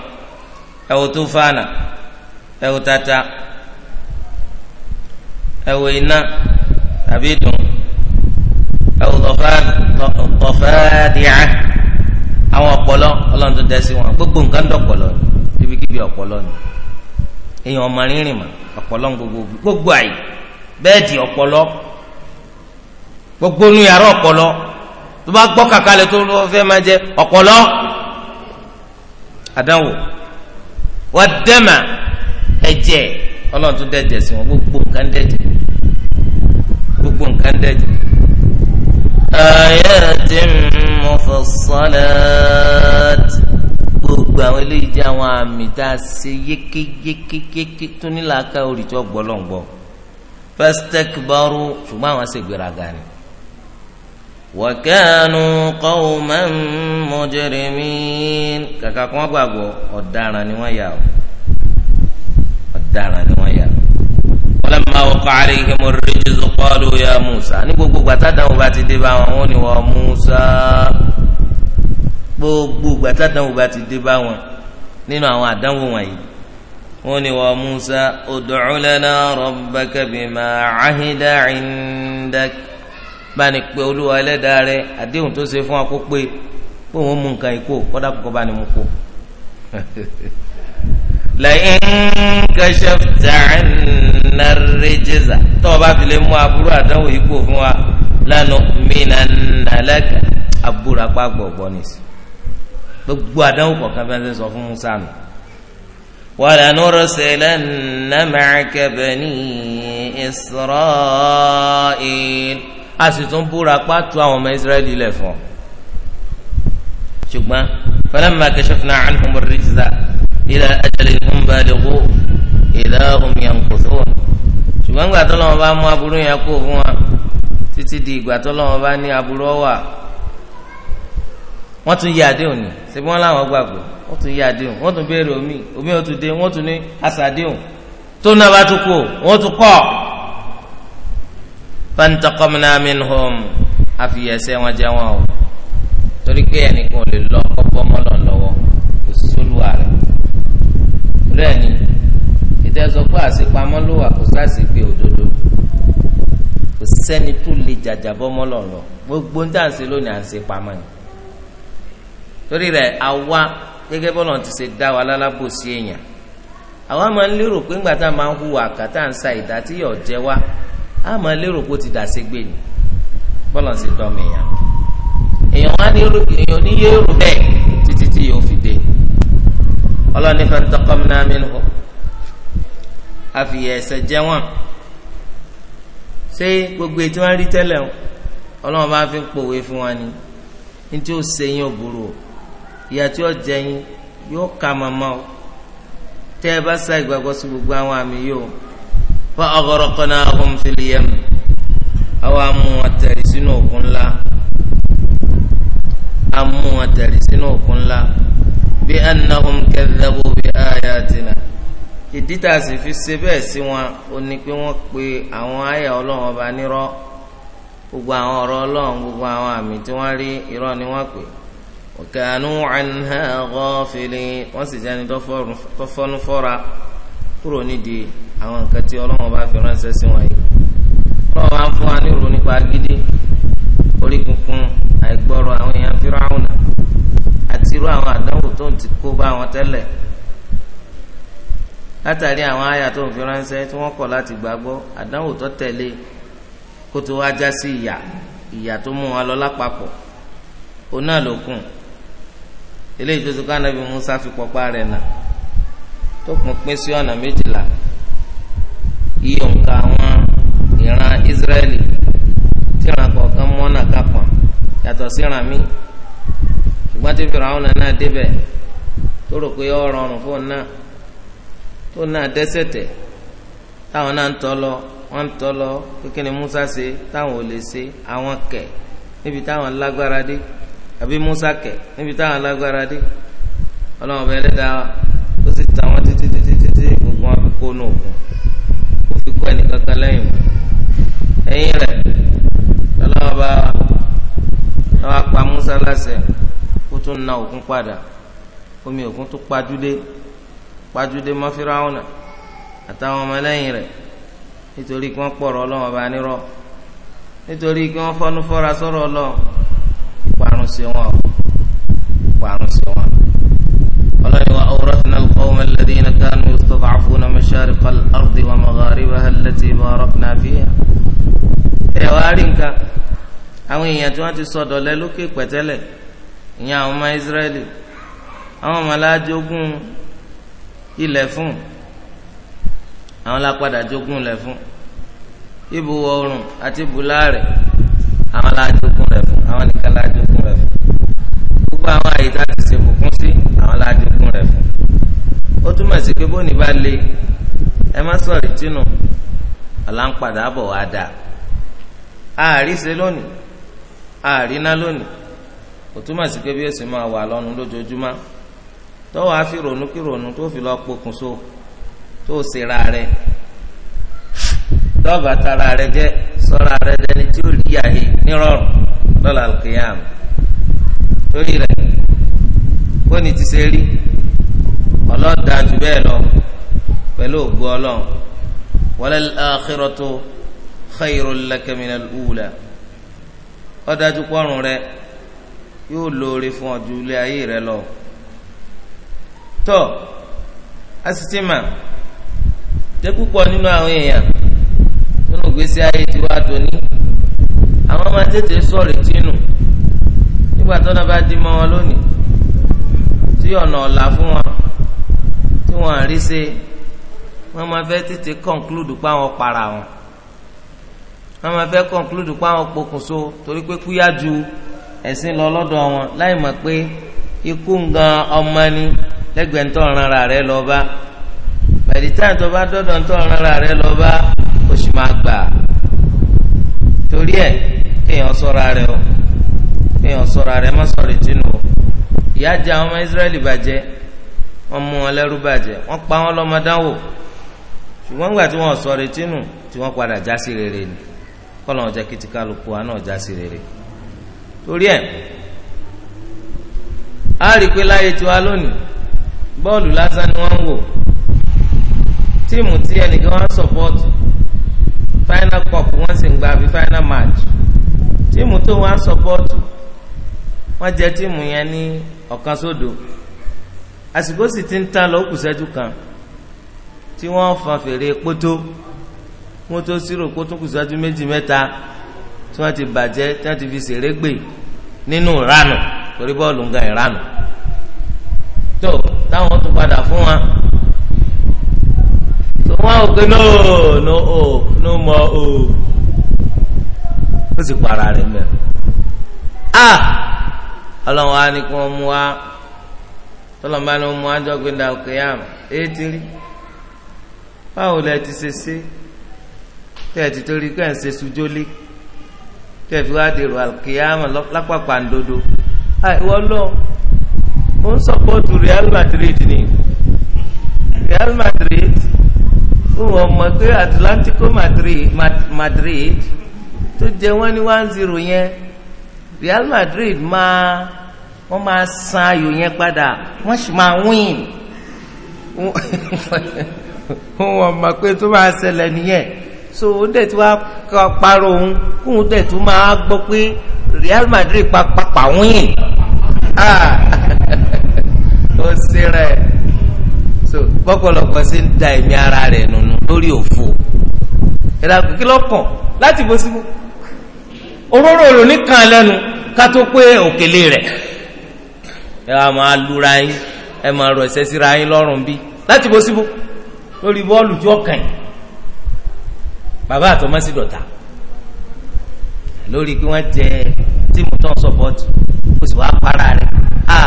ẹ̀wò tó fàànà ẹ̀wò tata ẹ̀wò iná tàbí ìdùn ẹ̀wò dọ́fàdìá àwọn ọ̀pọ̀lọ́ ọlọ́run tó dẹ sí wọn gbogbo nǹkan dọ̀pọ̀lọ́ ibikíbi ọ̀pọ̀lọ́ ni èèyàn ọmọ rírìn mà ọ̀pọ̀lọ́ gbogbo gbogbo àyè bẹ́ẹ̀dì ọ̀pọ̀lọ́ gbogbo nu yàrá ọ̀pọ̀lọ́ tó bá gbọ́ kàkálẹ̀ tó lọ́ fẹ́ máa jẹ ọ̀pọ̀lọ́ àdánwò wà dẹ́mà ẹ̀jẹ̀ ọlọ́run tún dẹ̀jẹ̀ sí wọn gbogbo nǹkan dẹ̀jẹ̀ gbogbo nǹkan dẹ̀jẹ̀. ayati mufassalat gbogbo àwọn eléyìí jẹ́ àwọn àmì tá a ṣe yékéyékéyéké tó nílò aká orí tí gbọ́ lọ́ngbọ́ fastakbaru ṣùgbọ́n àwọn ṣègbéraga ni wàkẹ́ẹ̀nù qawman mujrimin kàkà kí wọ́n gbàgbọ́ ọ̀daràn ni wọ́n yà ó ọ̀daràn ni wọ́n yà ó. walamma waqa'a alayhimu rrijzu qalu ya Musa ní gbogbo gbàtàdánwò bá ti dé bá wọn wọn ni wọ́n Musa gbogbo gbàtàdánwò bá ti dé bá wọn nínú àwọn àdánwò wọ̀nyí wọn ni wọ́n Musa ud'u lana rabbaka bima 'ahida 'indak bá ní pé olúwa ẹlẹ́dàá rẹ àdéhùn tó ṣe fún wa kó pé pé òun mú nǹkan ìkó kọ́dà kọ́kọ́ bá ní mú kó. lẹ́yìn kẹsàn-án anna rẹ́jẹ̀sà tó o bá fi lè mú aburú àdánwò ìkó fún wa lánàá mìíràn nàlẹ́kà aburú apá gbọ̀gbọ́ nìsí gbogbo àdánwò kọ̀ọ̀kan fẹ́ẹ́ sọ fún musa nù. ولنرسلن معك بني إسرائيل a sì tún búra pa tu àwọn ọmọ israẹli lẹ fún ọ ṣùgbọ́n falamma kashafna anhum ar-rijza ila ajalin hum balighu idha hum yankuthun ṣùgbọ́n gbà tó lọ́wọ́ bá mú aburú yẹn kó fún wa títí di ìgbà tó bá ní aburú ọ̀wà wọ́n tún yí àdéhùn ni ṣebí wọ́n láwọn gbàgbọ́ wọ́n tún yí àdéhùn wọ́n tún béèrè omi omi ó tún dé wọ́n tún ní àṣà tó náà bá tún kú wọ́n tún kọ́ fantaqamna minhum àfìyẹsẹ wọn jẹ wọn o torí pé ẹnìkan ò lè lọ kọpọ mọlọ lọ́wọ́ kò sí sólùwà rẹ rẹ ni ìtẹsọpọ àṣepamọ ló wà kò sásìgbè òdodo kò sẹ́ni tó lè jàjàbọ mọlọ lọ gbogbo ń dànsẹ lónìí àṣepamọ ni torí rẹ àwa gẹ́gẹ́ bọlọ ti ṣe dá wa lálábòsí èèyàn àwa máa ń lérò pé ńgbà tá a máa ń hùwà kàtà ń sa ìdá tí yóò jẹ wá a máa lérò pé ti dà ségbè ni bọ́lá ń ṣe dọ́mi èèyàn èèyàn wá ní èèyàn ní yé bẹ́ẹ̀ títí tí yóò fi dé ọlọ́ni a fi ẹ̀ṣẹ̀ je wọ́n ṣé gbogbo ètò wọn rí tẹ́lẹ̀ o ọlọ́run fi ń pòwe fún wa ni o se ó ṣe yín ò o ìyá tí ó jẹ yín o tẹ́ ẹ bá ìgbàgbọ́ sí gbogbo fa aghraqnahum fil yam àwa mú wọn tẹ̀rí sínú òkun ńlá a mú wọn tẹ̀rí sínú òkun ńlá bí annahum kadhabu bi ayatina ìdí tá a sì fi ṣe bẹ́ẹ̀ sí wọn ó ní pé pe àwọn àyà ọlọ́run ọba nírọ́ gbogbo àwọn ọ̀rọ̀ ọlọ́run gbogbo àwọn àmì tí wọ́n rí irọ́ ni wọ́n pè wa kanu anha ghafilin wọ́n sì jẹ́ni tó fọ́nú fọ́ra kúrò nídìí àwọn nǹkan tí ọlọ́run bá fi ránṣẹ́ sí wọn yìí ọlọ́run wá ń fún wa ní ìrò nípa agídí orí kunkun àìgbọ́rọ̀ àwọn èèyàn Fíráúnà àti irú àwọn àdánwò tó ń ti kó bá wọn tẹ́lẹ̀ látàrí àwọn àyà tó ń fi ránṣẹ́ tí wọ́n kọ̀ láti gbàgbọ́ àdánwò tó tẹ̀lé kó tó wá já sí ìyà ìyà tó mú wọn lọ lápapọ̀ òun náà ló kùn eléyìí tó ti ká nàbí Musa fi pọ̀pá rẹ̀ náà. tó kún pín sí ọ̀nà méjìlá iye òǹkà àwọn ìran Israẹli tí ìran kọ̀ọ̀kan mọ́nà kápọ̀n yàtọ̀ sí ìran mi ṣùgbọ́n tí Fìràwọn náà débẹ̀ tó rò pé ọ̀rọ̀ ọ̀rùn fóun náà tó náà dẹ́sẹ̀ tẹ̀ táwọn náà ń tọ́ lọ wọ́n ń tọ́ lọ Musa ṣe táwọn ò lè ṣe àwọn kẹ̀ níbi táwọn lágbára dé àbí Musa kẹ̀ níbi táwọn kó nù òkun kò fi kó ẹnì kankan lẹ́yìn mọ́ ẹ̀yìn rẹ̀ lọ́wọ́ bá wọ́n pa Musa láṣẹ kó tún na òkun padà omi òkun tó pajúdé pajúdé mọ́ Fíráúnà àtàwọn ọmọlẹ́yìn rẹ̀ nítorí kí wọ́n pọ̀rọ̀ ọlọ́wọ́n bá nírọ́ nítorí kí wọ́n fọ́nú fọ́ra sọ̀rọ̀ ọlọ́wọ́ ìparun sí wọn ìparun sí wọn ọlọ́run wa awrathna alqawma alladhina kanu yustad'afuna mashariqa al-ardi wa magharibaha allati barakna fiha. ẹ wá rí nǹkan àwọn èèyàn tí wọ́n ti sọ dọ̀lẹ́ lókè pẹ̀tẹ́lẹ̀ ìyẹn àwọn ọmọ Israẹli àwọn ọmọ alájogún ilẹ̀ fún àwọn alápadà jogún ilẹ̀ fún ibùwọ̀ oòrùn àti ibùláàrẹ̀ àwọn alájogún rẹ̀ fún àwọn nìkan alájogún rẹ̀ fún gbogbo àwọn àyíká ti ṣe bùkún sí àwọn alájogún ó túmọ̀ sí pé bóni bá le ẹ má sọ̀rọ̀ ìtinú ọ̀la ń padà bọ̀ wá dáa àárí ṣe lónìí àárí ná lónìí ó túmọ̀ sí pé bí èsì máa wà lọ́nu lójoojúmọ́ tọ́wọ́ á fi ronú kí ronú tó fi lọ́ọ́ pokùnso tó ṣera rẹ̀ tọ́ọ̀bà tara rẹ̀ jẹ́ sọ́ra rẹ̀ dẹni tí ó rí àyè nírọ̀rùn lọ́la kìíyàm lórí rẹ̀ bóni ti ṣe rí ọlọ́dà jù bẹ́ẹ̀ lọ pẹ̀lú ògbó ọlọ́run walal akhiratu khayrun laka minal ula ọ̀dájú pọ́rùn rẹ yóò lóore fún ọjọ́ ilé ayé rẹ lọ. tọ́ asítímà jẹ́ púpọ̀ nínú àwọn èèyàn nínú ìgbésí ayé tí wàá tó ní àwọn máa tètè sọ̀rọ̀ tínú nígbà tó náà bá di mọ́ wọn lónìí tí ọ̀nà ọ̀la fún wọn tí wọ́n rí ṣe wọ́n máa fẹ́ tètè kọ́ńkúlùdù pa àwọn para wọn wọ́n máa fẹ́ kọ́ńkúlùdù pa àwọn pokùnso torí pé kúyà ju ẹ̀sìn lọ lọ́dọ̀ wọn láì mọ̀ pé ikú ngan ọmọ ni lẹ́gbẹ̀ẹ́ ńtọ́ rárá rẹ lọ bá bẹ̀rẹ̀ táyà tó bá dọ́dọ̀ ńtọ́ rárá rẹ lọ bá oṣù máa gbà torí ẹ̀ kéèyàn sọ́ra rẹ o kéèyàn sọ́ra rẹ má sọ̀rọ̀ ìtinú o ìyà jẹ àwọn ọmọ Israẹli bàjẹ́ wọ́n mú wọn lẹ́rú bàjẹ́ wọ́n pa wọn lọ́mọdánwò ṣùgbọ́n nígbà tí wọ́n sọ retí nù tí wọ́n padà já sí rere ni kọ́lọ́n ọjà kìtìkálukú wa náà já sí rere torí ẹ̀ á rí pé láyé tiwa lónìí bọ́ọ̀lù lásán ni wọ́n ń wò tíìmù tí ẹnìkan wọn sọpọ́tù final cup wọ́n sì ń gba àbí final match tíìmù tó wọn sọpọ́tù wọ́n jẹ tíìmù yẹn ní ọ̀kan sódò. So àsìkò sì ti ń tán lọ kù sẹ́jú kan tí wọ́n fa fèrè kótó kótó sírò kótó kù sẹ́jú méjì mẹ́ta tí wọ́n ti bàjẹ́ tí wọ́n ti fi ṣeré gbè nínú ìranù torí bọ́ọ̀lù ń gan ìranù tó táwọn tó padà fún wa tó wọ́n ò pé nóò nó ò nó mọ ò ó sì para rẹ̀ mẹ́rin a ah! ọlọ́run á ní kí wọ́n mú wa tọ́lọ́mbà ni mo adjọ́ gbẹ̀dà òkèèyàn ètí rí báwo lẹ ti ṣe ṣe tẹ́ ẹ ti torí kẹ́ ń ṣe sujólé tẹ́ ẹ fi wá dèrò àkèèyàn lápapà ńdodo àìwọ́ lọ ó ń sọ́pọ́tù Real Madrid ni Real Madrid ó wọ́n mọ̀ pé Atlantico Madrid, Madrid tó jẹ wọ́n ní one zero yẹn Real Madrid máa wọ́n máa san ayò yẹn padà wọ́n sì máa win wọ́n mọ̀ pé tó máa ṣẹlẹ̀ nìyẹn so ó dẹ̀ tí wàá parọ́ òun kóun dẹ̀ tó máa gbọ́ pé Real Madrid papà win [LAUGHS] ó sí rẹ̀ so bọ́pọ̀lọpọ̀ sí ń da ẹ̀mí ara rẹ̀ nùnú lórí òfo ìdàgbò kí lọ́kàn láti bó síbó òróró òrò nìkan lẹ́nu ká tó pé òkèlè rẹ̀ ẹ wá máa lura yín ẹ máa rọ ẹsẹ̀ síra yín lọ́rùn bí láti bó síbò lórí bọ́ọ̀lù tí ọkàn yìí bàbá àtọmọ sí dọ̀tà lórí pé wọ́n jẹ tíìmù tó ń sọpọ́tì sì wá para rẹ̀ á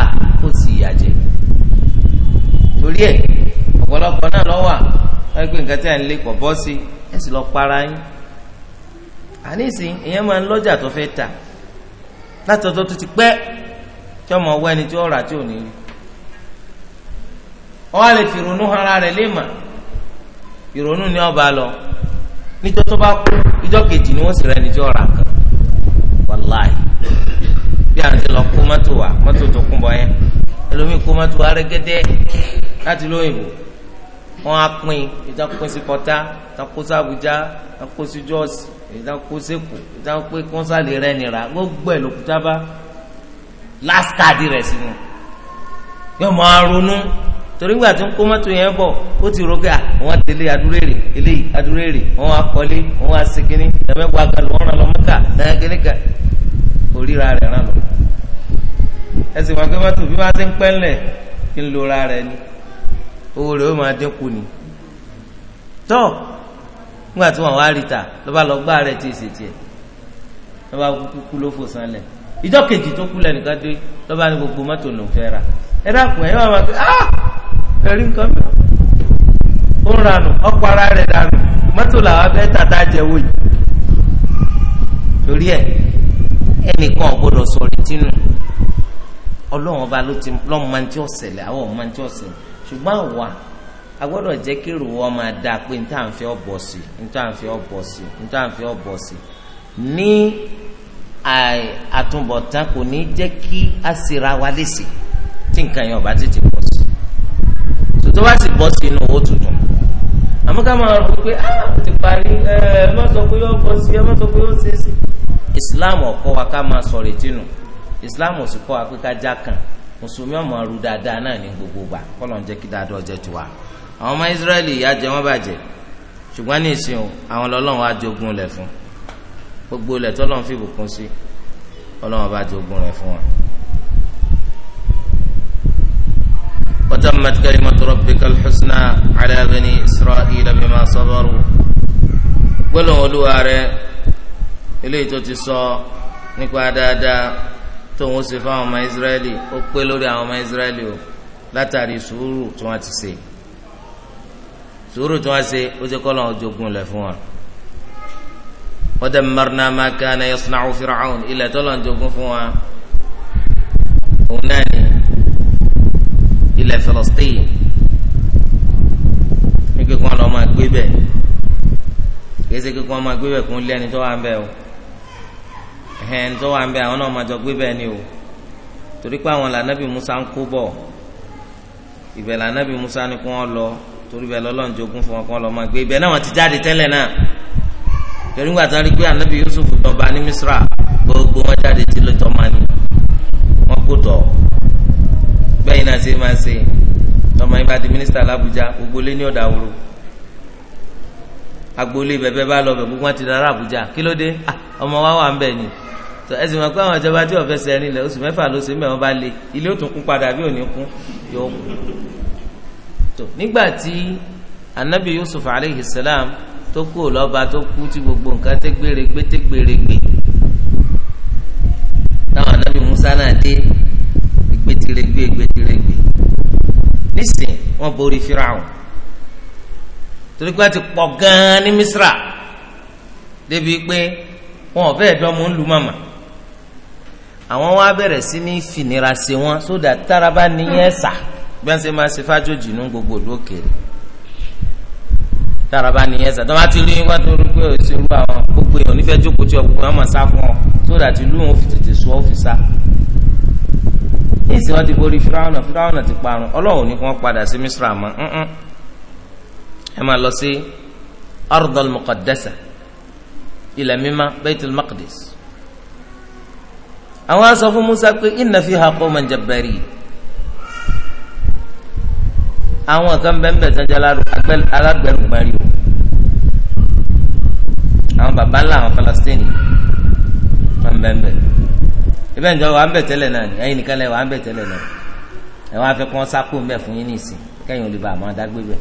ó sì yà jẹ torí ẹ̀ ọ̀pọ̀lọpọ̀ náà lọ́wọ́ ẹgbẹ́ nǹkan tí a ń lé pọ̀ bọ́ sí ẹ sì lọ para yín àníṣe ìyẹn máa ń lọ́jà tó fẹ́ tà látọ̀tọ̀ tó ti pẹ́ tí ọmọ ọwọ́ ẹni tí ó rà tí ò ní rí ọ wá lè fi ìrònú ara rẹ̀ léèmà ìrònú ni ọba lọ níjọ́ tó bá kú ìjọ́ kejì ni wọ́n sì rẹ́ni tí ó rà kan wàláì bí à ń ti lọ kó mọ́tò wa mọ́tò tó kún bọ́ yẹn ẹlòmíì kó mọ́tò wa rẹ́gẹ́dẹ́ láti lóyìnbó wọ́n á pín ìtàn pín sí pọ́tà ìtàn kó sí Àbújá ìtàn kó sí Jọ́ọ̀sì ìtàn kó sí Èkó ìtàn pé kọ́nsálì rẹ̀ nìra gbogbo ẹ̀ lòkúta bá last card rẹ̀ sínú yóò máa ronú torí gbà tó ń kó mọ́tò yẹn bọ̀ ó ti ro gà wọ́n tẹ̀lé adúrérè eléyìí adúrérè wọ́n wá kọ́lé wọ́n wá sí kínní ẹ̀mẹ́wàá kan lọ́wọ́ ràn lọ́mọ́kà náà kínní kan oríra rẹ̀ ràn lọ́wọ́ ẹsẹ̀ wọn pé mọ́tò bí wọ́n ti ń pẹ́ńlẹ̀ kí ń lora rẹ̀ ni owó rẹ̀ ó máa dínkù ni tọ́ nígbà tí wọ́n wá rí ta ló bá lọ gbá rẹ̀ tí ì sètì ẹ̀ ló kúkú ló fò sanlẹ̀ ìjọ kejì tó kú lẹ́nìkan dé lọ́ba ní gbogbo mọ́tò ló ń fẹ́ ra ah nǹkan mi ara rẹ̀ mọ́tò làwọn fẹ́ tàtà yìí torí ẹnìkan sọ̀rọ̀ ọlọ́run ọba ló ti tí àwọn ọmọ máa ń tí ọ̀sẹ̀lẹ̀ ṣùgbọ́n àwa a jẹ́ kí wọn máa àtúbọ̀tán kò ní jẹ́ kí a sera wa léṣe tí nǹkan yẹn ò bá tètè bọ̀ sí i tó bá sì bọ̀ sí inú owó tuntun àmọ́ ká máa rò pé á ah, ti parí ẹ ẹ má sọ pé yóò bọ̀ sí ẹ má sọ pé yóò ṣe é sí. Islam ò wa ká máa sọ retí nù Islam ò sì kọ́ wa já kan mùsùlùmí ọmọ ọrù dáadáa náà ní gbogbo gbà kọ́lọ̀ ń jẹ́ kí dáadáa ọjọ́ tiwa àwọn ọmọ Israẹli ìyà jẹ wọ́n bàjẹ́ ṣùgbọ́n ní ìsìn àwọn ọlọ́run wá jogún lẹ̀ fún un gbogbo ilẹ̀ tọ́lọ́n fi bùkún sí ọlọ́run bá jogún rẹ̀ fún wa. وتمت كلمة ربك الحسنى على بني إسرائيل بما صبروا gbọ́dọ̀ olúwa rẹ̀ eléyìí tó ti sọ nípa dáadáa tóun ṣe fún àwọn ọmọ israẹli ó pé lórí àwọn ọmọ israẹli o látàrí sùúrù tí wọ́n ti ṣe sùúrù tí wọ́n ṣe ó ti kọ́ lọ́wọ́ jogún lẹ̀ fún wọn. ودمرنا ما كان يصنع فرعون إلا تلان جوكفوا هناني إلى فلسطين kíkún ọlọ́ máa gbé bẹ́ẹ̀ kéésì kíkún ọmọ gbé bẹ́ẹ̀ kún lé ẹni tó wà ń bẹ́ẹ̀ o ẹ̀hẹ́n tó wà ń bẹ́ẹ̀ àwọn náà máa jọ gbé bẹ́ẹ̀ ni o torí pé àwọn lànàbì Musa ń kó bọ̀ ibẹ̀ lànàbì Musa ni kún ọ lọ torí bẹ́ẹ̀ lọ́lọ́run jogún fún wọn kún ọ lọ máa gbé ibẹ̀ náà wọ́n ti jáde tẹ́lẹ̀ náà torí ńgbà tán rí pé anabi yusuf dọba ní misra gbogbo wọn jáde tí ló tọ́ máa ní wọn kó tọ̀ bẹ́ẹ̀ náà ṣe máa ṣe tọmọ yín bá di mínísítà làbújá gbogbo lé ní ọ̀dà wúro agboolé bẹ̀bẹ̀ bá lọ bẹ̀ gbogbo wọn ti dára àbújá kí ló dé ah, ọmọ wa wà ń bẹ̀ ni ẹsìn mọ̀ pé àwọn ìjọba tí wọ́n fẹ́ sẹ́rin lẹ̀ oṣù mẹ́fà ló ṣe ń bẹ̀ bá lé ilé òtún kún padà bí òní kún yóò nígbà tí anabi yusuf alayhi salam tó kú lọ́ba tó kú tí gbogbo nǹkan tẹ́gbèrè gbé tẹ́gbèrè gbè táwọn anábì Musa náà dé gbẹtìrẹ gbé gbẹtìrẹ gbé nísìn wọn borí Firaun torí pé wọn ti pọ̀ gan ní Misra débi pé wọn ò fẹ́ẹ́ dánmọ ń lu màmá àwọn wa bẹ̀rẹ̀ sí ní fìnira sí wọn sódà táraba níyẹn sà bí wọn ṣe máa ṣe fájòjì nú gbogbo òdòkèrè tàràbà nìyẹn sà tó bá ti rí wá tó rí pé o ti rú àwọn gbogbo èèyàn onífẹ́ jókòó tí ọgbọ̀n ọmọ sá fún ọ tó dà tí lù wọn fi tètè sọ ọ́fì sá. ní ìsìn wọn ti borí fúráwọnà fúráwọnà ti parun ọlọ́run ní kí wọ́n padà sí misra mọ́ ẹ máa lọ sí ardol muqaddasa ilẹ̀ mímá baitul maqdis. àwọn aṣọ fún musa pé inna fiha qawman jabbari àwọn kan bẹ́ẹ̀nbẹ́ẹ̀ sọ́jà alágbẹ̀rùgbọ̀n rí o àwọn baba ńlá àwọn Palestine wọn bẹ́ẹ̀nbẹ́ẹ̀ ibẹ̀ ń jọ wà ń bẹ̀ tẹ́lẹ̀ náà ni ẹ̀yin nìkan lẹ̀ wà ń bẹ̀ tẹ́lẹ̀ náà ẹ̀ wọ́n á fẹ́ kọ́ sápò ńbẹ̀ fún yín ní ìsìn kẹ́yìn olùbà àmọ́ adágbé bẹ̀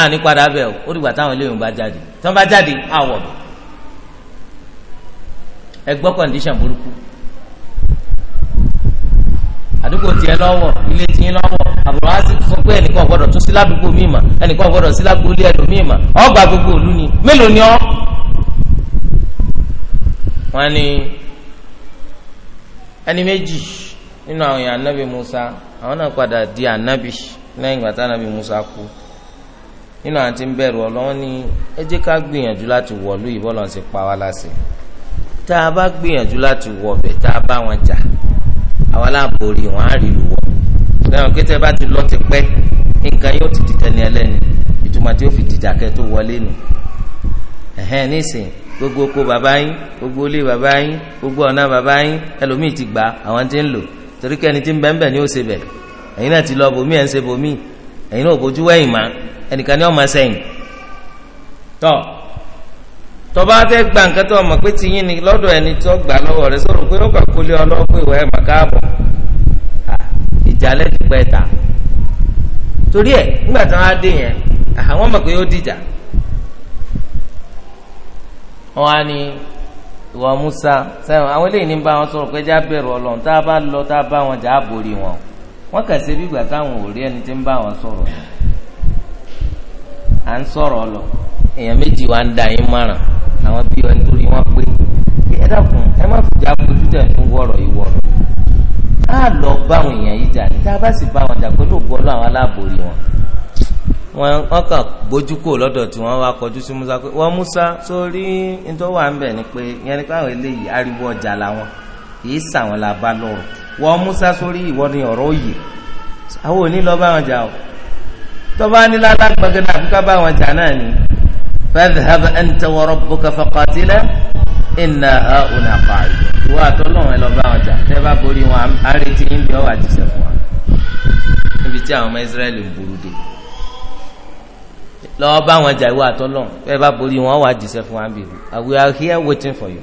àní padà bẹ̀ o ó dìgbà táwọn eléyìí bá jáde tí wọ́n bá jáde àwọ̀ bẹ̀ condition burúkú àdúgbò tiẹ̀ lọ́wọ́ ilé tiẹ̀ lọ́wọ́ àbúrò á sì fún pé ẹnìkan gbọ́dọ̀ tún sí ládùúgbò míì mà ẹnìkan gbọ́dọ̀ sí ládùúgbò ilé ẹlòmíì mà ọgbà gbogbo òlu ni mélòó ni ọ. ẹni méjì nínú àwọn èèyàn anabi Musa àwọn náà padà di anabi ìgbà anabi Musa kú nínú àwọn tí ń ọlọ́wọ́n ní ẹ jẹ́ ká gbìyànjú láti pa wá láṣẹ tá bá gbìyànjú láti wọ̀ bẹ̀ tá bá wọn jà àwọn aláàbòrí wọn á rí ìlú wọ lẹ́yìn pé tẹ́ bá ti lọ ti pẹ́ nǹkan yóò ti dìtẹ̀ ní ẹlẹ́ni ìtumọ̀ tí ó fi dìjà kẹ́ tó wọlé nù ẹ̀hẹ́n nísìn gbogbo oko bàbá yín gbogbo ilé bàbá yín gbogbo ọ̀nà bàbá yín ẹlòmíì ti gbà àwọn tí ń lò torí kẹ́ni tí ń bẹ́ẹ̀ ni ó ṣe bẹ̀ ẹ̀yin náà ti lọ bòmí ẹ̀ ń ṣe bòmí ẹ̀yin náà ò bójú wẹ̀yìn mọ́ ẹnìkan ni ọ̀ tọba a gba nǹkan tó ọmọ pé tiyín ni lọdọ ẹni tó gbà lọ́wọ́ rẹ̀ sọ̀rọ̀ pé ó kà kólé ọlọ́pọ̀ ìwà ẹ̀mà káàbọ̀ ìjà lẹ́tí ta torí ẹ nígbà tí wọ́n á dé yẹn àwọn ọmọ pé ó dìjà Musa àwọn eléyìí ní bá wọn pé tá a bá lọ tá a bá wọn jà á borí wọn wọn kà sí táwọn ò rí ẹni tí ń bá àwọn bí ẹni tó rí wọn pé ẹ dákun ẹ má fìjà fojú tẹ̀ ń wọ̀rọ̀ ìwọ̀rọ̀ á lọ bá àwọn èèyàn yìí jà ní tá a bá sì bá wọn jà pẹ̀lú ògbọ́lọ́ àwọn aláàbòrí wọn wọn kàn gbójú kò lọ́dọ̀ tí wọ́n wá kọjú sí Musa pé wọ́n Musa sórí nítorí wà ń bẹ̀ ni pé yẹn ni pé àwọn eléyìí ariwo ọjà làwọn kì í sàwọn la bá lọ́rọ̀ wọ́n Musa sórí ìwọ ni ọ̀rọ̀ òye àwọn ò ní lọ bá wọn jà o tọ́ba ní lálágbọ̀ngàn àbúkà bá wọn jà náà ni fadhhab anta wa rabbuka faqatila inna hauna qa'idun ìwọ àtọ́lọ́run ẹ lọ bá wọn jà tẹ́ bá borí wọn àrètí ń bí ọ wà jíṣẹ́ fún wa níbi tí àwọn ọmọ Israẹli ń burú dé lọ bá wọn jà ìwọ àtọ́lọ́run tẹ́ bá borí wọn wà jíṣẹ́ fún wa bìbí we are here waiting for you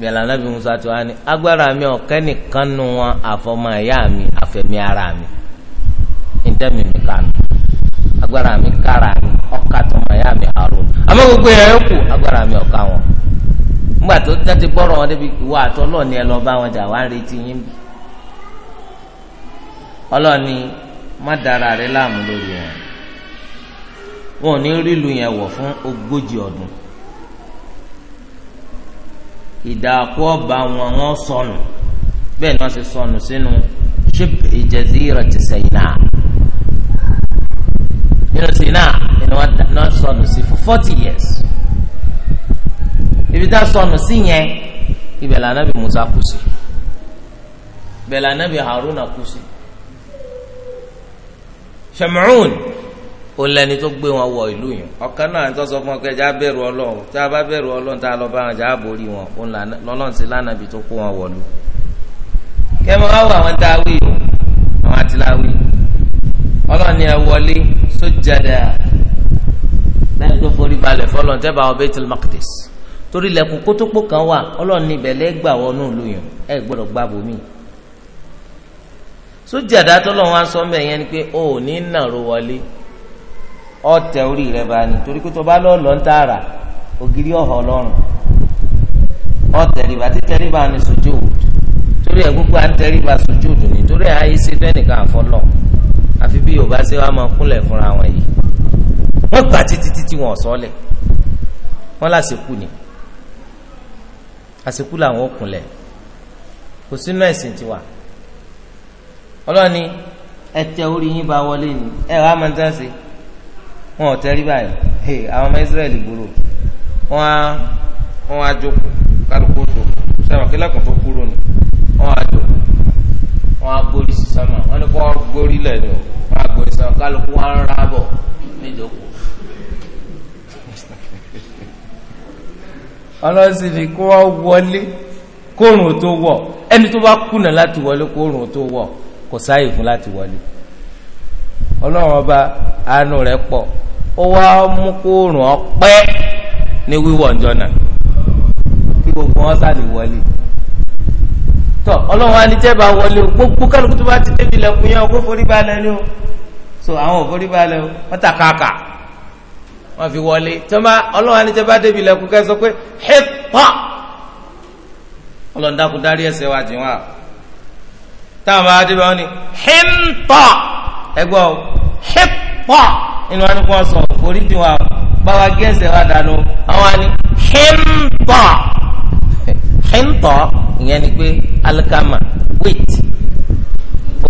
bẹ̀rẹ̀ anábì musa tó wá ní agbára mi ọ̀kẹ́ nìkan nu wọn àfọmọ ẹ̀yà mi àfẹ̀mí ara mi ìtẹ́mi mi kànú. agbára mi kára mi ọkà tó mọ mi àrùn àmọ́ gbogbo èèyàn yóò kù mi ọkà wọn nígbà tó tẹ́ ti wọn débi ìwà àti ọlọ́ọ̀ni ẹ lọ bá wọn jà wá ń retí yín bì ọlọ́ọ̀ni má dára rẹ láàmú lórí rí ìlú fún ogójì ọdún ìdààkú ọba wọn wọn sọnù ni sọnù sínú ìjẹsí ti náà. Now nínú sinna Not wọ́n sọnù see for forty years ibi tá a sọnù sí yẹn ibẹ̀ la anabi musa kú sí ibẹ̀ la anabi haruna kú sí shamuun olẹni tó gbé wọn wọ ìlú yẹn ọkàn náà tó sọ fún ọ kẹjá bẹ̀rù Ọlọ́run tí a bá bẹ̀rù Ọlọ́run tá a lọ bá wọn jà á borí wọn lọlọrun sí lánàbí tó kó wọn wọlú kẹmọ wá wọ àwọn tá a wí o ọlọ́ni ẹ wọlé sójàdà lẹ́yìn tó forí balẹ̀ fọlọ́n tẹ́ bá wọ Baitul Maqdis torí lẹ́kùn kótópó kan wà ọlọ́ni ìbẹ̀lẹ́ gbà wọnú lóyún ẹ gbọ́dọ̀ gbà bómi sójàdà tọ́lọ́ wọn sọ mẹ́ yẹn ni pé o ò ní nàró wọlé ọ̀tẹ̀ orí rẹ̀ bá ní torí pé bá lọ́ọ́ ń tààrà ògiri ọ̀họ̀ ọlọ́run ọ̀tẹ̀ríba títẹ̀ríba ni sujud torí ẹ̀ gbogbo à ń tẹ̀ríba sujud ni torí àyè ṣe fẹ́ àfọlọ́ọ̀ àfi bí yorùbá ṣe wá máa kúnlẹ̀ fúnra wọn yìí wọ́n gbà títí títí wọn sọ́lẹ̀ wọ́n lásìkò ni àsìkò làwọn ò kúnlẹ̀ kò sínú ẹ̀sìn tiwa ọlọ́ni ẹ orí yín bá wọlé ni ẹ wàá máa ń tẹ́ ṣe wọn ò tẹ́rí báyìí àwọn ọmọ israẹli gbòòrò wọn á wọn á jókòó kálukú tó sẹ́wọ̀n kílẹ̀kùn tó kúrò nù wọn á jókòó wọn á gbórí sánmà wọn ni kò gorí lẹ̀ ni o wọn á gorí sánmà kálukú wọn á rà bọ̀ ọlọ́sìn ni kó wọ́n wọlé kóòrùn tó wọ̀ ẹni tó bá kùnà láti wọlé kóòrùn tó wọ̀ kò sáàyè fún láti wọlé ọlọ́run ọba àánú rẹ̀ pọ̀ ó wá mú kóòrùn ọpẹ́ ní wíwọ̀ kí gbogbo wọn sáré wọlé tọ ọlọ́run anijẹ́ bá wọlé o gbogbo kálukú tó bá ti débi lẹ́kùn yẹn o kó forí balẹ̀ ni o so àwọn ò forí balẹ̀ o wọ́n ta kàkà wọ́n fi wọlé tọ́mọ ọlọ́run anijẹ́ bá débi lẹ́kùn kẹ́ sọ pé hẹ́pọ̀ ọlọ́run dákun dárí ẹsẹ̀ wa jìn wá táwọn bá dé bá wọn ni hẹ́pọ̀ ẹgbọ́ o inú wa ni kò sọ forí jìn wá báwa gẹ́sẹ̀ wa dànù àwọn wa ni hẹ́pọ̀ [LAUGHS] hẹ́pọ̀ ìyẹn ni pé alikama wait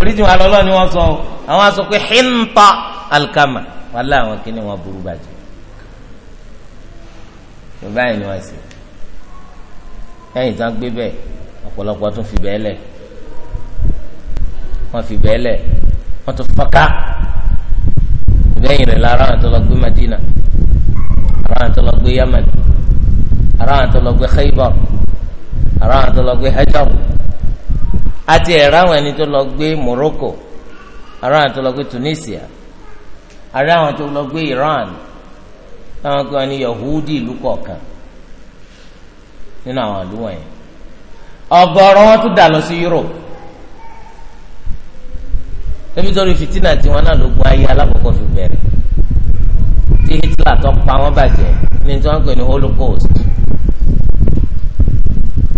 oríjìn alọ́lọ́ ni wọ́n sọ o àwọn aṣọ pé hinta alikama wàhálà àwọn kìíní wọn burú bàjẹ́ yorùbá yìí ni wọ́n ṣe ẹ̀yìn tán gbé bẹ́ẹ̀ ọ̀pọ̀lọpọ̀ tún fi bẹ́ẹ̀ lẹ̀ wọ́n fi bẹ́ẹ̀ lẹ̀ wọ́n tún fọ́ká lẹ́yìn rẹ̀ la ara àtọ́ lọ gbé Madina ara àtọ́ lọ gbé Yamani ara àtọ́ lọ gbé Khaybar. ara àwọn tó lọ gbé àti ẹ̀rọ àwọn ẹni tó lọ gbé Morocco àwọn tó lọ Tunisia tó lọ Iran táwọn kan ní Yahudi ìlú kọ̀ọ̀kan nínú àwọn àdúgbò yẹn ọ̀gọ̀rọ̀ wọn tún dà lọ sí Europe náà ló ayé alákọ̀ọ́kọ́ fi bẹ̀rẹ̀ tí Hitler tó pa bàjẹ́ ní tí wọ́n ń pè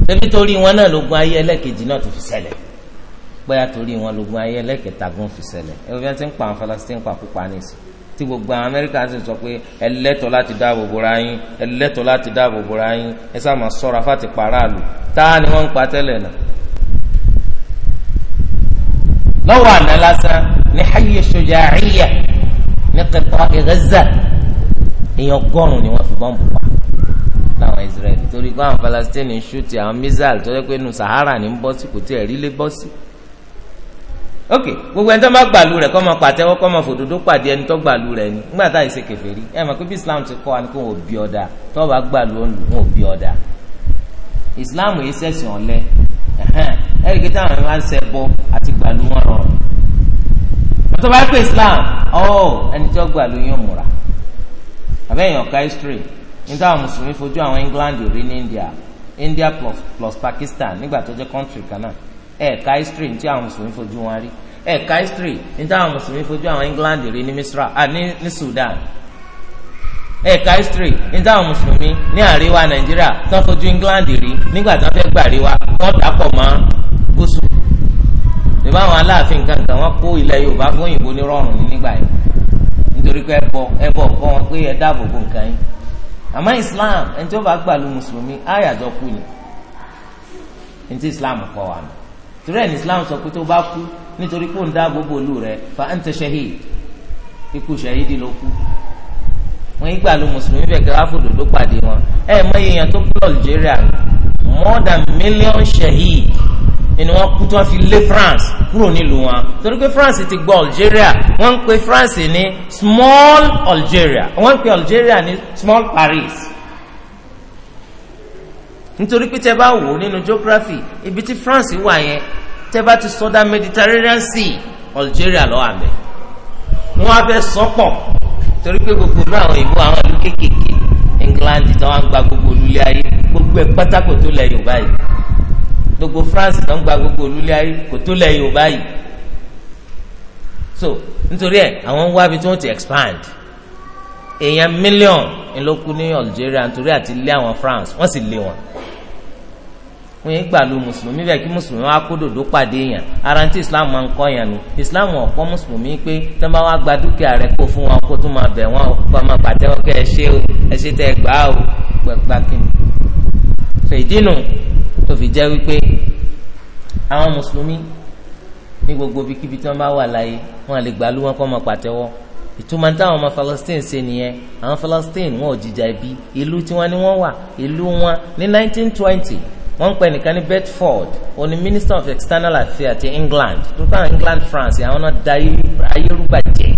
tẹbi torí wọn náà lógun ayé ẹlẹ́kejì náà tó fi ṣẹlẹ̀ bóyá torí wọn lógun ayé ẹlẹ́kẹta gan fi ṣẹlẹ̀ ẹgbẹ́ bí wọ́n ti ń pa àwọn Falasitínì pa púpà nìsín tí gbogbo àwọn Amẹ́ríkà sì sọ pé ẹlẹ́tọ̀ láti dáàbò bora yín ẹlẹ́tọ̀ láti dáàbò bora yín ẹ sáà máa sọ̀rọ̀ afáàtì paráàlú tá ni wọ́n ń pa tẹ́lẹ̀ náà. lọ́wọ́ àná lásán ní hayye shuja'iyya ní Qita'i Gaza èèyàn ọgọ́rùn-ún ni wọ́n fi bọ́ǹbù pa láwọn Israẹli torí pé àwọn Palestine ń ṣúti àwọn missile tó yẹ pé nu Sahara ní ń bọ́ sí kò tí ẹ̀ rí lé bọ́ sí. ok gbogbo ẹni tó bá gbàlú rẹ̀ kọ́ máa pàtẹ́wọ́ kọ́ máa fòdodo pàdé ẹni tó gbàlú rẹ̀ ni nígbà tá ìṣe kèfèrí ẹ mọ̀ pé bí Islam ti kọ́ wa ni kò wọ́n bí ọ̀dà tó bá gbàlú òun ò bí ọ̀dà Islam yìí sẹ̀sìn ọ̀lẹ ẹ̀ríkì táwọn máa ń ṣẹbọ àti gbàlú wọn rọrùn tó bá pè Islam ọ̀ oh, ẹni tó gbàlú yóò múra àbẹ́yìn ọ̀ka history níta àwọn mùsùlùmí fojú àwọn England rí ní India India plus, plus Pakistan nígbà tó jẹ́ country kan náà ẹ̀ka history níta àwọn mùsùlùmí fojú wọn rí ẹ̀ka history níta àwọn mùsùlùmí fojú àwọn England rí ní Misra ah, ní, ní Sudan ẹ̀ka history níta àwọn mùsùlùmí ní àríwá Nàìjíríà tó fojú England rí nígbà tó fẹ́ gbàríwá tó dàpọ̀ mọ́ gúúsù ìbá àwọn aláàfin kankan wọn kó ilẹ̀ Yorùbá fún òyìnbó ní rọrùn nígbà yìí nítorí pé ẹ bọ ẹ bọ kọ́ wọn pé ẹ dáàbò bo nǹkan yìí àmọ́ islam ẹni tí ó bá gbà lu mùsùlùmí àyàjọ kú ni ní islam kọ́ wa nù torí ẹni islam sọ pé tó bá kú nítorí kó ń dá gbogbo olú fa anta shahid ikú shahidi ló kú wọn yìí gbà lu mùsùlùmí bẹ́ẹ̀ kí ráfòdò ló pàdé wọn ẹ mọ iye yẹn tó kú lọ Algeria more than million shahid. ni wọ́n kú tí wọ́n fi lé France kúrò nílùú wọn torí pé France ti gbọ́ Algeria wọ́n ń pe France ní small Algeria wọ́n ń pe Algeria ní small Paris nítorí pé tẹ́ bá wò ó nínú geography ibi tí France wà yẹn tẹ́ bá ti sọdá Mediterranean Sea Algeria lọ àmì wọ́n á fẹ́ sọpọ torí pé gbogbo náà àwọn ìbò àwọn ìlú kéékèèké England tí wọ́n á gba gbogbo olúlé ayé gbogbo ẹ̀ pátákó tó lẹ Yorùbá yìí gbogbo France tó ń gba gbogbo olúlé ayé kò tó lẹ̀ Yorùbá yìí so nítorí ẹ̀ àwọn ń wá ibi tí wọ́n ti expand èèyàn mílíọ̀n ńlọ́kù ní Algeria nítorí àti lé àwọn France wọ́n sì lé wọn wọ́n yẹn gbà lu mùsùlùmí bẹ́ẹ̀ kí mùsùlùmí wá kó pàdé yẹn ara ti Islam máa ń kọ́ yẹn nu Islam ọ̀pọ̀ mùsùlùmí pé tẹ́ bá wá gba dúkìá rẹ̀ kó fún wọn kó tún máa bẹ̀ wọ́n kó máa pàtẹ́wọ́ kẹ́ ẹ ṣe ẹ ṣe tẹ́ ẹ gbà á o gbàgbà kìnnìkan fèdínù tó fi jẹ́ wípé àwọn mùsùlùmí ní gbogbo ibikíbi tí wọ́n bá wà láyé wọ́n lè gbàlú wọn kọ́ ọmọ pàtẹ́wọ́ ìtumọ̀ táwọn ọmọ Palestine ṣe nìyẹn àwọn Palestine wọn ò jìjà ibi ìlú tí wọ́n ní wọ́n wà ìlú wọn ní 1920 wọ́n ń pè nìkan ní Bedford òní Minister of External Affairs ti England tó England France àwọn náà da ayérúgbàjẹ́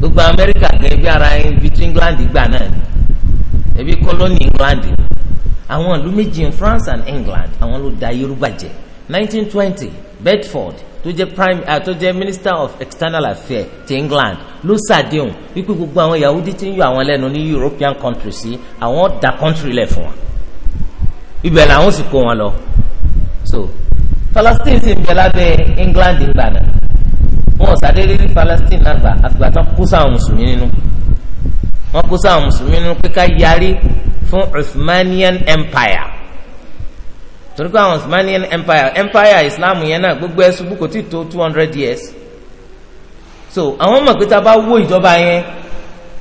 gbogbo Amẹ́ríkà gẹ́gẹ́ bí ara ibi tí England gbà náà ni kọ́lọ́nì England àwọn ìlú méjì in France and England àwọn ló da Yorùbá jẹ 1920 Bedford tó jẹ prime uh, tó jẹ minister of external affairs ti England ló ṣàdéhùn wípé gbogbo àwọn Yahudi tí ń yọ àwọn lẹ́nu ní European countries sí àwọn da country lẹ̀ fún wọn ibẹ̀ làwọn sì kó wọn lọ so Palestine sì ń bẹ lábẹ́ England ìgbà náà wọn ò sàdédé rí Palestine náà gbà àfìgbà tán kó sáwọn mùsùlùmí nínú wọn kó sáwọn mùsùlùmí nínú pé ká yarí fún Uthmanian Empire torí pé àwọn Uthmanian Empire Empire Islam yẹn náà gbogbo ẹ̀ ṣubú tí tó two hundred years so àwọn ọmọ pété bá wó ìjọba yẹn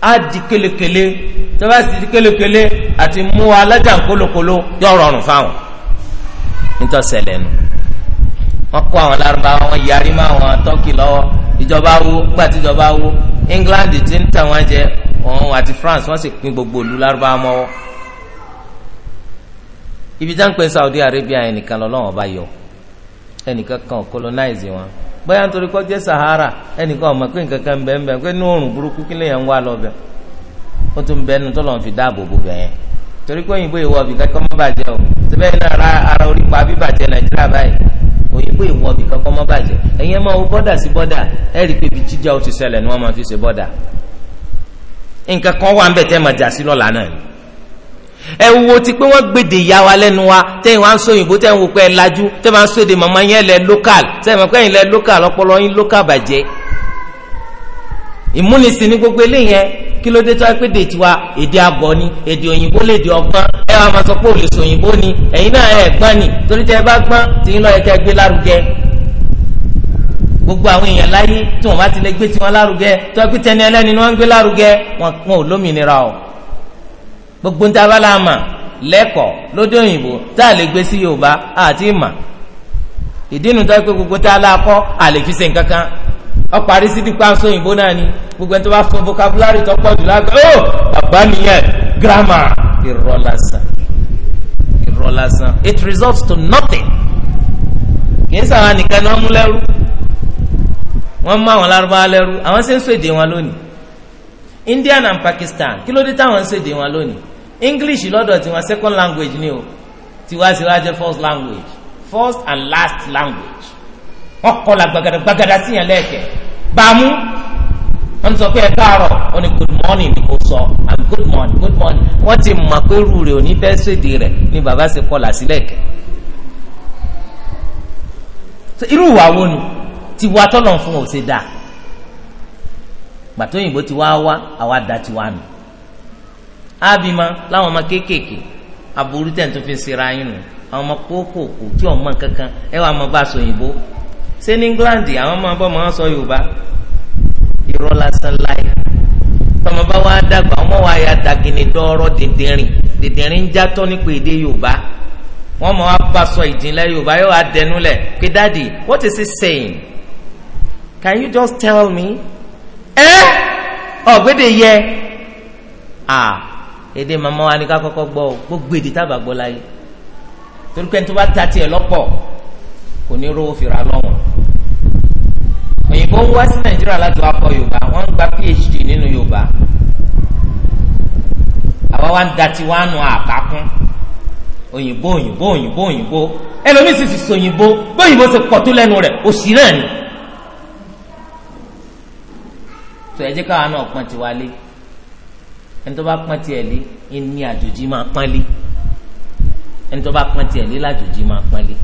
á di kélekèle tó bá sì di kélekèle àti mú wa alájà ńkólókóló yọ rọrùn fáwọn nítòsẹlẹ nu wọn kó àwọn lárúbáwá wọn yarí mọ àwọn tọkì lọ́wọ́ ìjọba wo gbà tí ìjọba wo England ti ń tà wọn jẹ òun àti France wọn sì pín gbogbo ìlú lárúbáwá mọ́wọ́ ibi tá ń pè Saudi Arabia ẹnìkan lọ́lọ́wọ́n bá yọ ẹnìkan kan colonize wọn bóyá nítorí kọ́ jẹ́ Sahara ẹnìkan ọmọ pé nǹkan kan bẹ́ẹ̀ bẹ́ẹ̀ pé ní oòrùn burúkú kí lèèyàn ń wá lọ bẹ́ẹ̀ ó tún bẹ́ẹ̀ nu fi dáàbò bò bẹ́ẹ̀ yẹn torí pé ara ara orí pa Nàìjíríà báyìí òyìnbó ìwọ ọbì kankan mọ́ bàjẹ́ ẹ̀yin máa wo bọ́dà sí bọ́dà ẹ̀ rí i pé ibi jíjà ó ti ni wọ́n ẹ wo ti pé wọ́n gbèdè ìyá wa lẹ́nu wa tẹ́yìn wá ń sọ òyìnbó tẹ́yìn wò pé ẹ lajú tẹ́yìn wá ń sọ èdè màmá yẹn lẹ local tẹ́yìn wọ́n kẹ́yìn lẹ local ọpọlọ yín local bàjẹ́ ìmúnisìn ní gbogbo eléyẹn kí ló dé tó pé èdè tiwa èdè abọ ni èdè òyìnbó lè di ọgbọ́n ẹ wàá máa sọ pé òlè sọ òyìnbó ni ẹ̀yin náà ẹ gbọ́n ni torí tẹ́ ẹ bá gbọ́n tí yín lọ yẹ kẹ́ gbé lárugẹ gbogbo àwọn èèyàn láyé tí wọ́n bá ti lè gbé tiwọn lárugẹ tó ẹ pé tẹni ẹlẹ́ni ni gbé lárugẹ wọn ò lómìnira o gbogbo ń ta bá la mà lẹ́kọ̀ọ́ lójú òyìnbó tá a lè gbé sí yorùbá àti ìmà ìdínú tó pé gbogbo tá a la kọ́ àlè fi ṣe nǹkan kan ọ parí sí dípa sóyìnbó náà ni gbogbo ẹni tó bá fún vocabulary tó pọ̀ jù lágbà ó bàbá nìyẹn grammar irọ́ lásán irọ́ lásán it results to nothing kì í sàwọn nìkan ni wọ́n mú lẹ́rú wọ́n mú àwọn lárúbáwá lẹ́rú àwọn sì ń sọ èdè wọn lónìí India and Pakistan kí ló dé táwọn ń ṣèdè wọn lónìí English lọ́dọ̀ tiwọn second language ni o tiwa siwa wá first language first and last language wọ́n kọ́ la gbagada gbagada sí yẹn lẹ́ẹ̀kẹ́ bàmú wọ́n sọ pé ẹ káàárọ̀ wọ́n ní good morning ni mo sọ i'm good morning good morning wọ́n ti mọ̀ pé rú rẹ̀ ò fẹ́ ṣèdè rẹ̀ ni bàbá ṣe kọ́ là sí lẹ́ẹ̀kẹ́ irú ìwà wo ni tiwa tọ́lọ̀ fún òṣèdá gbàtó òyìnbó ti wá wá àwa da ti wá nù ábìmọ láwọn ọmọ kéékèèké aburú tẹ̀ ń tó fi sira yín nù àwọn ọmọ kókòkò tí wọn mọ kankan ẹ wàá mọ bá aṣọ òyìnbó ṣé ní England àwọn ọmọ bọ́ mọ́ sọ Yorùbá irọ́ lásán láì tọmọ bá wá dàgbà ọmọ wa ya dàgìnì dọ́ọ̀rọ̀ dìndìnrìn dìndìnrìn játọ́ nípa èdè Yorùbá wọn mọ wá bá sọ ìdínlẹ̀ Yorùbá yóò wá dẹnu lẹ̀ pé dáàdi what is he saying can you just tell me ẹ ọ̀gbẹ́dẹ̀ yẹ à èdè màmá wa ni ká kọ́kọ́ gbọ́ gbogbo èdè tábà gbọ́ láyé torí pé ní tó bá ta tiẹ̀ lọ́pọ̀ kò ní rówó fìrà lọ́wọ́ òyìnbó ń wá sí nàìjíríà láti wá kọ́ yorùbá wọ́n ń gba phd nínú yorùbá àwa wá ń da tiwa nù àkàkún òyìnbó òyìnbó òyìnbó òyìnbó ẹlòmíì sì fi sòyìnbó bóyìnbó ṣe pọ̀ tó lẹ́nu rẹ̀ òsì náà ni. tó ẹ jẹ́ káwa náà pọ́n tiwa lé ẹni tó bá pọ́n tiẹ̀ lé ẹni àjòjì máa pọ́n lé ẹni tó bá pọ́n tiẹ̀ lé lájòjì máa pọ́n lé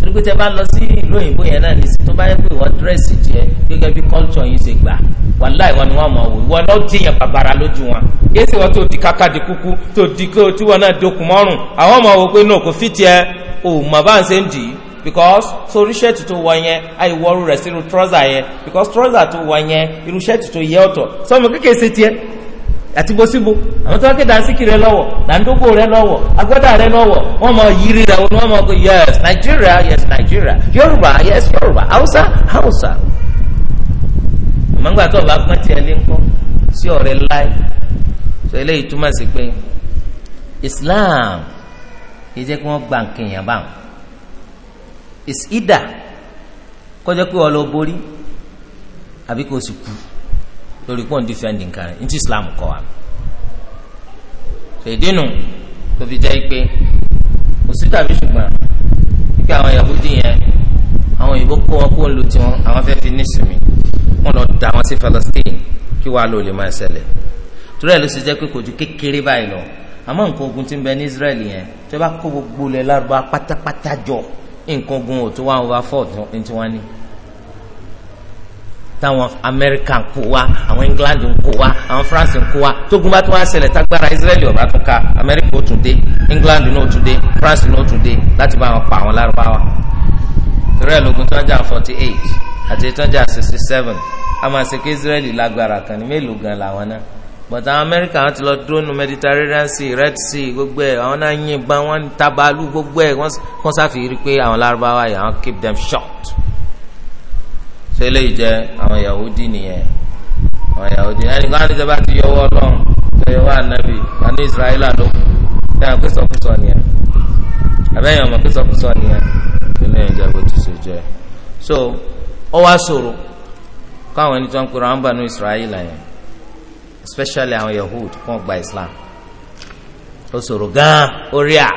torí pé tẹ bá lọ sí ìlú òyìnbó yẹn náà nísìsiyìí tó bá yẹ pé wọ́n dírẹ́sì jẹ gẹ́gẹ́ bí culture yìí ṣe gbà wàláì wọn ni wọn mọ̀ wò wọn náà jiyàn bàbàrà lójú wọn yé sì wọn tó di kàkà di kúkú tó di kó tí wọn náà dokùn mọ́rùn àwọn ọmọ wò pé náà kò fi tiẹ̀ òun mọ̀ bá ń ṣe ń dì í because sórí ṣẹ́ẹ̀tì tó wọ yẹn àìwọ́rù rẹ̀ sínú trọ́sà yẹn because trọ́sà tó wọ yẹn irú ṣẹ́ẹ̀tì tó yẹ ọ̀tọ̀ sọmọ kékeré ṣe tiẹ̀ àti bosíbo àwọn tí wọn kéde àǹsíkì rẹ lọ́wọ́ nàndógó rẹ lọ́wọ́ agbádá rẹ lọ́wọ́ wọn mọ yiri rẹ wọn mọ ko yes Nigeria yes Nigeria Yorùbá yes Yorùbá Hausa Hausa mọ̀nàgbà tó o bá pọ́n tiẹ̀ lé ńkọ́ sí ọ̀rẹ́ láì tó eléyìí túmọ̀ sí pé Islam kì í jẹ́ kí wọ́n gba nǹkan yẹn báwọn is either kọjá pé wọ́n borí àbí kò sì kú lórí pọ́ùn dífẹ́ǹdì nǹkan ní ti Islam kọ́ wa fèdínù tó fi jẹ́ pé kò sí tàbí ṣùgbọ́n pé àwọn Yahudi yẹn àwọn òyìnbó kó wọn kó ń lu tiwọn àwọn fẹ́ fi nísìmí wọn lọ da wọn sí Palestine kí wàá lò lè máa ṣẹlẹ̀ torí ẹ̀ ló ṣe jẹ́ pé kò ju kékeré báyìí lọ àmọ́ nǹkan ogun ti ń bẹ ní Israel yẹn tó bá kó gbogbo lẹ̀ lárúbá pátápátá jọ nǹkan ogun ò tó one over four ní tí wọ́n ní táwọn amẹ́ríkà ń kó wa àwọn england ń kó wa àwọn france ń kó wa tógun bá tún wá ṣẹlẹ̀ tágbára israeli ọ̀bá tún ká amẹ́ríkà ó tún dé england náà ó tún dé france náà ó tún dé láti bá wọn pa àwọn lárúbáwá torí ẹ̀ lógun tó ń jà forty eight àti tó ń jà sixty seven a máa ṣe kí israeli lágbára kan ní mélòó gan làwọn náà bọ̀tà amẹ́ríkà wọn ti lọ dúró mediterranean sea red sea gbogbo ẹ̀ àwọn náà yìnbọn wọn ń tabalú gbogbo ẹ̀ wọ́n sáfì rí i pé àwọn lárúbáwá yìí àwọn keep them short. ṣé eléyìí jẹ́ àwọn yahudi nìyẹn àwọn yahudi ẹnì kan á ní sábà ti yọwọ́ ọlọ́run tó yọwọ́ ànábì wọn ní israẹlà ló kù ṣé àwọn pé sọkúsọ nìyẹn àbẹ́yẹn ọmọ pé sọkúsọ nìyẹn nínú ìjà bó ti ṣe jẹ́ so ó wá ṣòro káwọn ẹni tó ń pera wọn bá nu israẹlà especially àwọn yahood wọ́n gba islam ó ṣòro gan orí à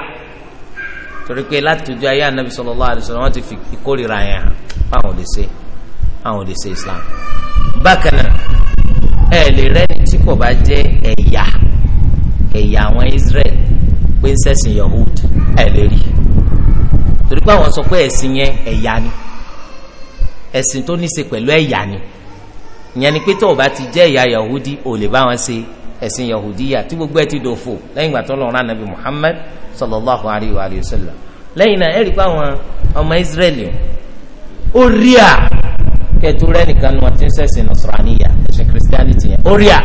torí pé láti ojú ayé anabi sallallahu alaihi wasallam wọ́n ti fi ìkórìíra yẹn hàn fáwọn lè ṣe àwọn lè ṣe islam bákan náà ẹ lè rẹ́ni tí kò bá jẹ́ ẹ̀yà ẹ̀yà àwọn israel pé yahood ẹ lè rí torí pé àwọn sọ pé ẹ̀sìn yẹn ẹ̀yà ni ẹ̀sìn tó ní í ṣe pẹ̀lú ẹ̀yà ni ìyẹn ni pé tó o bá ti jẹ́ ìyá yahudi ò lè bá wọn ṣe ẹ̀sìn yahudi yà tí gbogbo ẹ ti dòfò lẹ́yìn ìgbà tó lọ́run anabi muhammad sallallahu alayhi wa sallam lẹ́yìn náà ẹ̀rí pa àwọn ọmọ israẹli ó rí à kẹtù rẹ nìkan ni wọn ti ń ṣẹ̀sìn nasraniya ẹ̀sìn christianity yẹn ó rí à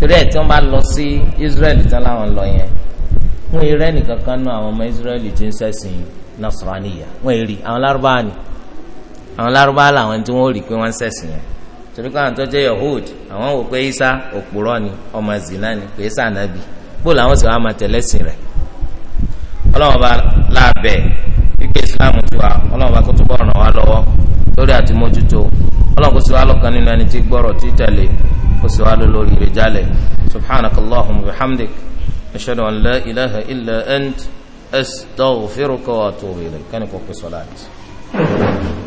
torí ẹ̀ tí wọ́n bá lọ sí israẹli tán láwọn lọ yẹn wọ́n eré nìkan kan náà àwọn ọmọ israẹli ti ń ṣẹ̀sìn nasraniya wọ́n eré àwọn lárúbáwá ni àwọn lárúbáwá làwọn tí wọ́n rí pé wọ́n ń ṣẹ̀sìn yẹn torí káwọn tó jẹ́ yahood àwọn wò pé isa òpùrọ́ ni ọmọ zina ni pé isa nàbì bó làwọn sì wá máa tẹ̀lé sìn rẹ̀ ọlọ́wọ́n bá láàbẹ̀ wípé islam ti wá ọlọ́wọ́n bá kó tó bọ́ ọ̀ràn lórí àti mójútó ọlọ́wọ́n kó sì wá lọ́kàn nínú ẹni tí gbọ́rọ̀ tí tẹ̀lé kó sì wá lórí rẹ̀ jálẹ̀ subhanakallahumma wa bihamdik an la ilaha illa ant astaghfiruka wa atubu ilayk kánìkò pé sọ́láàtì.